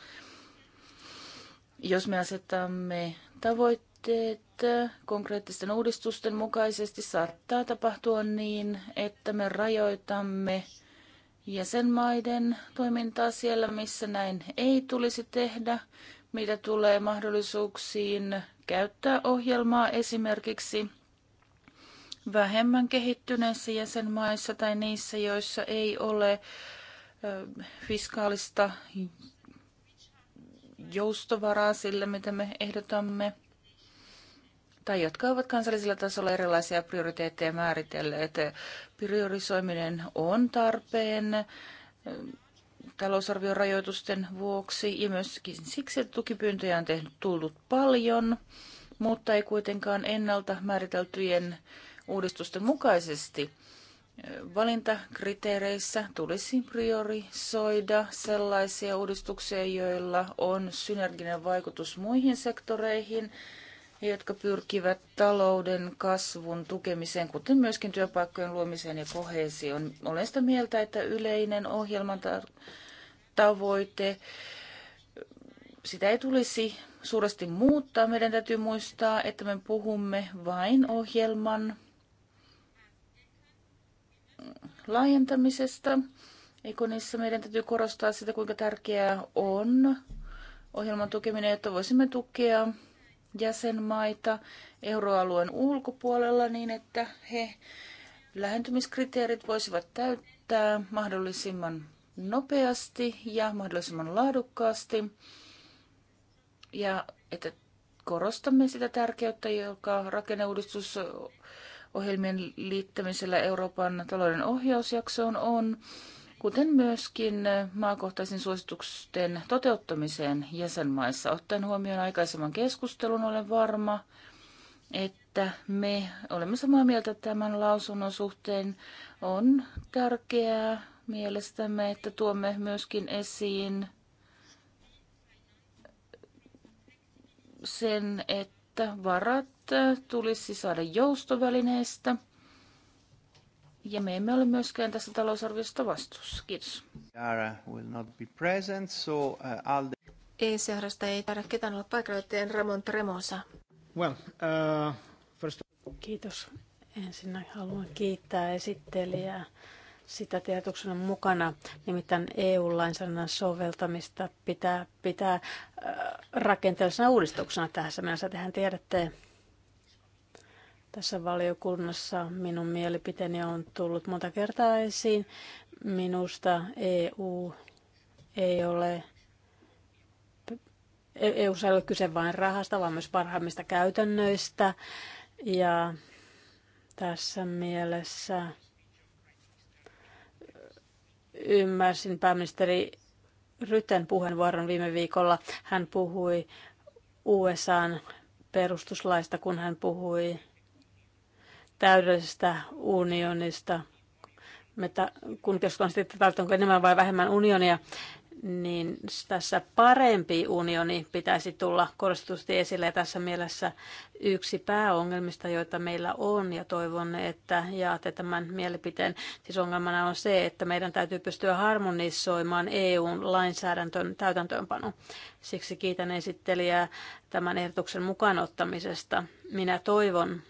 Jos me asetamme tavoitteet konkreettisten uudistusten mukaisesti, saattaa tapahtua niin, että me rajoitamme jäsenmaiden toimintaa siellä, missä näin ei tulisi tehdä, mitä tulee mahdollisuuksiin käyttää ohjelmaa esimerkiksi vähemmän kehittyneissä jäsenmaissa tai niissä, joissa ei ole fiskaalista joustovaraa sille, mitä me ehdotamme tai jotka ovat kansallisella tasolla erilaisia prioriteetteja määritelleet. Priorisoiminen on tarpeen eh, talousarvion rajoitusten vuoksi ja myöskin siksi, että tukipyyntöjä on tehnyt tullut paljon, mutta ei kuitenkaan ennalta määriteltyjen uudistusten mukaisesti. Eh, valintakriteereissä tulisi priorisoida sellaisia uudistuksia, joilla on synerginen vaikutus muihin sektoreihin jotka pyrkivät talouden kasvun tukemiseen, kuten myöskin työpaikkojen luomiseen ja kohesioon. Olen sitä mieltä, että yleinen ohjelman tavoite, sitä ei tulisi suuresti muuttaa. Meidän täytyy muistaa, että me puhumme vain ohjelman laajentamisesta. Ikonissa meidän täytyy korostaa sitä, kuinka tärkeää on ohjelman tukeminen, jotta voisimme tukea jäsenmaita euroalueen ulkopuolella niin, että he lähentymiskriteerit voisivat täyttää mahdollisimman nopeasti ja mahdollisimman laadukkaasti. Ja että korostamme sitä tärkeyttä, joka ohjelmien liittämisellä Euroopan talouden ohjausjaksoon on kuten myöskin maakohtaisen suositusten toteuttamiseen jäsenmaissa. Ottaen huomioon aikaisemman keskustelun, olen varma, että me olemme samaa mieltä tämän lausunnon suhteen. On tärkeää mielestämme, että tuomme myöskin esiin sen, että varat tulisi saada joustovälineistä. Ja me emme ole myöskään tässä talousarviosta vastuussa. Kiitos. will not be present, so uh, ECRstä e ei taida ketään olla paikalla, joten Ramon Tremosa. Well, uh, first... Kiitos. Ensin haluan kiittää esittelijää sitä tietoksena mukana, nimittäin EU-lainsäädännön soveltamista pitää, pitää äh, rakenteellisena uudistuksena tässä mielessä. Tehän tiedätte, tässä valiokunnassa minun mielipiteeni on tullut monta kertaa esiin. Minusta EU ei ole EU ei ole kyse vain rahasta, vaan myös parhaimmista käytännöistä. Ja tässä mielessä ymmärsin pääministeri Ryten puheenvuoron viime viikolla. Hän puhui USAn perustuslaista, kun hän puhui täydellisestä unionista. Me kun keskustellaan sitten, että onko enemmän vai vähemmän unionia, niin tässä parempi unioni pitäisi tulla korostetusti esille. Ja tässä mielessä yksi pääongelmista, joita meillä on, ja toivon, että jaatte tämän mielipiteen, siis ongelmana on se, että meidän täytyy pystyä harmonisoimaan EUn lainsäädäntön täytäntöönpano. Siksi kiitän esittelijää tämän ehdotuksen mukaanottamisesta. Minä toivon,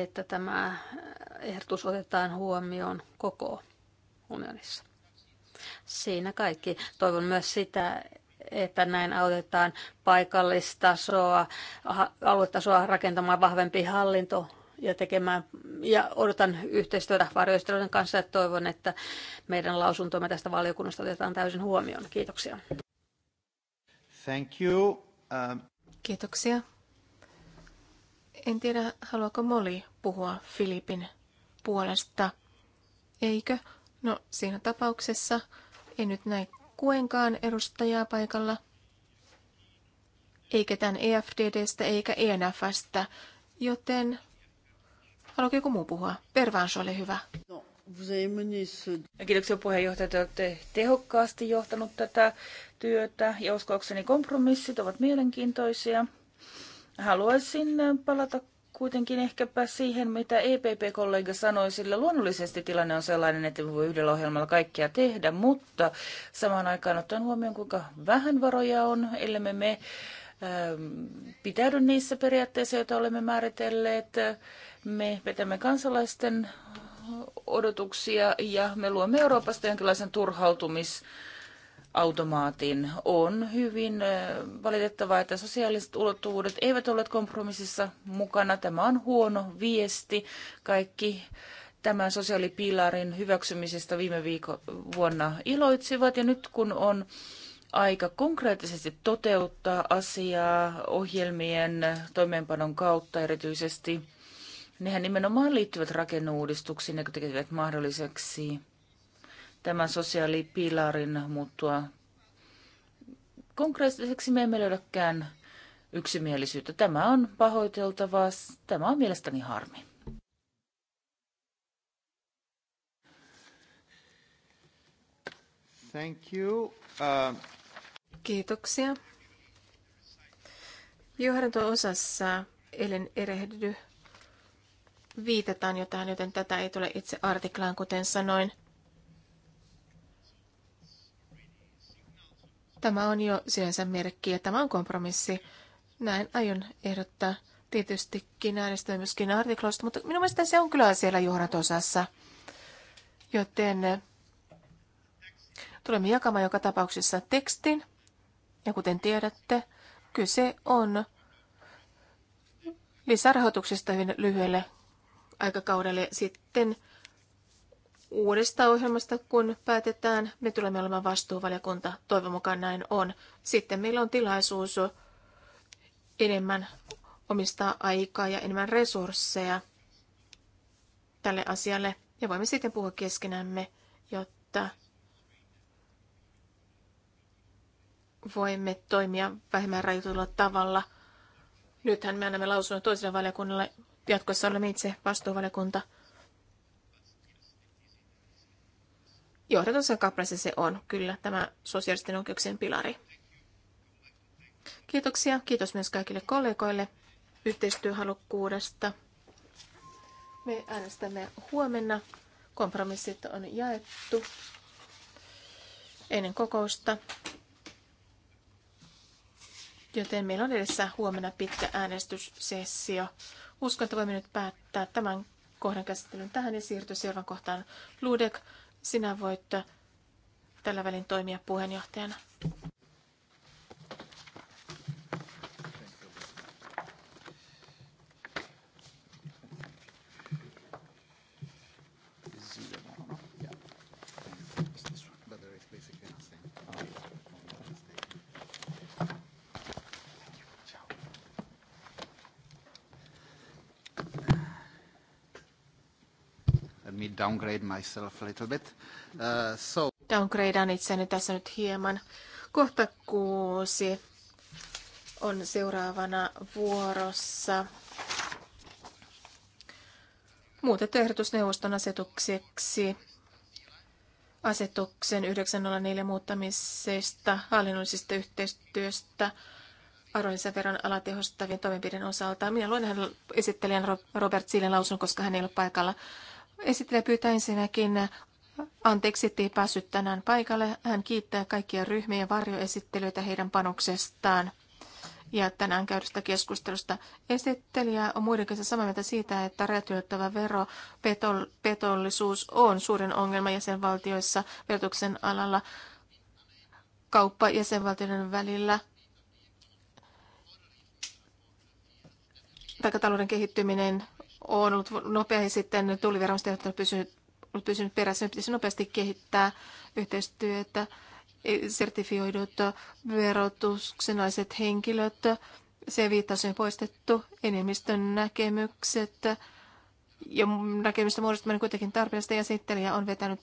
että tämä ehdotus otetaan huomioon koko unionissa. Siinä kaikki. Toivon myös sitä, että näin autetaan paikallistasoa, aluetasoa rakentamaan vahvempi hallinto ja tekemään, ja odotan yhteistyötä varjoistelujen kanssa ja toivon, että meidän lausuntomme tästä valiokunnasta otetaan täysin huomioon. Kiitoksia. Thank you. Um... Kiitoksia. En tiedä, haluaako Moli puhua Filipin puolesta. Eikö? No, siinä tapauksessa en nyt näe kuenkaan edustajaa paikalla. E eikä tämän e EFDDstä eikä ENFstä, joten haluaako joku muu puhua? Pervans, ole hyvä. No. Kiitoksia puheenjohtaja, te olette tehokkaasti johtanut tätä työtä ja uskoakseni kompromissit ovat mielenkiintoisia. Haluaisin äh, palata kuitenkin ehkäpä siihen, mitä EPP-kollega sanoi, sillä luonnollisesti tilanne on sellainen, että voi yhdellä ohjelmalla kaikkea tehdä, mutta samaan aikaan ottaen huomioon, kuinka vähän varoja on, ellei me ähm, pitäydy niissä periaatteissa, joita olemme määritelleet. Me vetämme kansalaisten odotuksia ja me luomme Euroopasta jonkinlaisen turhautumis- automaatin. On hyvin valitettavaa, että sosiaaliset ulottuvuudet eivät ole kompromississa mukana. Tämä on huono viesti. Kaikki tämän sosiaalipilarin hyväksymisestä viime viikon vuonna iloitsivat. Ja nyt kun on aika konkreettisesti toteuttaa asiaa ohjelmien toimeenpanon kautta erityisesti, nehän nimenomaan liittyvät rakennuudistuksiin, ne tekevät mahdolliseksi tämän sosiaalipilarin muuttua konkreettiseksi. Me emme löydäkään yksimielisyyttä. Tämä on pahoiteltavaa. Tämä on mielestäni harmi. Thank you. Uh... Kiitoksia. Johdanto-osassa Elen erehdy viitataan jotain, joten tätä ei tule itse artiklaan, kuten sanoin. Tämä on jo sinänsä merkki ja tämä on kompromissi. Näin aion ehdottaa tietystikin äänestämme myöskin artikloista, mutta minun mielestä se on kyllä siellä johdatosassa. Joten eh, tulemme jakamaan joka tapauksessa tekstin. Ja kuten tiedätte, kyse on lisärahoituksesta hyvin lyhyelle aikakaudelle sitten uudesta ohjelmasta, kun päätetään, me tulemme olemaan vastuuvaliokunta. Toivon mukaan näin on. Sitten meillä on tilaisuus enemmän omistaa aikaa ja enemmän resursseja tälle asialle. Ja voimme sitten puhua keskenämme, jotta voimme toimia vähemmän rajoitulla tavalla. Nythän me annamme lausunnon toiselle valiokunnalle. Jatkossa olemme itse vastuuvaliokunta. Johdatonsa kappaleessa se on kyllä tämä sosiaalisten oikeuksien pilari. Kiitoksia. Kiitos myös kaikille kollegoille yhteistyöhalukkuudesta. Me äänestämme huomenna. Kompromissit on jaettu ennen kokousta. Joten meillä on edessä huomenna pitkä äänestyssessio. Uskon, että voimme nyt päättää tämän kohdan käsittelyn tähän ja siirtyä seuraavaan kohtaan Ludek sinä voit tällä välin toimia puheenjohtajana. downgrade myself a little bit. Uh, so... Downgradean itseäni tässä nyt hieman. Kohta kuusi on seuraavana vuorossa. Muutettu ehdotusneuvoston asetukseksi asetuksen 904 muuttamisesta hallinnollisesta yhteistyöstä arvonlisäveron alatehostavien toimenpiden osalta. Minä luen hän esittelijän Robert Siilen lausun, koska hän ei ole paikalla. Esittelijä pyytää ensinnäkin anteeksi, ettei päässyt tänään paikalle. Hän kiittää kaikkia ja varjoesittelyitä heidän panoksestaan ja tänään käydystä keskustelusta. Esittelijä on muiden kanssa samaa mieltä siitä, että rajatyöttävä vero petollisuus on suurin ongelma jäsenvaltioissa verotuksen alalla kauppa jäsenvaltioiden välillä tai talouden kehittyminen on ollut nopea ja sitten tulliviranomaiset on pysynyt, pysynyt perässä. Nyt pitäisi nopeasti kehittää yhteistyötä, e, sertifioidut verotuksenaiset henkilöt, se viittaus on poistettu, enemmistön näkemykset ja näkemystä muodostaminen kuitenkin tarpeellista ja sitten on vetänyt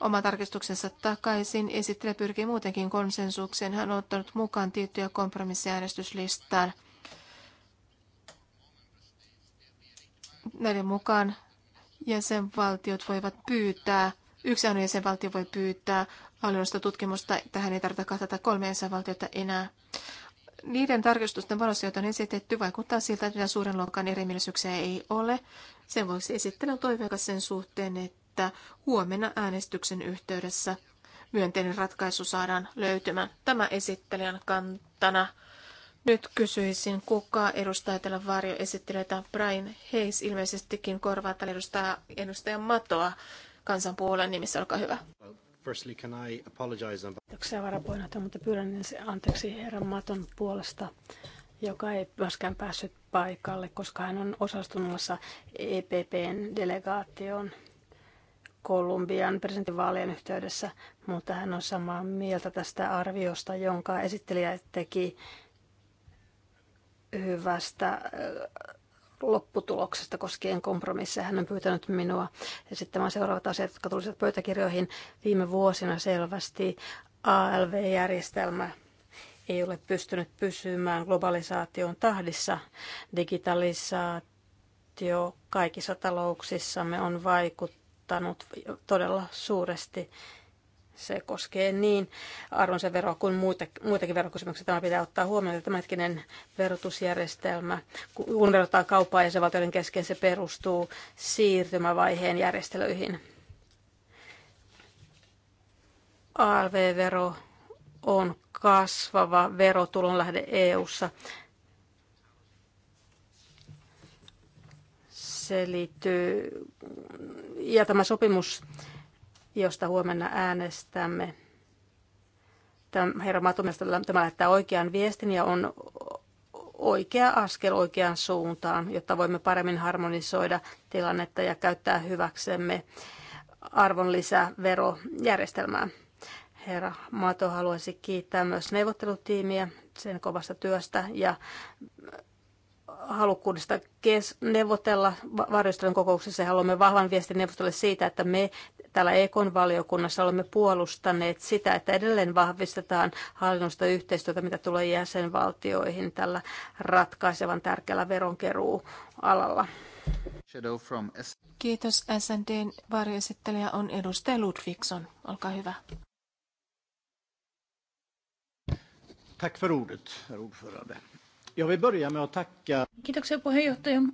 oma tarkistuksensa takaisin. Esittelijä pyrkii muutenkin konsensukseen. Hän on ottanut mukaan tiettyjä kompromissiäänestyslistaan. Näiden mukaan jäsenvaltiot voivat pyytää, yksi ainoa jäsenvaltio voi pyytää hallinnollista tutkimusta, tähän ei tarvita kahta tai kolme jäsenvaltiota enää. Niiden tarkistusten valossa, joita on esitetty, vaikuttaa siltä, että suuren luokan erimielisyyksiä ei ole. Sen vuoksi esittelen toiveikas sen suhteen, että huomenna äänestyksen yhteydessä myönteinen ratkaisu saadaan löytymään. Tämä esittelijän kantana nyt kysyisin, kuka edustaa tällä varjoesittelijöitä. Brian Hayes ilmeisestikin korvaa tällä edustaa, edustajan Matoa kansanpuolen nimissä. Olkaa hyvä. Firstly, can I apologize on... Kiitoksia varapuheenjohtaja, mutta pyydän anteeksi herran Maton puolesta, joka ei myöskään päässyt paikalle, koska hän on osastunnossa EPPn delegaation Kolumbian presidentinvaalien yhteydessä, mutta hän on samaa mieltä tästä arviosta, jonka esittelijä teki hyvästä äh, lopputuloksesta koskien kompromisseja. Hän on pyytänyt minua esittämään seuraavat asiat, jotka tulisivat pöytäkirjoihin viime vuosina selvästi. ALV-järjestelmä ei ole pystynyt pysymään globalisaation tahdissa. Digitalisaatio kaikissa talouksissamme on vaikuttanut todella suuresti se koskee niin veroa kuin muita, muitakin verokysymyksiä. Tämä pitää ottaa huomioon, että tämänhetkinen verotusjärjestelmä, kun verotetaan kauppaa ja sen kesken, se perustuu siirtymävaiheen järjestelyihin. ALV-vero on kasvava EU-ssa. E se liittyy, ja tämä sopimus josta huomenna äänestämme. Tämä herra Matumesta tämä lähettää oikean viestin ja on oikea askel oikeaan suuntaan, jotta voimme paremmin harmonisoida tilannetta ja käyttää hyväksemme arvonlisäverojärjestelmää. Herra Mato haluaisi kiittää myös neuvottelutiimiä sen kovasta työstä ja halukkuudesta neuvotella varjostelun kokouksessa. Haluamme vahvan viestin neuvostolle siitä, että me täällä EKon valiokunnassa olemme puolustaneet sitä, että edelleen vahvistetaan hallinnosta yhteistyötä, mitä tulee jäsenvaltioihin tällä ratkaisevan tärkeällä veronkeruualalla. Kiitos. SNDn varjoesittelijä on edustaja Ludvigson. Olkaa hyvä. Tack för ordet, herr ordförande. Jag vill börja med att tacka. Kiitoksia puheenjohtaja.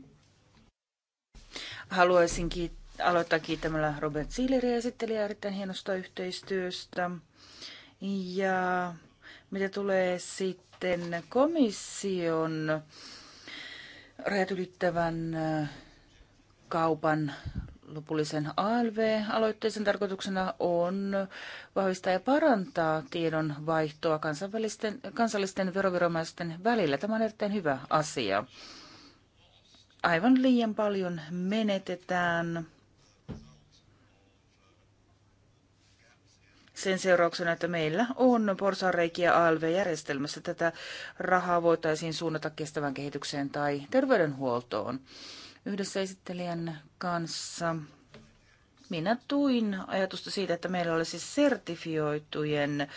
Haluaisin kiit- aloittaa kiittämällä Robert Siileriä esittelijä erittäin hienosta yhteistyöstä. Ja mitä tulee sitten komission rajat ylittävän äh, kaupan lopullisen ALV-aloitteisen tarkoituksena on vahvistaa ja parantaa tiedon vaihtoa kansainvälisten, kansallisten veroviranomaisten välillä. Tämä on erittäin hyvä asia. Aivan liian paljon menetetään sen seurauksena, että meillä on porsareikiä ALV-järjestelmässä. Tätä rahaa voitaisiin suunnata kestävän kehitykseen tai terveydenhuoltoon yhdessä esittelijän kanssa. Minä tuin ajatusta siitä, että meillä olisi sertifioitujen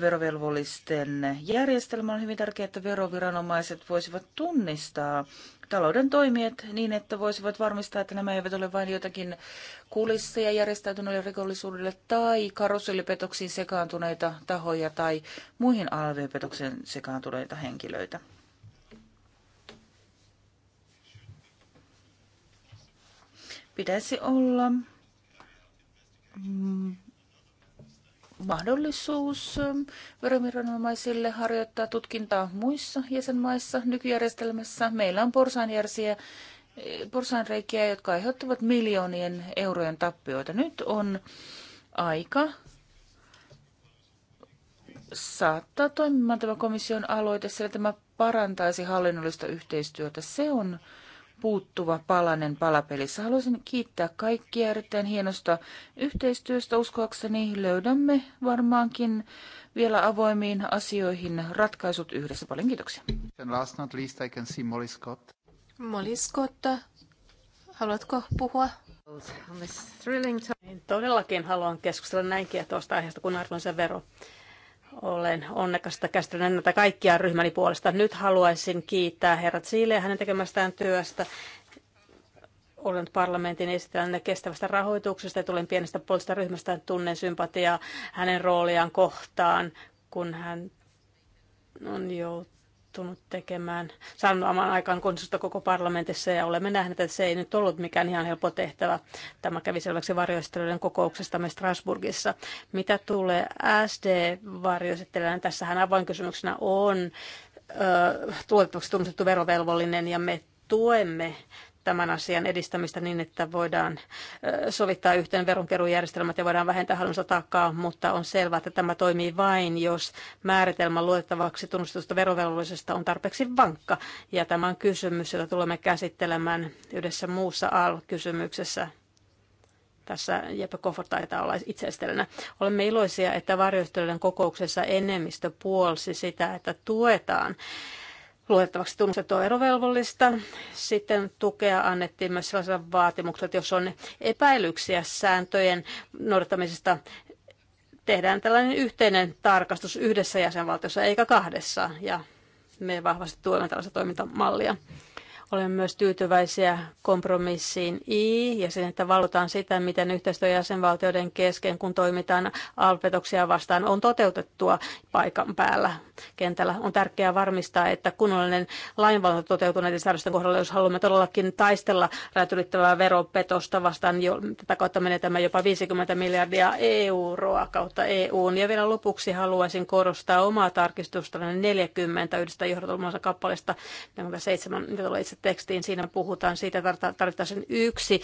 verovelvollisten järjestelmä. On hyvin tärkeää, että veroviranomaiset voisivat tunnistaa talouden toimijat niin, että voisivat varmistaa, että nämä eivät ole vain jotakin kulisseja järjestäytyneille rikollisuudelle tai karusellipetoksiin sekaantuneita tahoja tai muihin alvipetokseen sekaantuneita henkilöitä. pitäisi olla mm, mahdollisuus veroviranomaisille harjoittaa tutkintaa muissa jäsenmaissa. Nykyjärjestelmässä meillä on porsaanjärsiä porsaanreikiä, jotka aiheuttavat miljoonien eurojen tappioita. Nyt on aika saattaa toimimaan tämä komission aloite, sillä tämä parantaisi hallinnollista yhteistyötä. Se on puuttuva palanen palapelissä. Haluaisin kiittää kaikkia erittäin hienosta yhteistyöstä. Uskoakseni löydämme varmaankin vielä avoimiin asioihin ratkaisut yhdessä. Paljon kiitoksia. And last not least I can see Molly Scott. Molly Scott, haluatko puhua? Todellakin haluan keskustella näin tuosta aiheesta kuin arvonlisävero. vero olen onnekasta käsitellä näitä kaikkia ryhmäni puolesta. Nyt haluaisin kiittää herrat ja hänen tekemästään työstä. Olen parlamentin esitellänne kestävästä rahoituksesta ja tulen pienestä puolesta ryhmästä tunnen sympatiaa hänen rooliaan kohtaan, kun hän on joutunut onnistunut tekemään, sanomaan aikaan konsulta koko parlamentissa ja olemme nähneet, että se ei nyt ollut mikään ihan helppo tehtävä. Tämä kävi selväksi kokouksesta me Strasburgissa. Mitä tulee SD-varjoistelijan, tässähän avainkysymyksenä on tuotettavaksi tunnustettu verovelvollinen ja me tuemme tämän asian edistämistä niin, että voidaan sovittaa yhteen veronkerujärjestelmät ja voidaan vähentää hallinnosta taakkaa, mutta on selvää, että tämä toimii vain, jos määritelmä luettavaksi tunnustusta verovelvollisesta on tarpeeksi vankka. Ja tämä on kysymys, jota tulemme käsittelemään yhdessä muussa AL-kysymyksessä. Tässä Jeppe Kofor taitaa olla itsestellenä. Olemme iloisia, että varjoistelijan kokouksessa enemmistö puolsi sitä, että tuetaan luettavaksi tunnustettua erovelvollista. Sitten tukea annettiin myös sellaisella vaatimuksella, että jos on epäilyksiä sääntöjen noudattamisesta, tehdään tällainen yhteinen tarkastus yhdessä jäsenvaltiossa eikä kahdessa. Ja me vahvasti tuemme tällaista toimintamallia. Olemme myös tyytyväisiä kompromissiin I ja sen, että valvotaan sitä, miten yhteistyö jäsenvaltioiden kesken, kun toimitaan alpetoksia vastaan, on toteutettua paikan päällä kentällä. On tärkeää varmistaa, että kunnollinen lainvalvonta toteutuu näiden säädösten kohdalla, jos haluamme todellakin taistella räätylittävää veropetosta vastaan. Jo, tätä kautta menetämme jopa 50 miljardia euroa kautta EUn. Ja vielä lopuksi haluaisin korostaa omaa tarkistusta 40 yhdestä johdotelmansa kappaleesta, jonka seitsemän, mitä itse tekstiin. Siinä puhutaan siitä, että tarvittaisiin yksi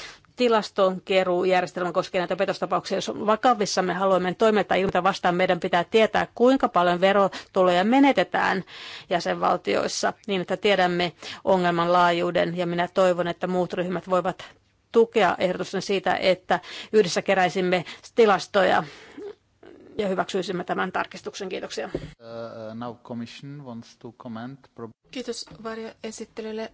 keruujärjestelmä koskee näitä petostapauksia. Jos me haluamme toimia ilta vastaan, meidän pitää tietää, kuinka paljon verotuloja menetetään jäsenvaltioissa, niin että tiedämme ongelman laajuuden. Ja minä toivon, että muut ryhmät voivat tukea ehdotusten siitä, että yhdessä keräisimme tilastoja ja hyväksyisimme tämän tarkistuksen. Kiitoksia. Uh, uh now commission wants to comment. Kiitos varjoesittelylle.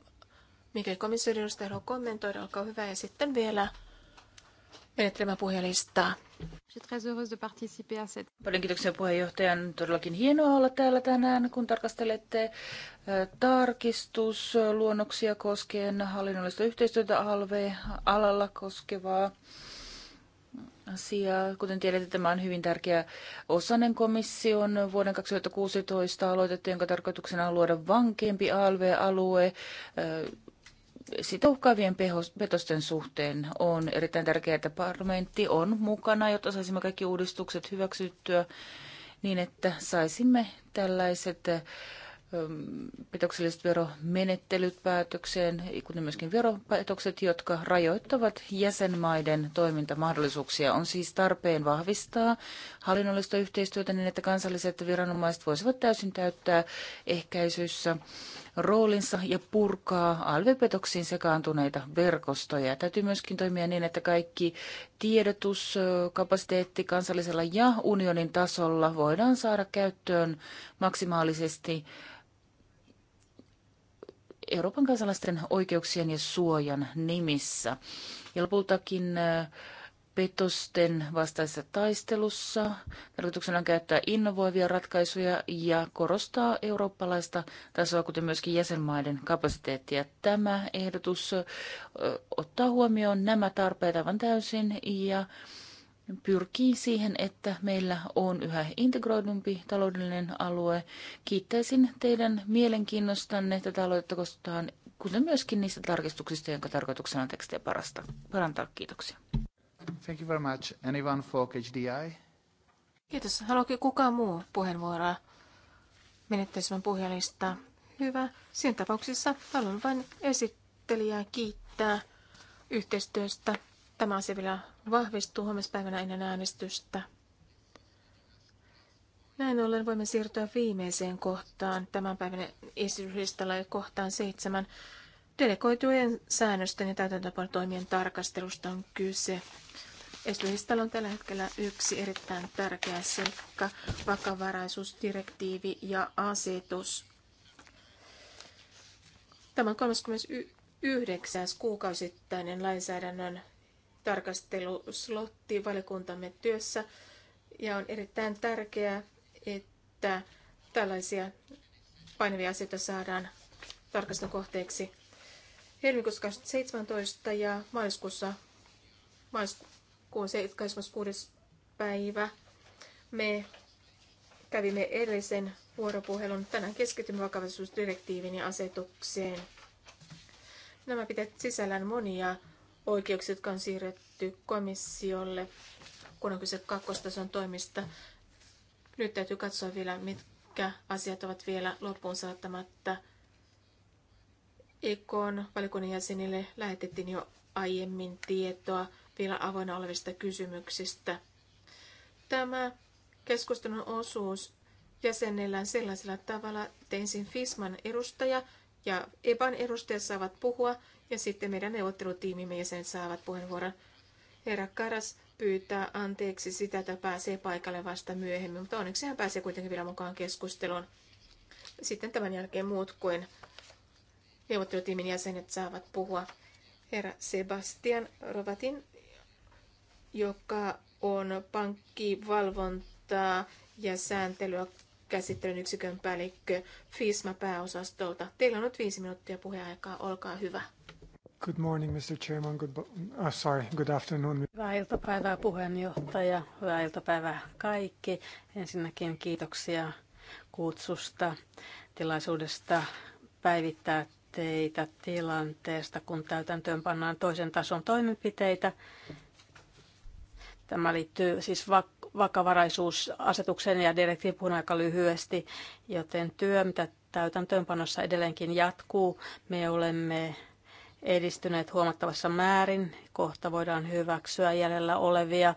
Mikäli komission edustaja haluaa kommentoida, olkaa hyvä. Ja sitten vielä menettelemään puhujalistaa. Paljon kiitoksia puheenjohtajan. Todellakin hienoa olla täällä tänään, kun tarkastelette tarkistusluonnoksia koskien hallinnollista yhteistyötä alve alalla koskevaa asiaa. Kuten tiedätte, tämä on hyvin tärkeä osanen komission vuoden 2016 aloitettu, jonka tarkoituksena on luoda vankempi ALV-alue sitä uhkaavien petosten suhteen on erittäin tärkeää, että parlamentti on mukana, jotta saisimme kaikki uudistukset hyväksyttyä niin, että saisimme tällaiset petokselliset veromenettelyt päätökseen, kuten myöskin veropäätökset, jotka rajoittavat jäsenmaiden toimintamahdollisuuksia. On siis tarpeen vahvistaa hallinnollista yhteistyötä niin, että kansalliset viranomaiset voisivat täysin täyttää ehkäisyssä roolinsa ja purkaa alvipetoksiin sekaantuneita verkostoja. Täytyy myöskin toimia niin, että kaikki tiedotuskapasiteetti kansallisella ja unionin tasolla voidaan saada käyttöön maksimaalisesti Euroopan kansalaisten oikeuksien ja suojan nimissä. Ja lopultakin petosten vastaisessa taistelussa. Tarkoituksena on käyttää innovoivia ratkaisuja ja korostaa eurooppalaista tasoa, kuten myöskin jäsenmaiden kapasiteettia. Tämä ehdotus ottaa huomioon nämä tarpeet aivan täysin ja pyrkii siihen, että meillä on yhä integroidumpi taloudellinen alue. Kiittäisin teidän mielenkiinnostanne tätä aloitetta kuten myöskin niistä tarkistuksista, jonka tarkoituksena on tekstiä parasta. parantaa. Kiitoksia. Thank you very much. Anyone for HDI? Kiitos. Haluatko kukaan muu puheenvuoroa? Menettäisimme puhujalistaa. Hyvä. Siinä tapauksessa haluan vain esittelijää kiittää yhteistyöstä. Tämä asia vielä vahvistuu huomispäivänä ennen äänestystä. Näin ollen voimme siirtyä viimeiseen kohtaan, tämän päivän esityslistalla kohtaan seitsemän. Delegoitujen säännösten ja täytäntöpanotoimien tarkastelusta on kyse. Esityslistalla on tällä hetkellä yksi erittäin tärkeä seikka, vakavaraisuusdirektiivi ja asetus. Tämä on 39. kuukausittainen lainsäädännön tarkasteluslotti valikuntamme työssä. Ja on erittäin tärkeää, että tällaisia painavia asioita saadaan tarkastelun kohteeksi helmikuussa 2017 ja maaliskuussa, maaliskuussa Heinäkuun 76. päivä me kävimme edellisen vuoropuhelun. Tänään keskitymme vakavaisuusdirektiivin ja asetukseen. Nämä pitävät sisällään monia oikeuksia, jotka on siirretty komissiolle, kun on kyse kakkostason toimista. Nyt täytyy katsoa vielä, mitkä asiat ovat vielä loppuun saattamatta. Ekon valikunnan jäsenille lähetettiin jo aiemmin tietoa vielä avoinna olevista kysymyksistä. Tämä keskustelun osuus jäsennellään sellaisella tavalla, että ensin FISMAN edustaja ja EBAN edustaja saavat puhua ja sitten meidän neuvottelutiimimme jäsenet saavat puheenvuoron. Herra Karas pyytää anteeksi sitä, että pääsee paikalle vasta myöhemmin, mutta onneksi hän pääsee kuitenkin vielä mukaan keskusteluun. Sitten tämän jälkeen muut kuin neuvottelutiimin jäsenet saavat puhua. Herra Sebastian Rovatin joka on pankkivalvontaa ja sääntelyä käsittelyn yksikön päällikkö FISMA-pääosastolta. Teillä on nyt viisi minuuttia puheaikaa, olkaa hyvä. Good morning, Mr. Chairman. Good, uh, sorry. Good afternoon. Hyvää iltapäivää puheenjohtaja, hyvää iltapäivää kaikki. Ensinnäkin kiitoksia kutsusta, tilaisuudesta päivittää teitä tilanteesta, kun täytäntöön pannaan toisen tason toimenpiteitä Tämä liittyy siis vak- vakavaraisuusasetukseen ja direktiivin puhun aika lyhyesti, joten työ, mitä täytäntöönpanossa edelleenkin jatkuu, me olemme edistyneet huomattavassa määrin. Kohta voidaan hyväksyä jäljellä olevia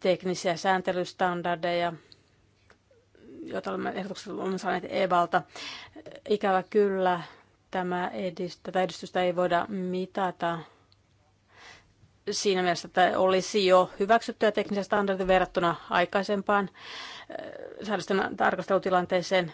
teknisiä sääntelystandardeja, joita olemme ehdotukset olemme saaneet EBALta. Ikävä kyllä tämä edist- tätä edistystä ei voida mitata siinä mielessä, että olisi jo hyväksyttyä teknisen standardin verrattuna aikaisempaan eh, säädösten tarkastelutilanteeseen.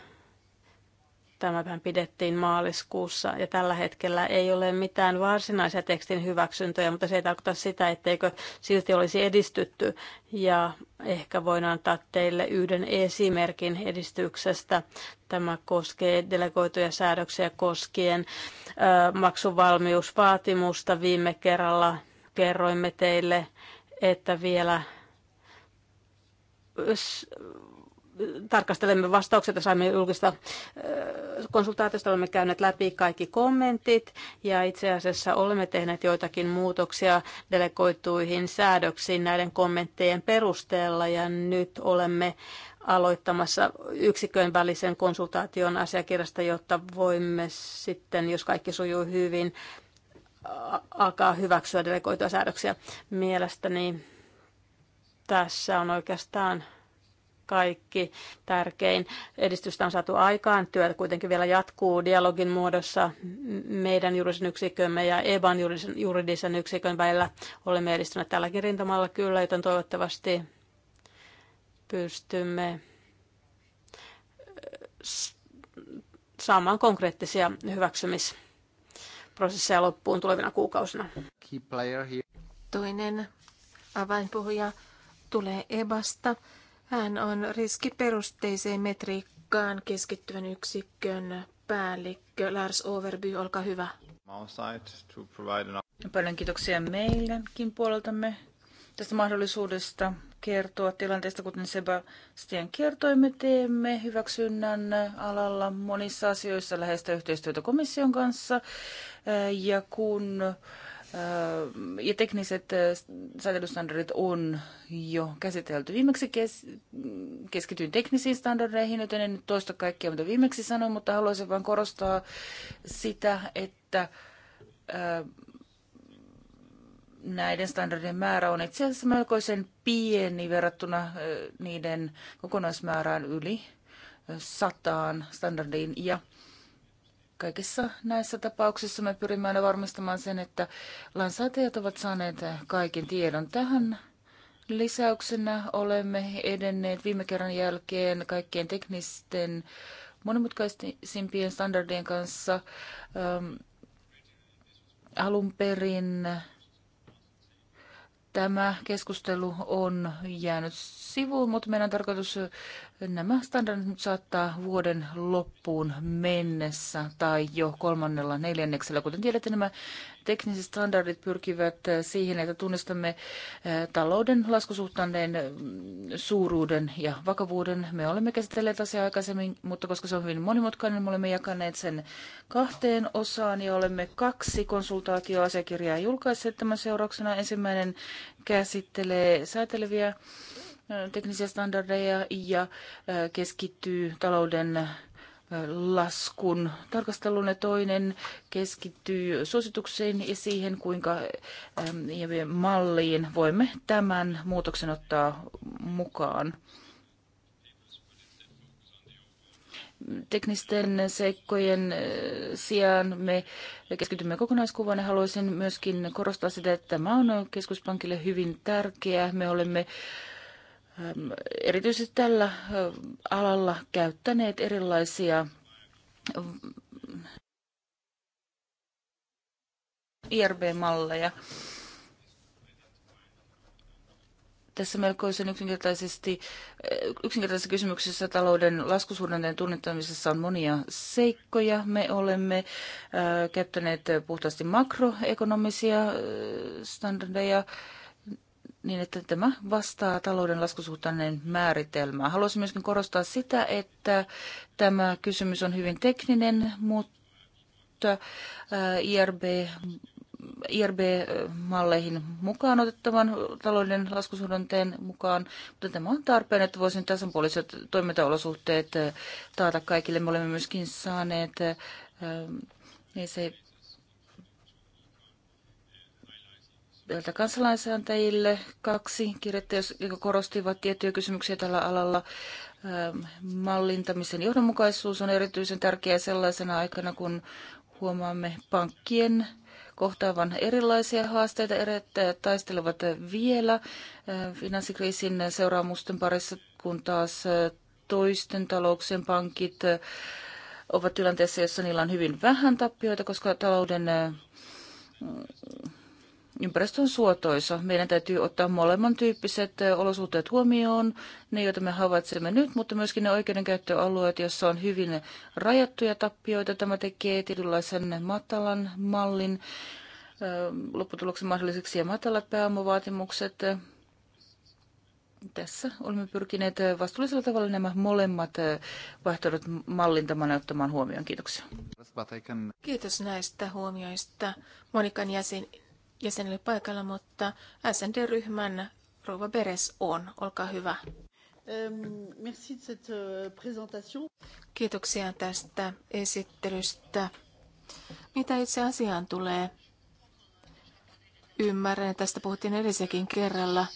Tämähän pidettiin maaliskuussa ja tällä hetkellä ei ole mitään varsinaisia tekstin hyväksyntöjä, mutta se ei tarkoita sitä, etteikö silti olisi edistytty. Ja ehkä voin antaa teille yhden esimerkin edistyksestä. Tämä koskee delegoituja säädöksiä koskien eh, maksuvalmiusvaatimusta viime kerralla kerroimme teille, että vielä tarkastelemme vastaukset ja saimme julkista konsultaatiosta. Olemme käyneet läpi kaikki kommentit ja itse asiassa olemme tehneet joitakin muutoksia delegoituihin säädöksiin näiden kommenttien perusteella ja nyt olemme aloittamassa yksikön välisen konsultaation asiakirjasta, jotta voimme sitten, jos kaikki sujuu hyvin, alkaa hyväksyä delegoituja säädöksiä. Mielestäni tässä on oikeastaan kaikki tärkein. Edistystä on saatu aikaan, työ kuitenkin vielä jatkuu dialogin muodossa meidän juridisen yksikömme ja EBAN juridisen yksikön välillä. Olemme edistyneet tälläkin rintamalla kyllä, joten toivottavasti pystymme eh, saamaan konkreettisia hyväksymisiä prosesseja loppuun tulevina kuukausina. Toinen avainpuhuja tulee Ebasta. Hän on riskiperusteiseen metriikkaan keskittyvän yksikön päällikkö Lars Overby. Olkaa hyvä. Paljon kiitoksia meillekin puoleltamme tästä mahdollisuudesta kertoa tilanteesta, kuten Sebastian kertoi, me teemme hyväksynnän alalla monissa asioissa läheistä yhteistyötä komission kanssa. Äh, ja kun äh, ja tekniset äh, säätelystandardit on jo käsitelty. Viimeksi kes, keskityin teknisiin standardeihin, joten en nyt toista kaikkea, mitä viimeksi sanoin, mutta haluaisin vain korostaa sitä, että näiden standardien määrä on itse asiassa melkoisen pieni verrattuna niiden kokonaismäärään yli sataan standardiin. Ja kaikissa näissä tapauksissa me pyrimme aina varmistamaan sen, että lainsäätäjät ovat saaneet kaiken tiedon tähän. Lisäyksenä olemme edenneet viime kerran jälkeen kaikkien teknisten monimutkaisimpien standardien kanssa. alun perin Tämä keskustelu on jäänyt sivuun, mutta meidän on tarkoitus Nämä standardit nyt saattaa vuoden loppuun mennessä tai jo kolmannella neljänneksellä. Kuten tiedätte, nämä tekniset standardit pyrkivät siihen, että tunnistamme eh, talouden laskusuhtaneen mm, suuruuden ja vakavuuden. Me olemme käsitelleet asiaa aikaisemmin, mutta koska se on hyvin monimutkainen, me olemme jakaneet sen kahteen osaan ja olemme kaksi konsultaatioasiakirjaa julkaisseet tämän seurauksena. Ensimmäinen käsittelee sääteleviä teknisiä standardeja ja keskittyy talouden laskun tarkasteluun ja toinen keskittyy suosituksiin ja siihen, kuinka malliin voimme tämän muutoksen ottaa mukaan. teknisten seikkojen sijaan me keskitymme kokonaiskuvaan ja haluaisin myöskin korostaa sitä, että tämä on keskuspankille hyvin tärkeää. Me olemme äh, Ähm, erityisesti tällä äh, alalla käyttäneet erilaisia ähm, IRB-malleja. Tässä melkoisen yksinkertaisesti, äh, yksinkertaisessa kysymyksessä talouden laskusuhdanteen tunnettamisessa on monia seikkoja. Me olemme äh, käyttäneet puhtaasti makroekonomisia äh, standardeja, äh, niin, että tämä vastaa talouden laskusuhtainen määritelmää. Haluaisin myöskin korostaa sitä, että tämä kysymys on hyvin tekninen, mutta äh, IRB IRB-malleihin äh, mukaan otettavan talouden laskusuhdanteen mukaan, mutta tämä on tarpeen, että voisin tasapuoliset toimintaolosuhteet äh, taata kaikille. Me olemme myöskin saaneet se. näiltä kansalaisääntäjille kaksi kirjettä, jotka korostivat tiettyjä kysymyksiä tällä alalla. Ähm, mallintamisen johdonmukaisuus on erityisen tärkeää sellaisena aikana, kun huomaamme pankkien kohtaavan erilaisia haasteita. Eräät taistelevat vielä äh, finanssikriisin seuraamusten parissa, kun taas äh, toisten talouksien pankit äh, ovat tilanteessa, jossa niillä on hyvin vähän tappioita, koska talouden ympäristön suotoisa. Meidän täytyy ottaa molemman tyyppiset olosuhteet huomioon, ne joita me havaitsemme nyt, mutta myöskin ne oikeudenkäyttöalueet, joissa on hyvin rajattuja tappioita. Tämä tekee tietynlaisen matalan mallin lopputuloksen mahdolliseksi ja matalat pääomavaatimukset. Tässä olemme pyrkineet vastuullisella tavalla nämä molemmat vaihtoehdot mallintamaan ja ottamaan huomioon. Kiitoksia. Kiitos näistä huomioista. Monikan jäsen Jäsenille paikalla, mutta SND-ryhmän rouva Beres on. Olkaa hyvä. Ähm, äh, Kiitoksia tästä esittelystä. Mitä itse asiaan tulee? Ymmärrän, että tästä puhuttiin edellisekin kerralla,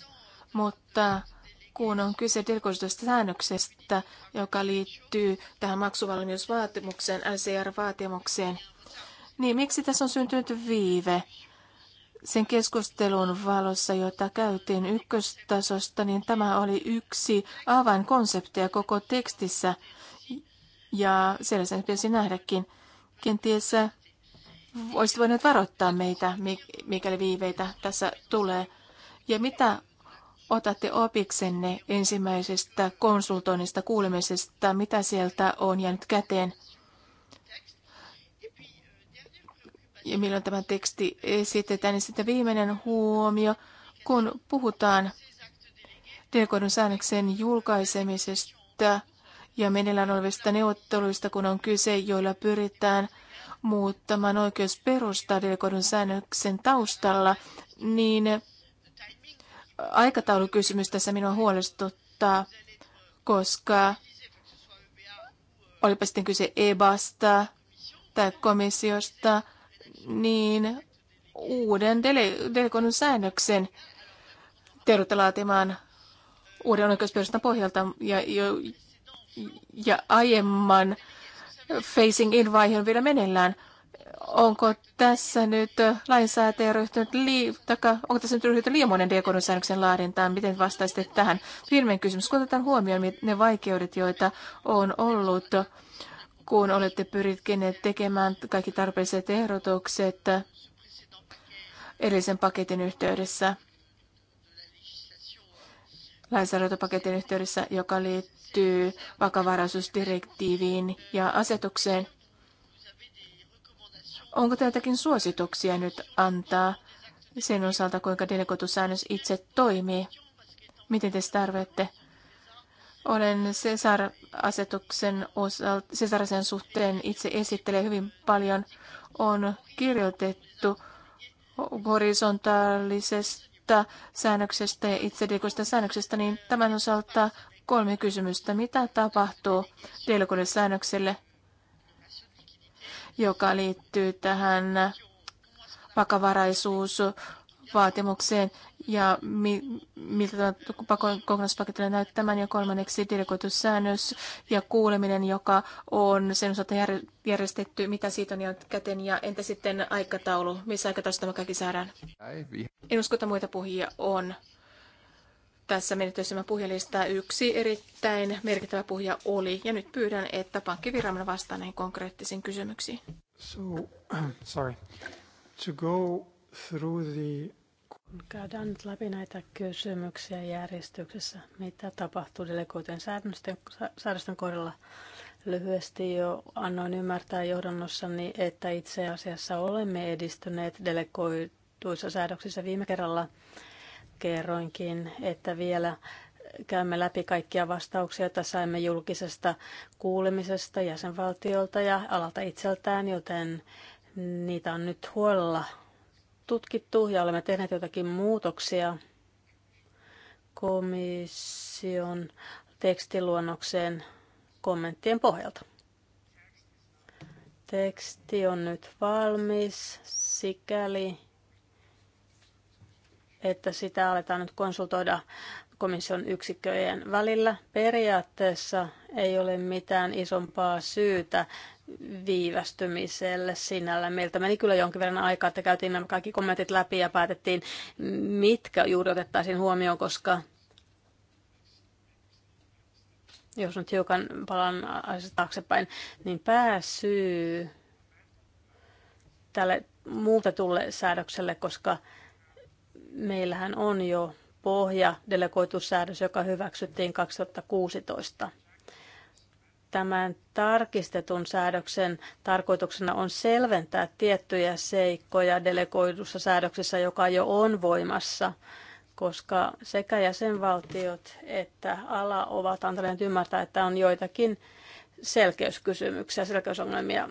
mutta kun on kyse delegoidusta säännöksestä, joka liittyy tähän maksuvalmiusvaatimukseen, LCR-vaatimukseen, niin miksi tässä on syntynyt viive? sen keskustelun valossa, jota käytiin ykköstasosta, niin tämä oli yksi avainkonseptia koko tekstissä. Ja sen pitäisi nähdäkin. Kenties olisit voinut varoittaa meitä, mikäli viiveitä tässä tulee. Ja mitä otatte opiksenne ensimmäisestä konsultoinnista kuulemisesta? Mitä sieltä on jäänyt käteen? ja milloin tämä teksti esitetään. Ja niin sitten viimeinen huomio, kun puhutaan tekoidun säännöksen julkaisemisesta ja meneillään olevista neuvotteluista, kun on kyse, joilla pyritään muuttamaan perustaa delegoidun säännöksen taustalla, niin aikataulukysymys tässä minua huolestuttaa, koska olipa sitten kyse EBAsta tai komissiosta – niin uuden dele- delegoinnun säännöksen tervette laatimaan uuden oikeusperustan pohjalta ja, jo, ja aiemman facing in vaiheen vielä meneillään. Onko tässä nyt lainsäätäjä ryhtynyt, lii- taka, onko tässä nyt ryhtynyt liian dekonun säännöksen laadintaan? Miten vastaisitte tähän? Viimeinen kysymys. Kun otetaan huomioon ne vaikeudet, joita on ollut kun olette pyrkineet tekemään kaikki tarpeelliset ehdotukset edellisen paketin yhteydessä, lainsäädäntöpaketin yhteydessä, joka liittyy vakavaraisuusdirektiiviin ja asetukseen. Onko teiltäkin suosituksia nyt antaa sen osalta, kuinka delegoitusäännös itse toimii? Miten te sitä arvette? Olen Cesar-asetuksen osalta, Cesarisen suhteen itse esittelee hyvin paljon. On kirjoitettu horisontaalisesta säännöksestä ja itsedelegoista säännöksestä, niin tämän osalta kolme kysymystä. Mitä tapahtuu delegoille säännökselle, joka liittyy tähän vakavaraisuus vaatimukseen ja mi, miltä tämä kokonaispaketti tulee näyttämään. ja kolmanneksi delegoitussäännös ja kuuleminen, joka on sen osalta jär, järjestetty, mitä siitä on jäänyt käteen ja entä sitten aikataulu, missä aikataulussa tämä kaikki saadaan. En usko, että muita puhujia on. Tässä menetelmä puhelista yksi erittäin merkittävä puhuja oli, ja nyt pyydän, että pankkiviranomainen vastaa näihin konkreettisiin kysymyksiin. So, sorry. To go through the kun käydään nyt läpi näitä kysymyksiä järjestyksessä, mitä tapahtuu delegoitujen säädösten, säädösten kohdalla, lyhyesti jo annoin ymmärtää johdannossani, että itse asiassa olemme edistyneet delegoituissa säädöksissä viime kerralla. Kerroinkin, että vielä käymme läpi kaikkia vastauksia, joita saimme julkisesta kuulemisesta jäsenvaltiolta ja alalta itseltään, joten niitä on nyt huolella tutkittu ja olemme tehneet jotakin muutoksia komission tekstiluonnokseen kommenttien pohjalta. Teksti on nyt valmis sikäli, että sitä aletaan nyt konsultoida komission yksikköjen välillä. Periaatteessa ei ole mitään isompaa syytä viivästymiselle sinällä. Meiltä meni kyllä jonkin verran aikaa, että käytiin nämä kaikki kommentit läpi ja päätettiin, mitkä juuri otettaisiin huomioon, koska jos nyt hiukan palaan taaksepäin, niin pääsyy tälle muutetulle säädökselle, koska meillähän on jo pohja delegoitussäädös, joka hyväksyttiin 2016 Tämän tarkistetun säädöksen tarkoituksena on selventää tiettyjä seikkoja delegoidussa säädöksessä, joka jo on voimassa, koska sekä jäsenvaltiot että ala ovat antaneet ymmärtää, että on joitakin selkeyskysymyksiä, selkeysongelmia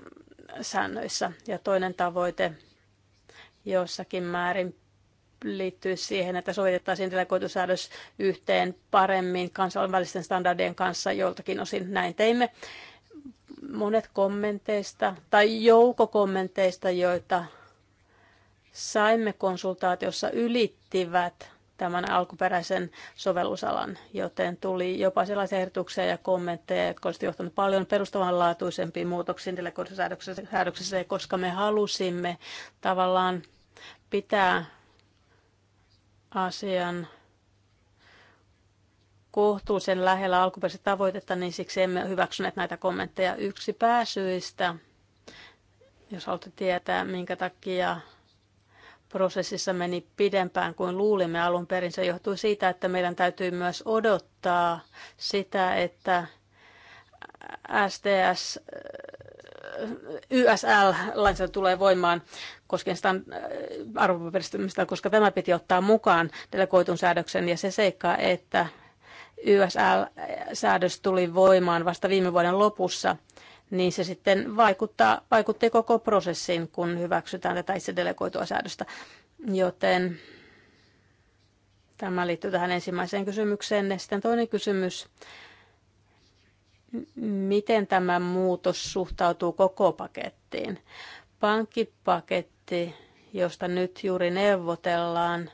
säännöissä. Ja toinen tavoite jossakin määrin liittyy siihen, että sovitettaisiin delegoitusäädös yhteen paremmin kansainvälisten standardien kanssa joltakin osin. Näin teimme monet kommenteista tai joukko kommenteista, joita saimme konsultaatiossa ylittivät tämän alkuperäisen sovellusalan, joten tuli jopa sellaisia ehdotuksia ja kommentteja, jotka olisivat johtaneet paljon perustavanlaatuisempiin muutoksiin säädöksessä, koska me halusimme tavallaan pitää asian kohtuullisen lähellä alkuperäistä tavoitetta, niin siksi emme hyväksyneet näitä kommentteja. Yksi pääsyistä, jos haluatte tietää, minkä takia prosessissa meni pidempään kuin luulimme alun perin, se johtui siitä, että meidän täytyy myös odottaa sitä, että STS YSL-lainsäädäntö tulee voimaan koskien sitä äh, arvopaperistymistä, koska tämä piti ottaa mukaan delegoitun säädöksen ja se seikka, että YSL-säädös tuli voimaan vasta viime vuoden lopussa, niin se sitten vaikuttaa, vaikutti koko prosessiin, kun hyväksytään tätä itse delegoitua säädöstä. Joten tämä liittyy tähän ensimmäiseen kysymykseen. Ja sitten toinen kysymys miten tämä muutos suhtautuu koko pakettiin. Pankkipaketti, josta nyt juuri neuvotellaan,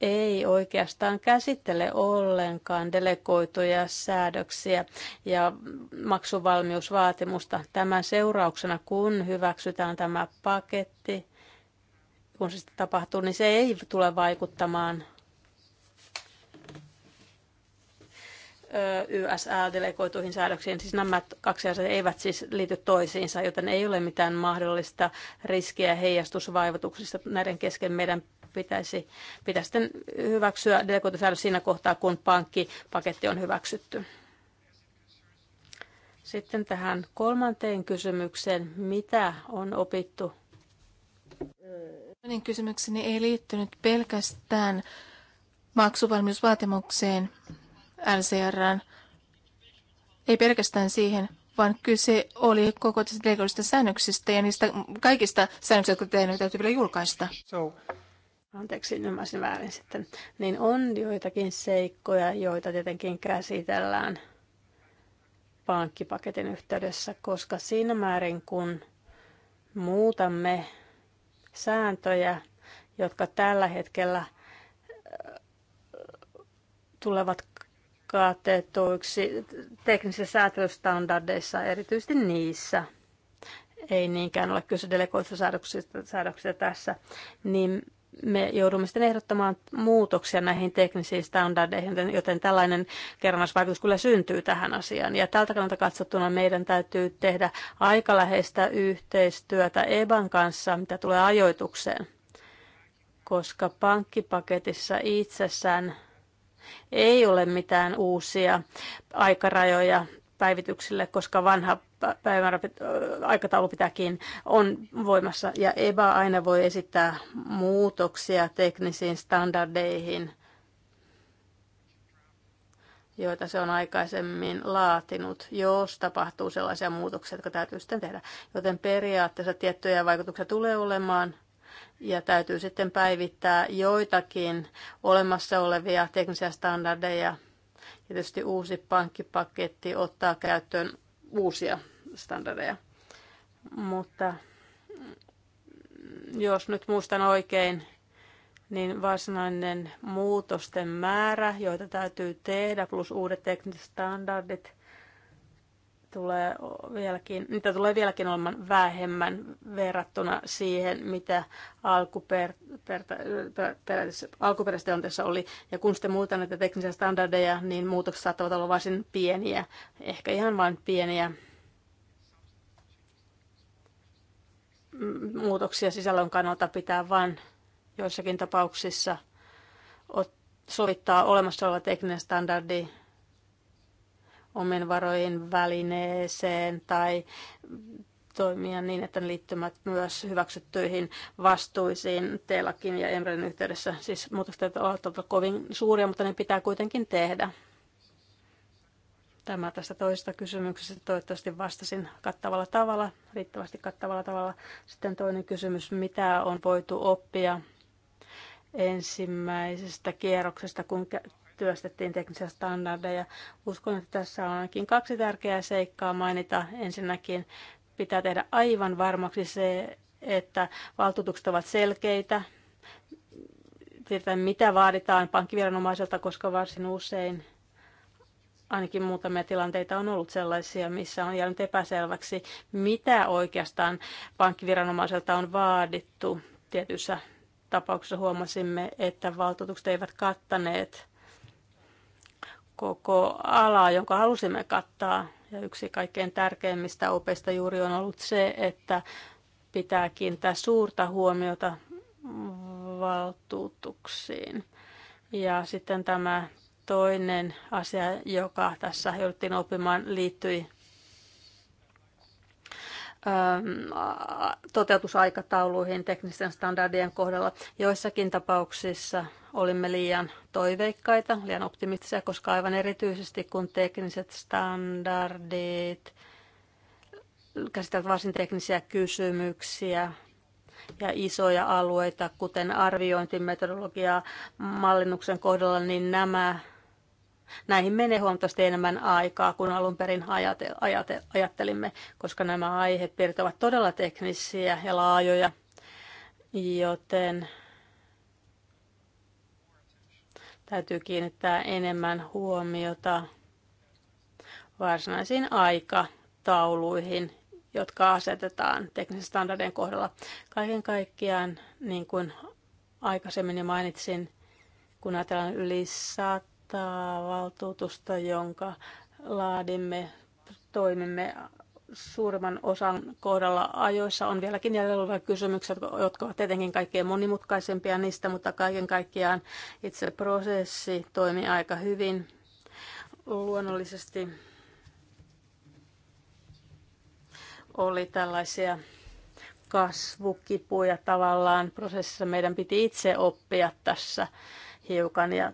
ei oikeastaan käsittele ollenkaan delegoituja säädöksiä ja maksuvalmiusvaatimusta. Tämän seurauksena, kun hyväksytään tämä paketti, kun se tapahtuu, niin se ei tule vaikuttamaan YSL-delegoituihin säädöksiin. Siis nämä kaksi asiaa eivät siis liity toisiinsa, joten ei ole mitään mahdollista riskiä heijastusvaivatuksista näiden kesken. Meidän pitäisi, pitäisi sitten hyväksyä delegoitusäädös siinä kohtaa, kun pankkipaketti on hyväksytty. Sitten tähän kolmanteen kysymykseen, mitä on opittu? Toinen kysymykseni ei liittynyt pelkästään maksuvalmiusvaatimukseen LCRään. Ei pelkästään siihen, vaan kyse oli koko tästä legalista säännöksistä ja niistä kaikista säännöksistä, jotka teidän täytyy vielä julkaista. So. Anteeksi, ymmärsin väärin sitten. Niin on joitakin seikkoja, joita tietenkin käsitellään pankkipaketin yhteydessä, koska siinä määrin kun muutamme sääntöjä, jotka tällä hetkellä tulevat katettuiksi teknisissä säätelystandardeissa, erityisesti niissä. Ei niinkään ole kyse delegoitusta säädöksistä, säädöksistä tässä, niin me joudumme sitten ehdottamaan muutoksia näihin teknisiin standardeihin, joten tällainen kerrannaisvaikutus kyllä syntyy tähän asiaan. Ja tältä kannalta katsottuna meidän täytyy tehdä läheistä yhteistyötä EBAN kanssa, mitä tulee ajoitukseen, koska pankkipaketissa itsessään ei ole mitään uusia aikarajoja päivityksille, koska vanha päivän aikataulu pitääkin on voimassa ja EBA aina voi esittää muutoksia teknisiin standardeihin, joita se on aikaisemmin laatinut, jos tapahtuu sellaisia muutoksia, jotka täytyy sitten tehdä. Joten periaatteessa tiettyjä vaikutuksia tulee olemaan, ja täytyy sitten päivittää joitakin olemassa olevia teknisiä standardeja. Ja tietysti uusi pankkipaketti ottaa käyttöön uusia standardeja. Mutta jos nyt muistan oikein, niin varsinainen muutosten määrä, joita täytyy tehdä, plus uudet tekniset standardit – tulee vieläkin, niitä tulee vieläkin olemaan vähemmän verrattuna siihen, mitä alkuper, alkuperäisessä tilanteessa oli. Ja kun sitten muutetaan näitä teknisiä standardeja, niin muutokset saattavat olla varsin pieniä, ehkä ihan vain pieniä muutoksia sisällön kannalta pitää vain joissakin tapauksissa sovittaa olemassa oleva tekninen standardi omien varojen välineeseen tai toimia niin, että ne liittymät myös hyväksyttyihin vastuisiin Telakin ja Emren yhteydessä. Siis muutokset ovat kovin suuria, mutta ne pitää kuitenkin tehdä. Tämä tästä toisesta kysymyksestä. Toivottavasti vastasin kattavalla tavalla, riittävästi kattavalla tavalla. Sitten toinen kysymys, mitä on voitu oppia ensimmäisestä kierroksesta, kun työstettiin teknisiä standardeja. Uskon, että tässä on ainakin kaksi tärkeää seikkaa mainita. Ensinnäkin pitää tehdä aivan varmaksi se, että valtuutukset ovat selkeitä, tietää mitä vaaditaan pankkiviranomaiselta, koska varsin usein ainakin muutamia tilanteita on ollut sellaisia, missä on jäänyt epäselväksi, mitä oikeastaan pankkiviranomaiselta on vaadittu. Tietyissä tapauksissa huomasimme, että valtuutukset eivät kattaneet koko alaa, jonka halusimme kattaa. Ja yksi kaikkein tärkeimmistä opeista juuri on ollut se, että pitää kiinnittää suurta huomiota valtuutuksiin. Ja sitten tämä toinen asia, joka tässä jouduttiin oppimaan, liittyi toteutusaikatauluihin teknisten standardien kohdalla. Joissakin tapauksissa olimme liian toiveikkaita, liian optimistisia, koska aivan erityisesti kun tekniset standardit käsittävät varsin teknisiä kysymyksiä ja isoja alueita, kuten arviointimetodologiaa mallinnuksen kohdalla, niin nämä Näihin menee huomattavasti enemmän aikaa kuin alun perin ajate, ajate, ajattelimme, koska nämä aiheet ovat todella teknisiä ja laajoja, joten täytyy kiinnittää enemmän huomiota varsinaisiin aikatauluihin, jotka asetetaan teknisen standardien kohdalla. Kaiken kaikkiaan, niin kuin aikaisemmin jo mainitsin, kun ajatellaan yli 100 valtuutusta, jonka laadimme, toimimme suurimman osan kohdalla ajoissa on vieläkin jäljellä olevia kysymyksiä, jotka ovat tietenkin kaikkein monimutkaisempia niistä, mutta kaiken kaikkiaan itse prosessi toimii aika hyvin. Luonnollisesti oli tällaisia kasvukipuja tavallaan prosessissa. Meidän piti itse oppia tässä hiukan ja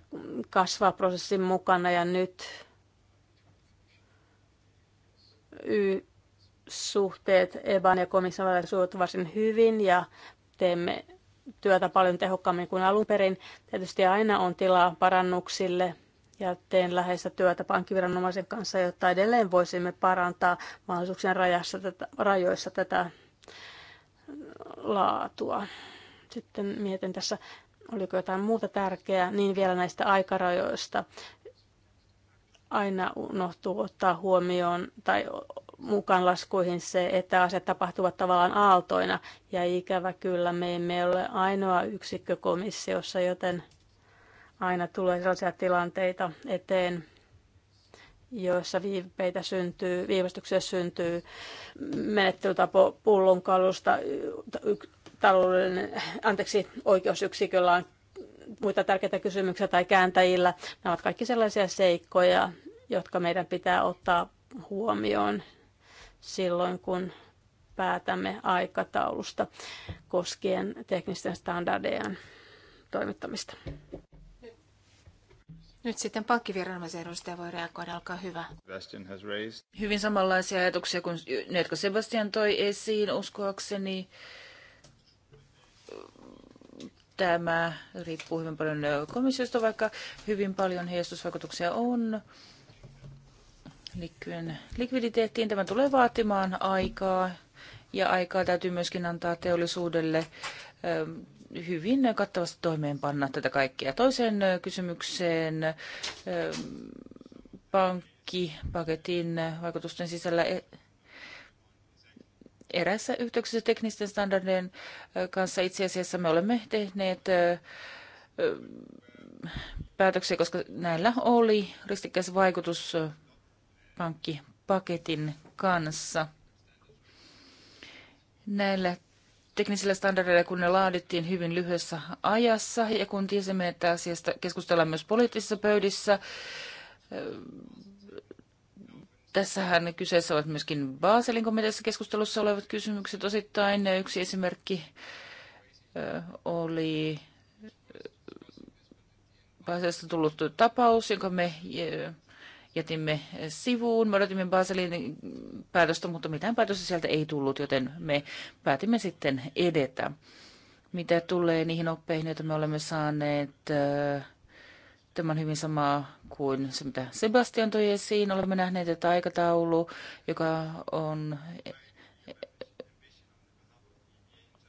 kasvaa prosessin mukana ja nyt y- suhteet EBAN ja komission välillä sujuvat varsin hyvin ja teemme työtä paljon tehokkaammin kuin alun perin. Tietysti aina on tilaa parannuksille ja teen läheistä työtä pankkiviranomaisen kanssa, jotta edelleen voisimme parantaa mahdollisuuksien rajassa tätä, rajoissa tätä laatua. Sitten mietin tässä oliko jotain muuta tärkeää, niin vielä näistä aikarajoista. Aina unohtuu ottaa huomioon tai mukaan laskuihin se, että asiat tapahtuvat tavallaan aaltoina. Ja ikävä kyllä me emme ole ainoa yksikkö komissiossa, joten aina tulee sellaisia tilanteita eteen, joissa viipeitä syntyy, viivästyksiä syntyy menettelytapo pullonkalusta taloudellinen, anteeksi, oikeusyksiköllä on muita tärkeitä kysymyksiä tai kääntäjillä. Nämä ovat kaikki sellaisia seikkoja, jotka meidän pitää ottaa huomioon silloin, kun päätämme aikataulusta koskien teknisten standardien toimittamista. Nyt sitten pankkiviranomaisen edustaja voi reagoida, olkaa hyvä. Hyvin samanlaisia ajatuksia kuin ne, jotka Sebastian toi esiin, uskoakseni tämä riippuu hyvin paljon komissiosta, vaikka hyvin paljon heijastusvaikutuksia on liittyen likviditeettiin. Tämä tulee vaatimaan aikaa ja aikaa täytyy myöskin antaa teollisuudelle ähm, hyvin kattavasti toimeenpanna tätä kaikkea. Toiseen äh, kysymykseen ähm, pankkipaketin vaikutusten sisällä e- eräissä yhteyksissä teknisten standardien kanssa itse asiassa me olemme tehneet päätöksiä, koska näillä oli ristikkäis vaikutus pankkipaketin kanssa. Näillä teknisillä standardeilla, kun ne laadittiin hyvin lyhyessä ajassa ja kun tiesimme, että asiasta keskustellaan myös poliittisissa pöydissä, Tässähän kyseessä ovat myöskin Baselin komiteassa keskustelussa olevat kysymykset osittain. Yksi esimerkki oli Baselista tullut tapaus, jonka me jätimme sivuun. Me odotimme Baselin päätöstä, mutta mitään päätöstä sieltä ei tullut, joten me päätimme sitten edetä. Mitä tulee niihin oppeihin, joita me olemme saaneet äh, Tämä on hyvin sama kuin se, mitä Sebastian toi esiin. Olemme nähneet, että aikataulu, joka on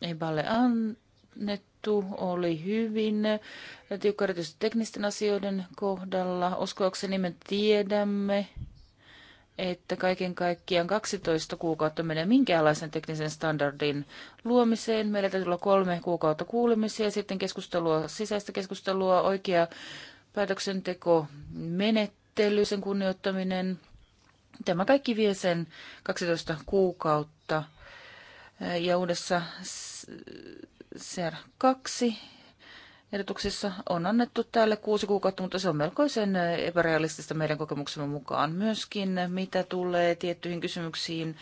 Eballe annettu, oli hyvin tiukka erityisesti teknisten asioiden kohdalla. Uskoakseni me tiedämme, että kaiken kaikkiaan 12 kuukautta menee minkäänlaisen teknisen standardin luomiseen. Meillä täytyy olla kolme kuukautta kuulemisia, sitten keskustelua, sisäistä keskustelua, oikea päätöksenteko menettely, sen kunnioittaminen. Tämä kaikki vie sen 12 kuukautta. Ja uudessa CR2 ehdotuksessa on annettu tälle kuusi kuukautta, mutta se on melkoisen epärealistista meidän kokemuksemme mukaan myöskin, mitä tulee tiettyihin kysymyksiin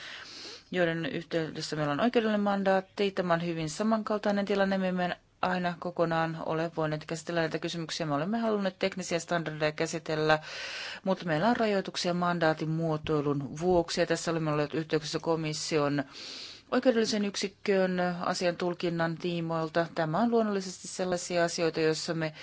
joiden yhteydessä meillä on oikeudellinen mandaatti. Tämä on hyvin samankaltainen tilanne. Me emme aina kokonaan ole voineet käsitellä näitä kysymyksiä. Me olemme halunneet teknisiä standardeja käsitellä, mutta meillä on rajoituksia mandaatin muotoilun vuoksi. Ja tässä olemme olleet yhteyksissä komission oikeudellisen yksikköön asian tulkinnan tiimoilta. Tämä on luonnollisesti sellaisia asioita, joissa me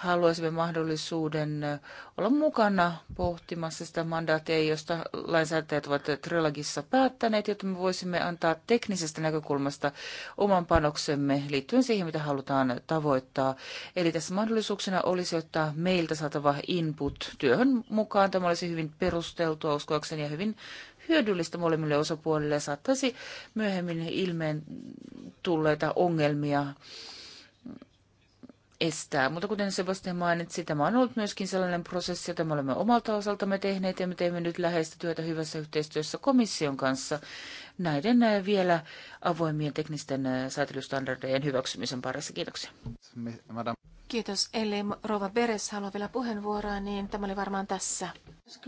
haluaisimme mahdollisuuden olla mukana pohtimassa sitä mandaattia, josta lainsäätäjät ovat trilogissa päättäneet, jotta me voisimme antaa teknisestä näkökulmasta oman panoksemme liittyen siihen, mitä halutaan tavoittaa. Eli tässä mahdollisuuksena olisi ottaa meiltä saatava input työhön mukaan. Tämä olisi hyvin perusteltua uskoakseni ja hyvin hyödyllistä molemmille osapuolille ja saattaisi myöhemmin ilmeen tulleita ongelmia estää. Mutta kuten Sebastian mainitsi, tämä on ollut myöskin sellainen prosessi, jota me olemme omalta osaltamme tehneet ja me teemme nyt läheistä työtä hyvässä yhteistyössä komission kanssa näiden äh, vielä avoimien teknisten äh, säätelystandardejen hyväksymisen parissa. Kiitoksia. Kiitos. Eli Rova Beres haluaa vielä puheenvuoroa, niin tämä oli varmaan tässä. Olisin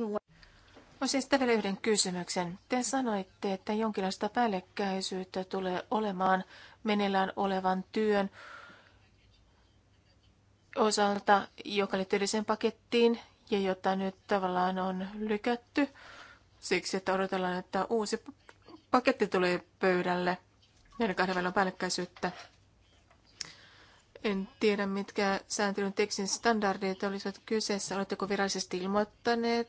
no siis sitten vielä yhden kysymyksen. Te sanoitte, että jonkinlaista päällekkäisyyttä tulee olemaan meneillään olevan työn osalta, joka liittyy edelliseen pakettiin ja jota nyt tavallaan on lykätty siksi, että odotellaan, että uusi paketti tulee pöydälle. Näiden kahden välillä on päällekkäisyyttä. En tiedä, mitkä sääntelyn tekstin standardit olisivat kyseessä. Oletteko virallisesti ilmoittaneet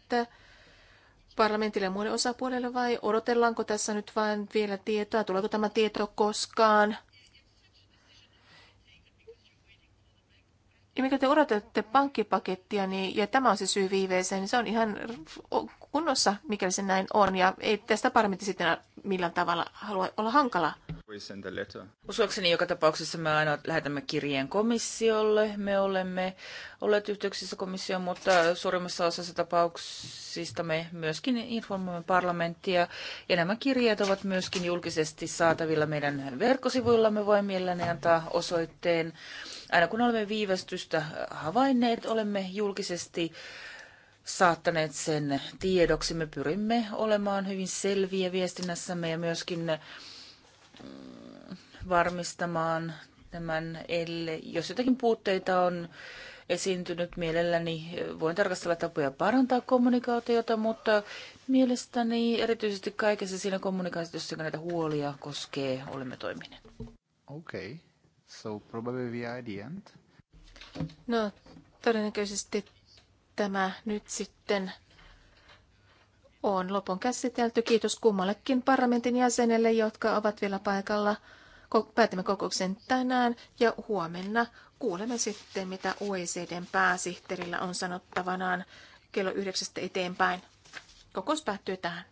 parlamentille ja muille osapuolille vai odotellaanko tässä nyt vain vielä tietoa? Tuleeko tämä tieto koskaan? Ja mikä te odotatte pankkipakettia, niin, ja tämä on se syy viiveeseen, niin se on ihan kunnossa, mikäli se näin on, ja ei tästä paremmin sitten millään tavalla halua olla hankala. Uskoakseni joka tapauksessa me aina lähetämme kirjeen komissiolle. Me olemme olleet yhteyksissä komissioon, mutta suurimmassa osassa tapauksista me myöskin informoimme parlamenttia. Ja nämä kirjeet ovat myöskin julkisesti saatavilla meidän verkkosivuillamme. voimme mielelläni antaa osoitteen. Aina kun olemme viivästystä havainneet, olemme julkisesti saattaneet sen tiedoksi. Me pyrimme olemaan hyvin selviä viestinnässämme ja myöskin mm, varmistamaan tämän, ellei, jos jotakin puutteita on esiintynyt mielelläni, voin tarkastella tapoja parantaa kommunikaatiota, mutta mielestäni erityisesti kaikessa siinä kommunikaatiossa, joka näitä huolia koskee, olemme toimineet. Okei, okay. so probably we are the end. No, todennäköisesti tämä nyt sitten on lopun käsitelty. Kiitos kummallekin parlamentin jäsenelle, jotka ovat vielä paikalla. Päätimme kokouksen tänään ja huomenna kuulemme sitten, mitä OECDn pääsihteerillä on sanottavanaan kello yhdeksästä eteenpäin. Kokous päättyy tähän.